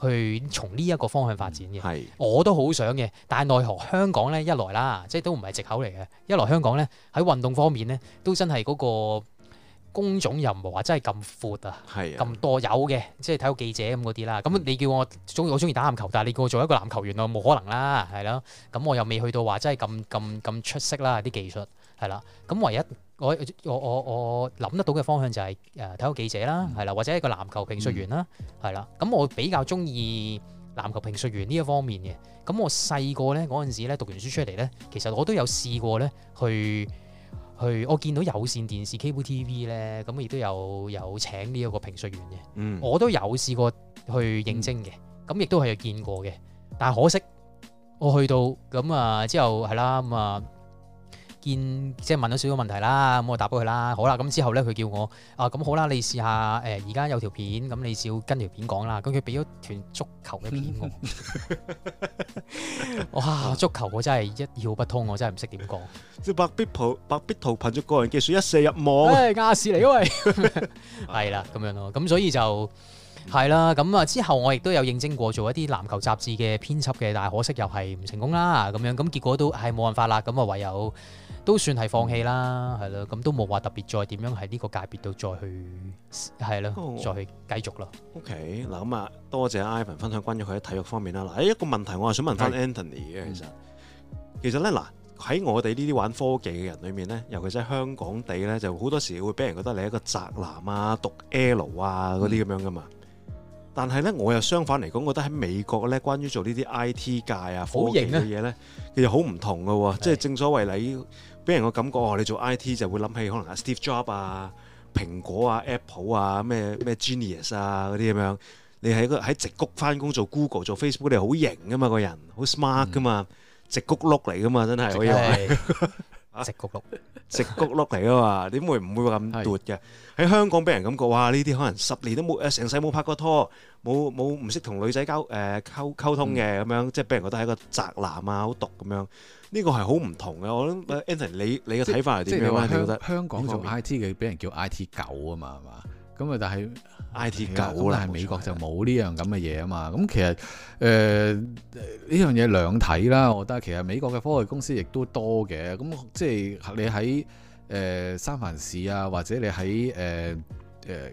去從呢一個方向發展嘅。我都好想嘅，但係奈何香港呢？一來啦，即係都唔係藉口嚟嘅。一來香港呢，喺運動方面呢，都真係嗰個工種又唔係話真係咁闊啊，咁多有嘅，即係體育記者咁嗰啲啦。咁你叫我中意我中意打籃球，但係你叫我做一個籃球員啊，冇可能啦，係咯。咁我又未去到話真係咁咁咁出色啦啲技術，係啦。咁唯一。我我我我諗得到嘅方向就係誒體育記者啦，係啦、mm.，或者一個籃球評述員啦，係啦、mm.。咁我比較中意籃球評述員呢一方面嘅。咁我細個咧嗰陣時咧讀完書出嚟咧，其實我都有試過咧去去，去，我見到有線電視 KTV 咧，咁亦都有有請呢一個評述員嘅。Mm. 我都有試過去應徵嘅，咁亦都係有見過嘅。但係可惜我去到咁啊之後係啦咁啊。見即係問咗少少問題啦，咁我答俾佢啦。好啦，咁之後咧佢叫我啊，咁、嗯、好啦，你試下誒，而、呃、家有條片，咁、嗯、你照跟條片講啦。咁佢俾咗團足球嘅片我， 哇！足球我真係一竅不通，我真係唔識點講。即白必圖白必圖憑咗個人技術一射入網，唉，亞視嚟，因為係啦，咁樣咯，咁所以就。係啦，咁啊之後我亦都有應徵過做一啲籃球雜誌嘅編輯嘅，但係可惜又係唔成功啦，咁樣咁結果都係冇辦法啦，咁啊唯有都算係放棄啦，係咯，咁都冇話特別再點樣喺呢個界別度再去係咯，哦、再去繼續咯。OK，嗱咁啊，多謝 Ivan 分享關於佢喺體育方面啦。嗱，一個問題我係想問翻 Anthony 嘅的，其實、嗯嗯、其實咧嗱喺我哋呢啲玩科技嘅人裏面咧，尤其係香港地咧就好多時會俾人覺得你係一個宅男啊、讀 L 啊嗰啲咁樣噶嘛。但係咧，我又相反嚟講，覺得喺美國咧，關於做呢啲 I T 界啊科技嘅嘢咧，啊、其實好唔同嘅喎、啊。是即係正所謂你俾人嘅感覺，哦、你做 I T 就會諗起可能阿 Steve Jobs 啊、蘋果啊、Apple 啊、咩咩 Genius 啊嗰啲咁樣。你喺個喺直谷返工做 Google 做 Facebook，你好型啊嘛，個人好 smart 噶嘛，嗯、直谷碌嚟噶嘛，真係我認為。是 直谷碌， 直谷碌嚟噶嘛？你點會唔會咁奪嘅？喺 是香港俾人感覺，哇！呢啲可能十年都冇誒，成世冇拍過拖，冇冇唔識同女仔交誒溝溝通嘅咁樣，嗯、即係俾人覺得係一個宅男啊，好毒咁樣、嗯、樣。呢個係好唔同嘅。我諗 Anthony，你你嘅睇法係點樣咧？你覺得香港做 IT 嘅俾人叫 IT 狗啊嘛，係嘛？咁啊，但係 I T 狗啦，但係美國就冇呢樣咁嘅嘢啊嘛。咁錯其實誒呢樣嘢兩睇啦，我覺得其實美國嘅科技公司亦都多嘅。咁、嗯、即係你喺誒、呃、三藩市啊，或者你喺誒誒，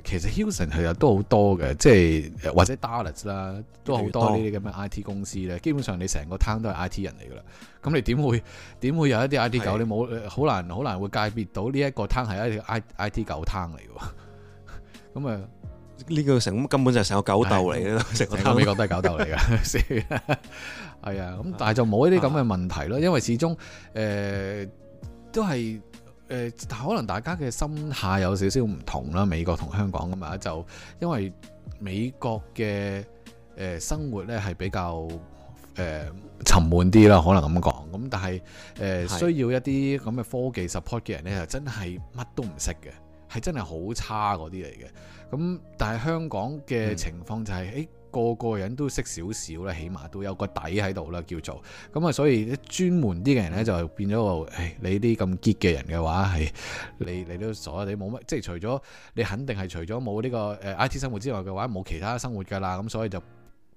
其實 Houston 其實都好多嘅，即係或者 Dallas 啦，都好多呢啲咁嘅 I T 公司咧。多多基本上你成個攤都係 I T 人嚟噶啦。咁你點會點會有一啲 I T 狗？9, 的你冇好難好難會界別到呢一個攤係一條 I I T 狗攤嚟喎。咁啊，呢個成根本就係成個狗竇嚟嘅，成的個，個美國都係狗竇嚟嘅，死！ 係啊，咁但係就冇一啲咁嘅問題咯，因為始終誒、呃、都係誒，但、呃、可能大家嘅心態有少少唔同啦，美國同香港啊嘛，就因為美國嘅誒生活咧係比較誒、呃、沉悶啲啦，可能咁講。咁但係誒、呃、需要一啲咁嘅科技 support 嘅人咧，的就真係乜都唔識嘅。係真係好差嗰啲嚟嘅，咁但係香港嘅情況就係，誒個個人都識少少啦，起碼都有個底喺度啦，叫做咁啊，所以專門啲嘅人咧就係變咗個，誒你啲咁結嘅人嘅話係，你你都所謂啊，你冇乜，即係除咗你肯定係除咗冇呢個誒 IT 生活之外嘅話，冇其他生活噶啦，咁所以就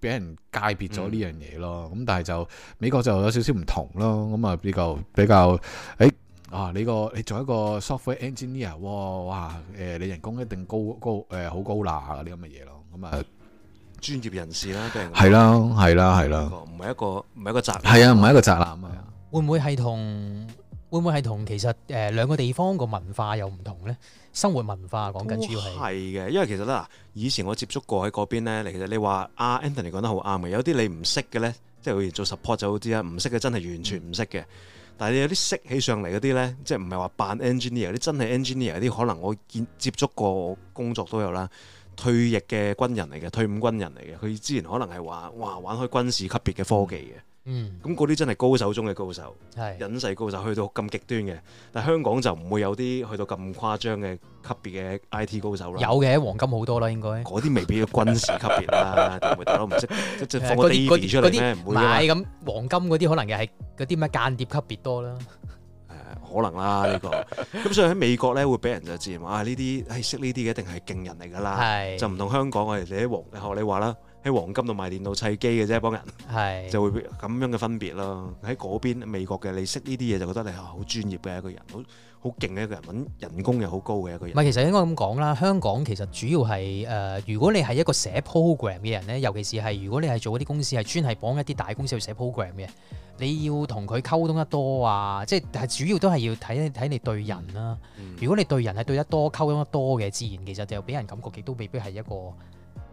俾人界別咗呢樣嘢咯，咁但係就美國就有少少唔同咯，咁啊比較比較誒。啊！你個你做一個 software engineer，哇哇、呃、你人工一定高高誒，好、呃、高啦！啲咁嘅嘢咯，咁啊專業人士啦，係啦係啦係啦，唔係一個唔係啦一個宅，係啊唔係一個宅男啊！會唔會係同會唔會係同其實誒兩個地方個文化又唔同咧？生活文化講緊主要係係嘅，因為其實咧嗱，以前我接觸過喺嗰邊咧，其實你話阿、啊、Anthony 講得好啱嘅，有啲你唔識嘅咧，即係好似做 support 就好啲啦，唔識嘅真係完全唔識嘅。嗯但係你有啲識起上嚟嗰啲呢，即係唔係話扮 engineer 啲，真係 engineer 啲，可能我見接觸過工作都有啦。退役嘅軍人嚟嘅，退伍軍人嚟嘅，佢之前可能係話哇玩開軍事級別嘅科技嘅。嗯嗯，咁嗰啲真係高手中嘅高手，係隱世高手，去到咁極端嘅。但香港就唔會有啲去到咁誇張嘅級別嘅 IT 高手啦。有嘅黃金好多啦，應該。嗰啲未必要軍事級別啦，大佬唔識即即放嗰啲 E D 出嚟咧，唔會。唔係咁，黃金嗰啲可能又係嗰啲咩間諜級別多啦。誒，可能啦呢個。咁所以喺美國咧，會俾人就自然話，啊呢啲係識呢啲嘅，一定係勁人嚟噶啦。係就唔同香港，我哋喺黃學你話啦。喺黃金度賣電腦砌機嘅啫，幫人，係就會有咁樣嘅分別咯。喺嗰邊美國嘅，你識呢啲嘢就覺得你好專業嘅一個人，好好勁嘅一個人，人工又好高嘅一個人。其實應該咁講啦。香港其實主要係誒、呃，如果你係一個寫 program 嘅人咧，尤其是係如果你係做一啲公司係專係幫一啲大公司去寫 program 嘅，你要同佢溝通得多啊，即係主要都係要睇睇你對人啦。如果你對人係對得多、溝通得多嘅，自然其實就俾人感覺亦都未必係一個、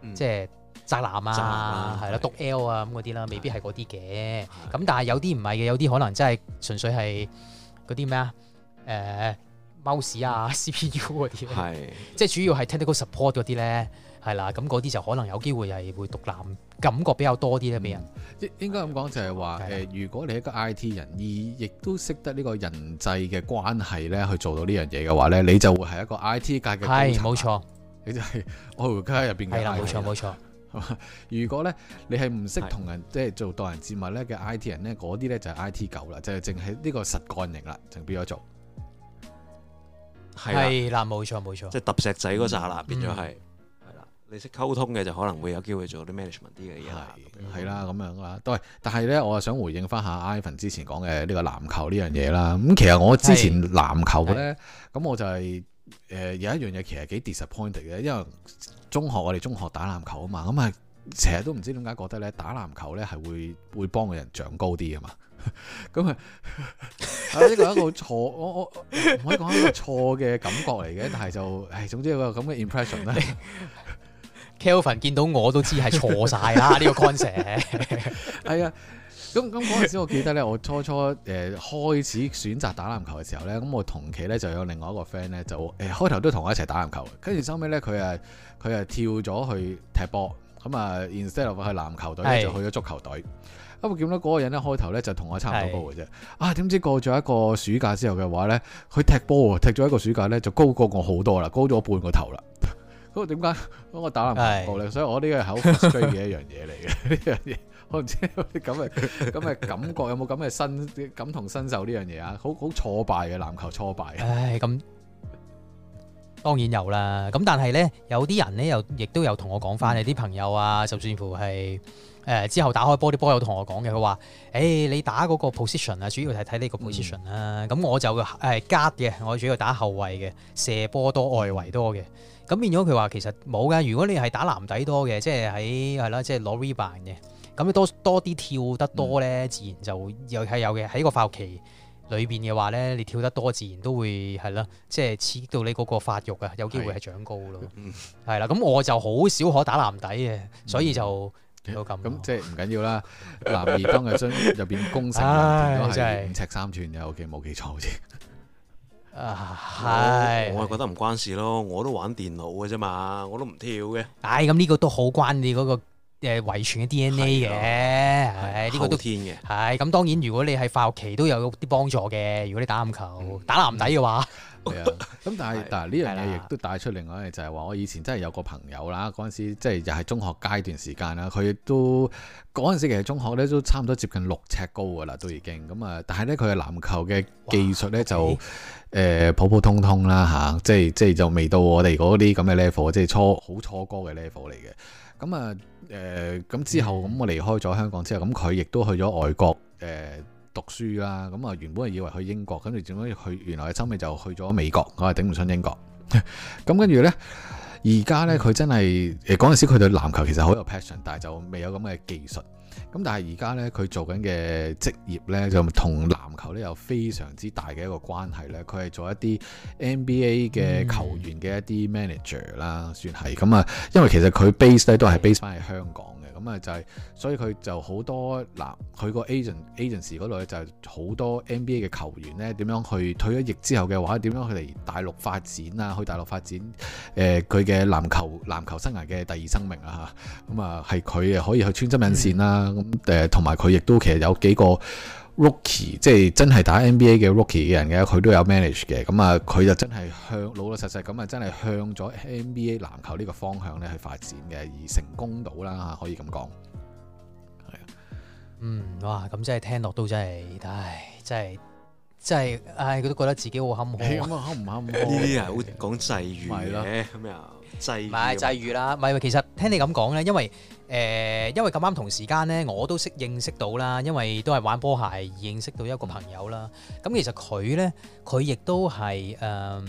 嗯、即係。宅男啊，係啦、嗯，毒是 L 啊咁嗰啲啦，未必係嗰啲嘅。咁的但係有啲唔係嘅，有啲可能真係純粹係嗰啲咩啊？誒 mouse 啊，CPU 嗰啲，係的即係主要係 technical support 嗰啲咧，係啦。咁嗰啲就可能有機會係會毒男，感覺比較多啲咧。畀人應應該咁講就係話誒，如果你一個 IT 人而亦都識得呢個人際嘅關係咧，去做到呢樣嘢嘅話咧，你就會係一個 IT 界嘅係冇錯，你就係 O 型入邊嘅，係冇錯冇錯。 如果咧你係唔識同人是即係做待人接物咧嘅 I T 人咧，嗰啲咧就係 I T 狗啦，即係淨係呢個實幹型啦，就變咗做係啦，冇錯冇錯，啊、錯錯即係揼石仔嗰扎啦，嗯、變咗係係啦，你識溝通嘅就可能會有機會做啲 management 啲嘅嘢，係係啦咁樣啦、啊，都係。但係咧，我又想回應翻下 Ivan 之前講嘅呢個籃球呢樣嘢啦。咁、嗯、其實我之前籃球咧，咁我就係。誒、呃，有一樣嘢其實幾 disappointed 嘅，因為中學我哋中學打籃球啊嘛，咁啊成日都唔知點解覺得咧打籃球咧係會會幫個人長高啲啊嘛，咁、嗯、啊呢個係一個錯，我我唔可以講一個錯嘅感覺嚟嘅，但係就誒、哎，總之有個咁嘅 impression 啦。Kelvin 你，見到我都知係錯晒啦，呢個 concept，係啊。 哎咁咁嗰陣時，我記得咧，我初初誒開始選擇打籃球嘅時候咧，咁我同期咧就有另外一個 friend 咧，就誒開頭都同我一齊打籃球，跟住收尾咧佢誒佢誒跳咗去踢波，咁啊 instead 落去籃球隊就去咗足球隊，咁是我見到嗰個人咧開頭咧就同我差唔多高嘅啫，是啊點知過咗一個暑假之後嘅話咧，佢踢波啊踢咗一個暑假咧就高過我好多啦，高咗我半個頭啦，嗰個點解？嗰個打籃球咧，是所以我呢個係好 frustrating 嘅一樣嘢嚟嘅呢樣嘢。 我唔知咁嘅咁嘅感覺有冇咁嘅身感同身受呢樣嘢啊？好好挫敗嘅籃球挫敗。唉，咁當然有啦。咁但係咧，有啲人咧又亦都有同我講翻係啲朋友啊，就算乎係誒之後打開波啲波友同我講嘅，佢話，誒、欸、你打嗰個 position 啊，主要係睇呢個 position 啊。嗯」咁我就係 guard 嘅，我主要打後衞嘅，射波多外圍多嘅。咁變咗佢話其實冇㗎。如果你係打籃底多嘅，即係喺係啦，即係攞 rebound 嘅。咁你多多啲跳得多咧，嗯、自然就又係有嘅。喺個發育期裏邊嘅話咧，你跳得多，自然都會係啦。即係刺激到你嗰個發育啊，有機會係長高咯。係啦、 嗯，咁我就好少可打籃底嘅，所以就咁。咁即係唔緊要啦。男二剛日身入邊，攻成都係五尺三寸嘅，我記冇記錯先。啊、嗯，係我係覺得唔關事咯。我都玩電腦嘅啫嘛，我都唔跳嘅。唉、咁、欸、呢個都好關你嗰、這個。誒遺傳嘅 DNA 嘅，係呢個都係咁。當然，如果你係化學期都有啲幫助嘅。如果你打籃球、嗯、打籃底嘅話，咁、嗯、 但係嗱呢樣嘢亦都帶出另外一樣，就係話我以前真係有個朋友啦。嗰陣時即係又係中學階段時間啦。佢都嗰陣時其實中學咧都差唔多接近六尺高嘅啦，都已經咁啊。但係咧佢嘅籃球嘅技術咧就誒哇、嗯、普普通通啦嚇，即係即係就未到我哋嗰啲咁嘅 level，即係初好初哥嘅 level 嚟嘅。咁啊～誒，咁、呃、之後咁我離開咗香港之後，咁佢亦都去咗外國誒、呃、讀書啦。咁啊原本係以為去英國，跟住點解去？原來阿周美就去咗美國，我係頂唔順英國。咁跟住呢，而家呢，佢真係誒嗰陣時佢對籃球其實好有 passion，但係就未有咁嘅技術。咁但係而家咧，佢做緊嘅職業咧，就同籃球咧有非常之大嘅一個關係咧。佢係做一啲 NBA 嘅球員嘅一啲 manager 啦，嗯、算係咁，啊，因為其實佢 base 咧都係 base 翻喺對 base 香港。咁啊、嗯，就係、是、所以佢就好多嗱，佢個 agent、agency, agency 嗰度咧，就係好多 NBA 嘅球員咧，點樣去退咗役之後嘅話，點樣去嚟大陸發展啊？去大陸發展誒，佢嘅籃球籃球生涯嘅第二生命啊！吓咁啊，係佢啊可以去穿針引線啦。咁、啊、誒，同埋佢亦都其實有幾個。Rookie 即係真係打 NBA 嘅 Rookie 嘅人嘅，佢都有 manage 嘅，咁啊佢就真係向老老實實咁啊，真係向咗 NBA 籃球呢個方向咧去發展嘅，而成功到啦嚇，可以咁講。係啊，嗯，哇，咁真係聽落都真係，唉，真係真係，唉，佢都覺得自己好坎坷。咁啊，坎坷呢啲係好講際遇嘅，咁啊際遇唔係際遇啦，唔係，其實聽你咁講咧，因為。誒，因為咁啱同時間呢，我都識認識到啦，因為都係玩波鞋認識到一個朋友啦。咁其實佢呢，佢亦都係誒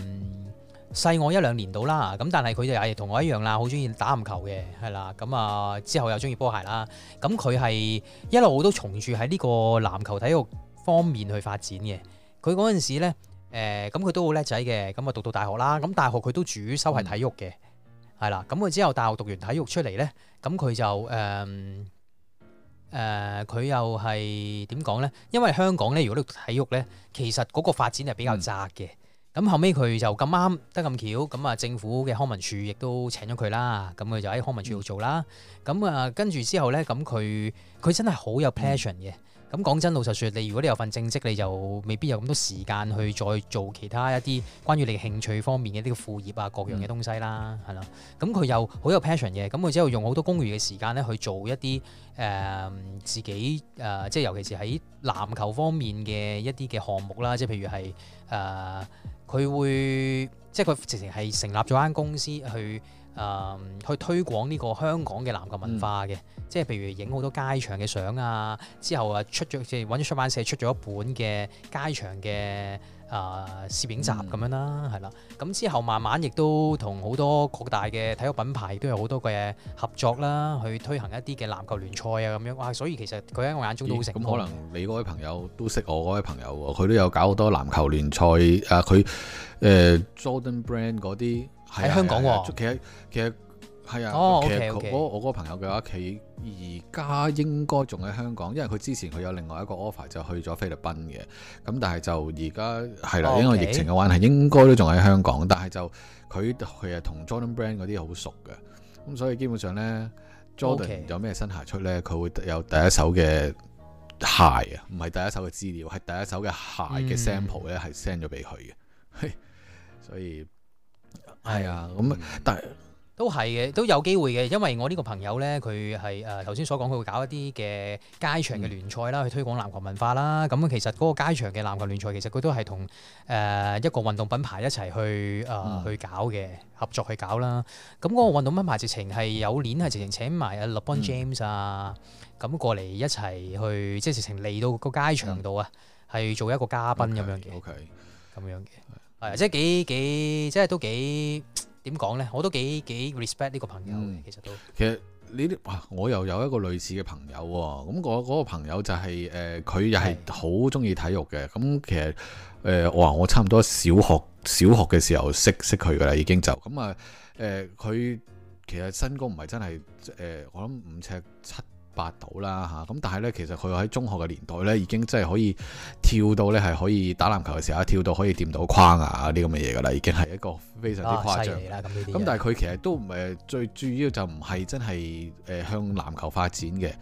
細我一兩年到啦。咁但係佢就係同我一樣啦，好中意打籃球嘅，係啦。咁啊，之後又中意波鞋啦。咁佢係一路都從住喺呢個籃球體育方面去發展嘅。佢嗰陣時呢，呃，咁佢都好叻仔嘅。咁啊，讀到大學啦。咁大學佢都主修係體育嘅。嗯係啦，咁佢之後大學讀完體育出嚟咧，咁佢就誒誒，佢、呃呃、又係點講咧？因為香港咧，如果你體育咧，其實嗰個發展係比較窄嘅。咁、嗯、後尾佢就咁啱得咁巧，咁啊政府嘅康文署亦都請咗佢啦。咁佢就喺康文署度做啦。咁啊、嗯，跟住之後咧，咁佢佢真係好有 passion 嘅。嗯咁講真老實說，你如果你有份正職，你就未必有咁多時間去再做其他一啲關於你興趣方面嘅呢個副業啊，各樣嘅東西啦，係啦、嗯。咁佢又好有 passion 嘅，咁佢之後用好多公餘嘅時間咧去做一啲誒、呃、自己誒，即、呃、係尤其是喺籃球方面嘅一啲嘅項目啦，即係譬如係誒佢會即係佢直情係成立咗間公司去誒、呃、去推廣呢個香港嘅籃球文化嘅。嗯即係譬如影好多街場嘅相啊，之後啊出咗即係揾咗出版社出咗一本嘅街場嘅啊、呃、攝影集咁樣啦，係啦、嗯。咁之後慢慢亦都同好多各大嘅體育品牌都有好多嘅合作啦，嗯、去推行一啲嘅籃球聯賽啊咁樣。哇！所以其實佢喺我眼中都好成功。咁、欸、可能你嗰位朋友都識我嗰位朋友喎，佢都有搞好多籃球聯賽啊，佢誒、呃、Jordan Brand 嗰啲喺香港喎、哦。其實其實。係啊，oh, okay, okay. 其實我我個朋友嘅話，佢而家應該仲喺香港，因為佢之前佢有另外一個 offer 就去咗菲律賓嘅，咁但係就而家係啦，啊 oh, okay. 因為疫情嘅關係，應該都仲喺香港。但係就佢其實同 Jordan Brand 嗰啲好熟嘅，咁所以基本上呢 Jordan 有咩新鞋出呢？佢會有第一手嘅鞋啊，唔係第一手嘅資料，係第一手嘅鞋嘅 sample 咧，係 send 咗俾佢嘅，所以係啊，咁但係。都係嘅，都有機會嘅，因為我呢個朋友咧，佢係誒頭先所講，佢會搞一啲嘅街場嘅聯賽啦，嗯、去推廣籃球文化啦。咁其實嗰個街場嘅籃球聯賽，其實佢都係同誒一個運動品牌一齊去誒、呃、去搞嘅合作去搞啦。咁、嗯、嗰個運動品牌直情係有年係直情請埋啊 LeBron James 啊，咁、嗯、過嚟一齊去，即係直情嚟到個街場度啊，係、嗯、做一個嘉賓咁、okay, okay 樣嘅。O K，咁樣嘅，係即係幾幾，即係都幾。點講呢？我都幾幾 respect 呢個朋友，嗯、其實都。其實呢啲，我又有一個類似嘅朋友、哦。咁、那、嗰、個那個朋友就係、是、誒，佢又係好中意體育嘅。咁其實誒、呃，我話我差唔多小學小學嘅時候識識佢㗎喇，已經就咁啊。誒、嗯，佢、呃、其實身高唔係真係誒、呃，我諗五尺七。八度啦嚇，咁、嗯、但係呢，其實佢喺中學嘅年代呢，已經真係可以跳到咧，係可以打籃球嘅時候，跳到可以掂到框啊啲咁嘅嘢噶啦，已經係一個非常之誇張咁，啊嗯、但係佢其實都唔係最主要，就唔係真係誒向籃球發展嘅。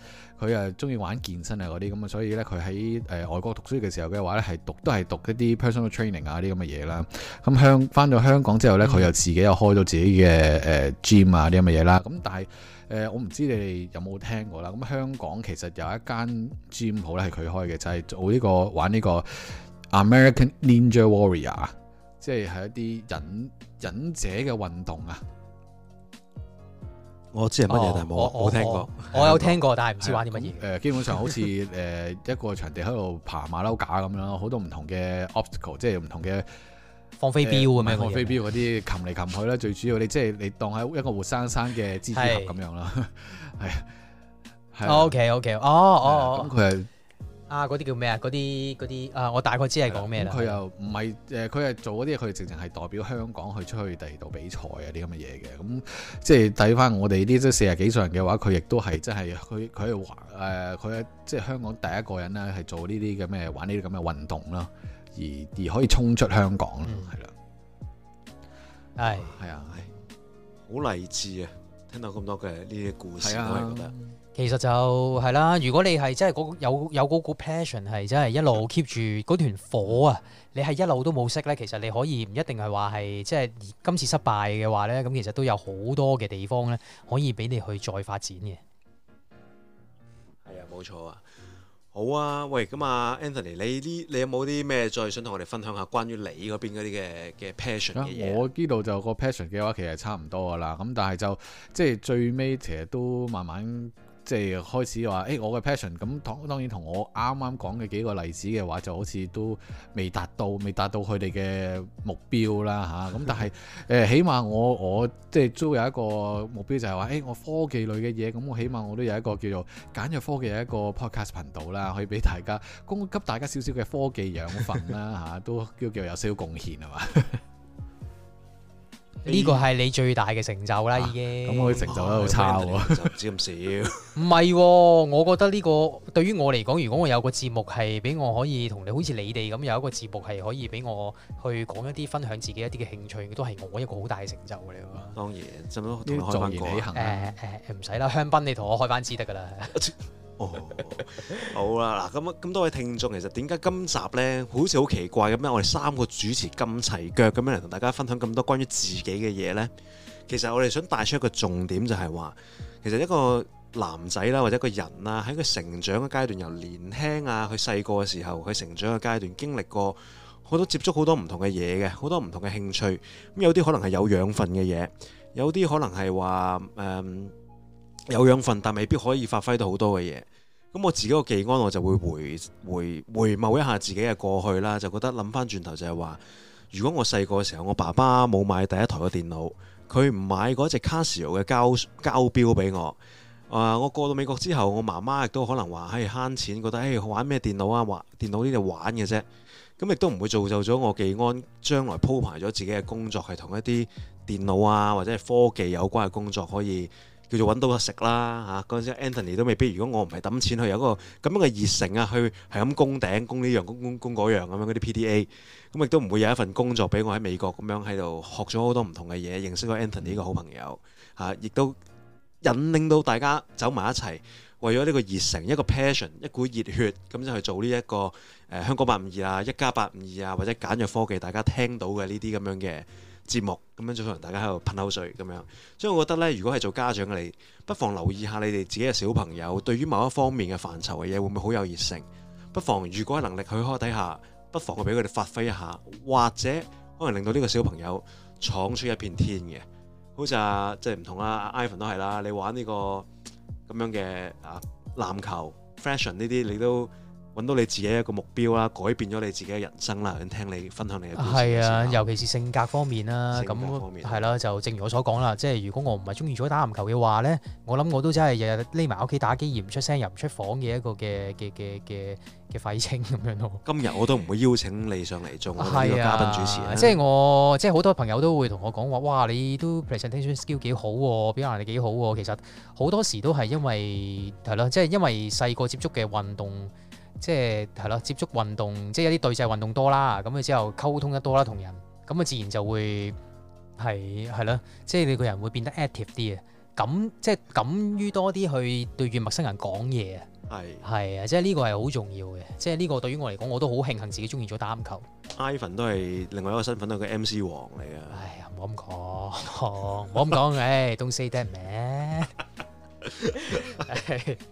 佢誒中意玩健身啊嗰啲咁啊，所以咧佢喺誒外國讀書嘅時候嘅話咧，係讀都係讀一啲 personal training 啊啲咁嘅嘢啦。咁香返到香港之後咧，佢、嗯、又自己又開咗自己嘅誒、呃、gym 啊啲咁嘅嘢啦。咁但係誒、呃，我唔知你哋有冇聽過啦。咁香港其實有一間 gym 好咧，係佢開嘅，就係、是、做呢、這個玩呢個 American Ninja Warrior，啊，即係係一啲忍忍者嘅運動啊。我知係乜嘢，但係冇我聽過我我我我我。我有聽過， 但係唔知玩啲乜嘢。誒、嗯呃，基本上好似誒一個場地喺度爬馬騮架咁樣，好 多唔同嘅 obstacle，即係唔同嘅放飛鏢咁樣。放飛鏢嗰啲，擒嚟擒去啦。最主要你即係你當係一個活生生嘅蜘蛛俠咁樣啦。係。OK OK，哦哦。咁佢係。啊！嗰啲叫咩啊？嗰啲嗰啲啊，我大概知係講咩啦。佢、嗯、又唔係誒，佢、呃、係做嗰啲佢直情係代表香港去出去第二度比賽啊啲咁嘅嘢嘅。咁、嗯、即係睇返我哋啲即係四十幾歲的人嘅話，佢亦都係即係佢佢誒佢即係香港第一個人啦，係做呢啲咁嘅玩呢啲咁嘅運動啦，而而可以衝出香港啦，係啦、嗯，係係啊，好勵志啊！聽到咁多嘅呢啲故事，我係覺得。其實就係、是、啦，如果你係真係有有嗰 passion 係真係一路 keep 住嗰團火啊，你係一路都冇熄呢。其實你可以唔一定係話係即係今次失敗嘅話呢。咁其實都有好多嘅地方呢，可以俾你去再發展嘅。係啊，冇錯啊。好啊，喂，咁啊，Anthony，你呢？你有冇啲咩再想同我哋分享下關於你嗰邊嗰啲嘅嘅 passion、嗯、嘅嘢？我呢度就個 passion 嘅話，其實差唔多噶啦。咁但係就即係最尾，其實都慢慢。即係開始話，誒、欸，我嘅 passion，咁當當然同我啱啱講嘅幾個例子嘅話，就好似都未達到，未達到佢哋嘅目標啦，吓、啊、咁。但係誒、欸，起碼我我即係都有一個目標就，就係話，誒，我科技類嘅嘢，咁我起碼我都有一個叫做簡約科技嘅一個 podcast 頻道啦，可以俾大家供給大家少少嘅科技養分啦，吓、啊、都叫叫有少少貢獻係嘛。 呢 A. 個係你最大嘅成就啦，啊、已經。咁、啊、我嘅成就都好差喎，唔知咁少。唔係、 啊，我覺得呢、呢個對於我嚟講，如果我有個節目係俾我可以同你好似你哋咁有一個節目係可以俾我去講一啲分享自己一啲嘅興趣，都係我一個好大嘅成就嚟喎。嗯、說當然時，咁樣同你開翻誒誒，唔使啦，香檳，你同我開翻支得噶啦。 哦、好啦，嗱咁咁多位聽眾，其實點解今集呢好似好奇怪咁樣？我哋三個主持咁齊腳咁樣嚟，同大家分享咁多關於自己嘅嘢呢？其實我哋想帶出一個重點，就係話，其實一個男仔啦，或者一個人啊，喺個成長嘅階段，由年輕啊，佢細個嘅時候，佢成長嘅階段經歷，經歷過好多接觸好多唔同嘅嘢嘅，好多唔同嘅興趣，咁有啲可能係有養分嘅嘢，有啲可能係話誒有養分，但未必可以發揮到好多嘅嘢。咁我自己個技安，我就會回回回眸一下自己嘅過去啦，就覺得諗翻轉頭就係話，如果我細個嘅時候，我爸爸冇買第一台嘅電腦，佢唔買嗰隻卡西歐嘅膠膠錶俾我，啊、呃，我過到美國之後，我媽媽亦都可能話，嘿、哎、慳錢，覺得誒玩咩電腦啊，電腦玩電腦呢度玩嘅啫，咁亦都唔會造就咗我技安將來鋪排咗自己嘅工作係同一啲電腦啊或者係科技有關嘅工作可以。叫做揾到個食啦吓，嗰陣時 Anthony 都未必。如果我唔係揼錢去，有個咁樣嘅熱誠啊，去係咁攻頂、攻呢樣、攻攻攻嗰樣咁樣。嗰啲 PDA，咁亦都唔會有一份工作俾我喺美國咁樣喺度學咗好多唔同嘅嘢，認識咗 Anthony 呢個好朋友吓，亦都引領到大家走埋一齊，為咗呢個熱誠、一個 passion、一股熱血咁就去做呢一個誒香講八五二啊、一家八五二啊，或者簡約科技，大家聽到嘅呢啲咁樣嘅，節目咁樣，就可能大家喺度噴口水咁樣，所以我覺得呢，如果係做家長嘅你，不妨留意下你哋自己嘅小朋友對於某一方面嘅範疇嘅嘢，會唔會好有熱誠？不妨如果能力許可底下，不妨去俾佢哋發揮一下，或者可能令到呢個小朋友闖出一片天嘅。好似啊，即係唔同啊，Ivan 都係啦，你玩呢、這個咁樣嘅啊籃球 fashion 呢啲，你都。揾到你自己一個目標啦，改變咗你自己嘅人生啦。想聽你分享你嘅故事啊，尤其是性格方面啦、啊。性格方面啦，就正如我所講啦，即係如果我唔係中意咗打籃球嘅話咧，我諗我都真係日日匿埋屋企打機，而唔出聲，又唔出房嘅一個嘅嘅嘅嘅嘅廢青咁樣咯。 今日我都唔會邀請你上嚟做一個嘉賓主持、啊。即係我，即係好多朋友都會同我講話，哇！你都 presentation skill 幾好喎，表達力幾好喎。其實好多時都係因為係啦，即係、就是、因為細個接觸嘅運動。即係係咯，接觸運動，即係一啲對峙運動多啦，咁之後溝通得多啦，同人，咁啊自然就會係係咯，即係你個人會變得 active 啲嘅，敢即係敢於多啲去對住陌生人講嘢啊，係係啊，即係呢個係好重要嘅，即係呢個對於我嚟講，我都好慶幸自己中意咗打籃球。Ivan 都係另外一個身份，都係個 MC 王嚟噶。哎呀，唔好咁講，唔好咁講，唉，懂、 hey, don't say that, man。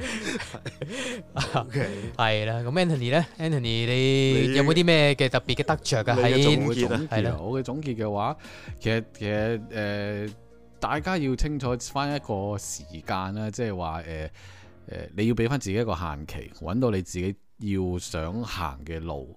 係 ，OK，係啦。咁 Ant Anthony 咧，Anthony，你，你有冇啲咩嘅特別嘅得着噶？係總結係啦。的我嘅總結嘅話，其實其實誒、呃，大家要清楚翻一個時間啦，即係話誒誒，你要俾翻自己一個限期，搵到你自己要想行嘅路。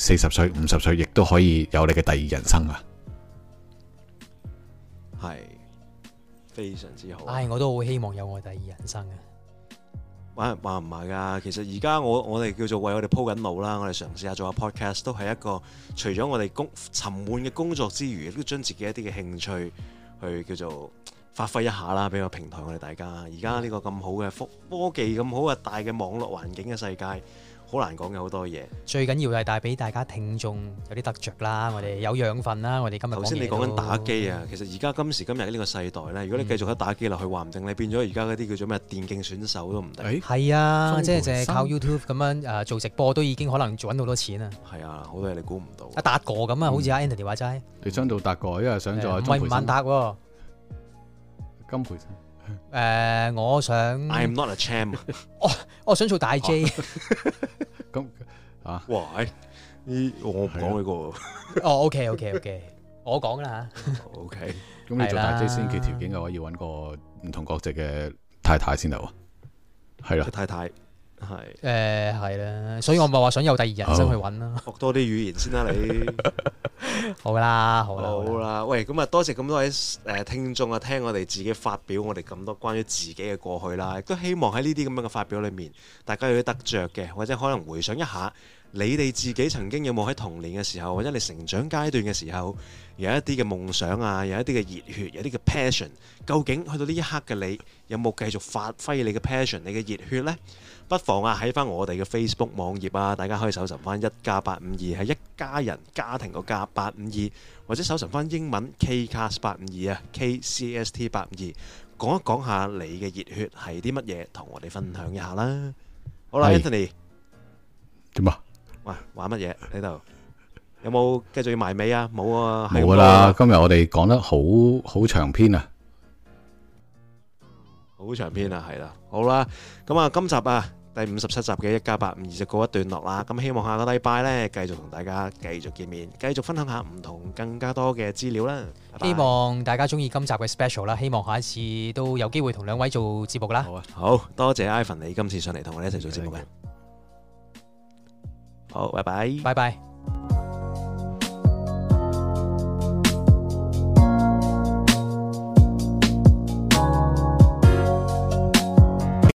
四十歲、五十歲，亦都可以有你嘅第二人生啊！係非常之好。唉，我都好希望有我第二人生嘅，啊。話唔埋噶，其實而家我我哋叫做為我哋鋪緊路啦，我哋嘗試下做下 podcast，都係一個除咗我哋工沉悶嘅工作之餘，都將自己一啲嘅興趣去叫做發揮一下啦，俾個平台我哋大家。而家呢個咁好嘅科科技咁好嘅大嘅網絡環境嘅世界。好難講嘅，好多嘢，最緊要係帶俾大家聽眾有啲得着啦，我哋有養分啦，我哋今日頭先你講緊打機啊，嗯、其實而家今時今日呢個世代咧，如果你繼續喺打機落去，話唔定你變咗而家嗰啲叫做咩電競選手都唔定。係、欸、啊，即係靠 YouTube 咁樣誒、啊、做直播都已經可能賺到好多錢啊！係啊，嗯、好多嘢你估唔到。阿達哥咁啊，好似阿 Anthony 話齋，你想做達哥，因為想做。喂、嗯，吳孟達。金培。誒、呃，我想，I'm not a champ 我。我我想做大 J、啊。咁 啊 w h、欸、我唔講呢個。的哦，OK，OK，OK。我講啦吓。OK, okay, okay。 咁 Okay. 的你做大 J 先，決條件嘅話，我要搵個唔同國籍嘅太太先得啊？係啦，太太。係誒，係啦是、欸，所以我咪話想有第二人生去揾啦，學多啲語言先啦，啊。你 好啦，好啦，好啦。好啦喂，咁啊，多謝咁多位誒聽眾啊，聽我哋自己發表我哋咁多關於自己嘅過去啦。亦都希望喺呢啲咁樣嘅發表裏面，大家有啲得着嘅，或者可能回想一下你哋自己曾經有冇喺童年嘅時候，或者你成長階段嘅時候，有一啲嘅夢想啊，有一啲嘅熱血，有啲嘅 passion。究竟去到呢一刻嘅你，有冇繼續發揮你嘅 passion，你嘅熱血呢？不妨啊，喺翻我哋嘅 Facebook 網頁啊，大家可以搜尋翻一家八五二係一家人家庭個家八五二，或者搜尋翻英文 KCast 八五二啊，K C S T 八五二，講一講下你嘅熱血係啲乜嘢，同我哋分享一下啦。好啦，Anthony 點啊？喂，玩乜嘢呢度？有冇繼續要埋尾啊？冇啊，冇啦。今日我哋講得好好長篇啊，好長篇啊，係啦，好啦，咁啊，今集啊～第五十七集嘅一家八五二就告一段落啦，咁希望下個禮拜呢，繼續同大家繼續見面，繼續分享下唔同更加多嘅資料啦。拜拜。希望大家中意今集嘅 special 啦，希望下一次都有機會同兩位做節目啦。好啊，好多謝 Ivan 你今次上嚟同我哋一齊做節目嘅。的好，拜拜。拜拜。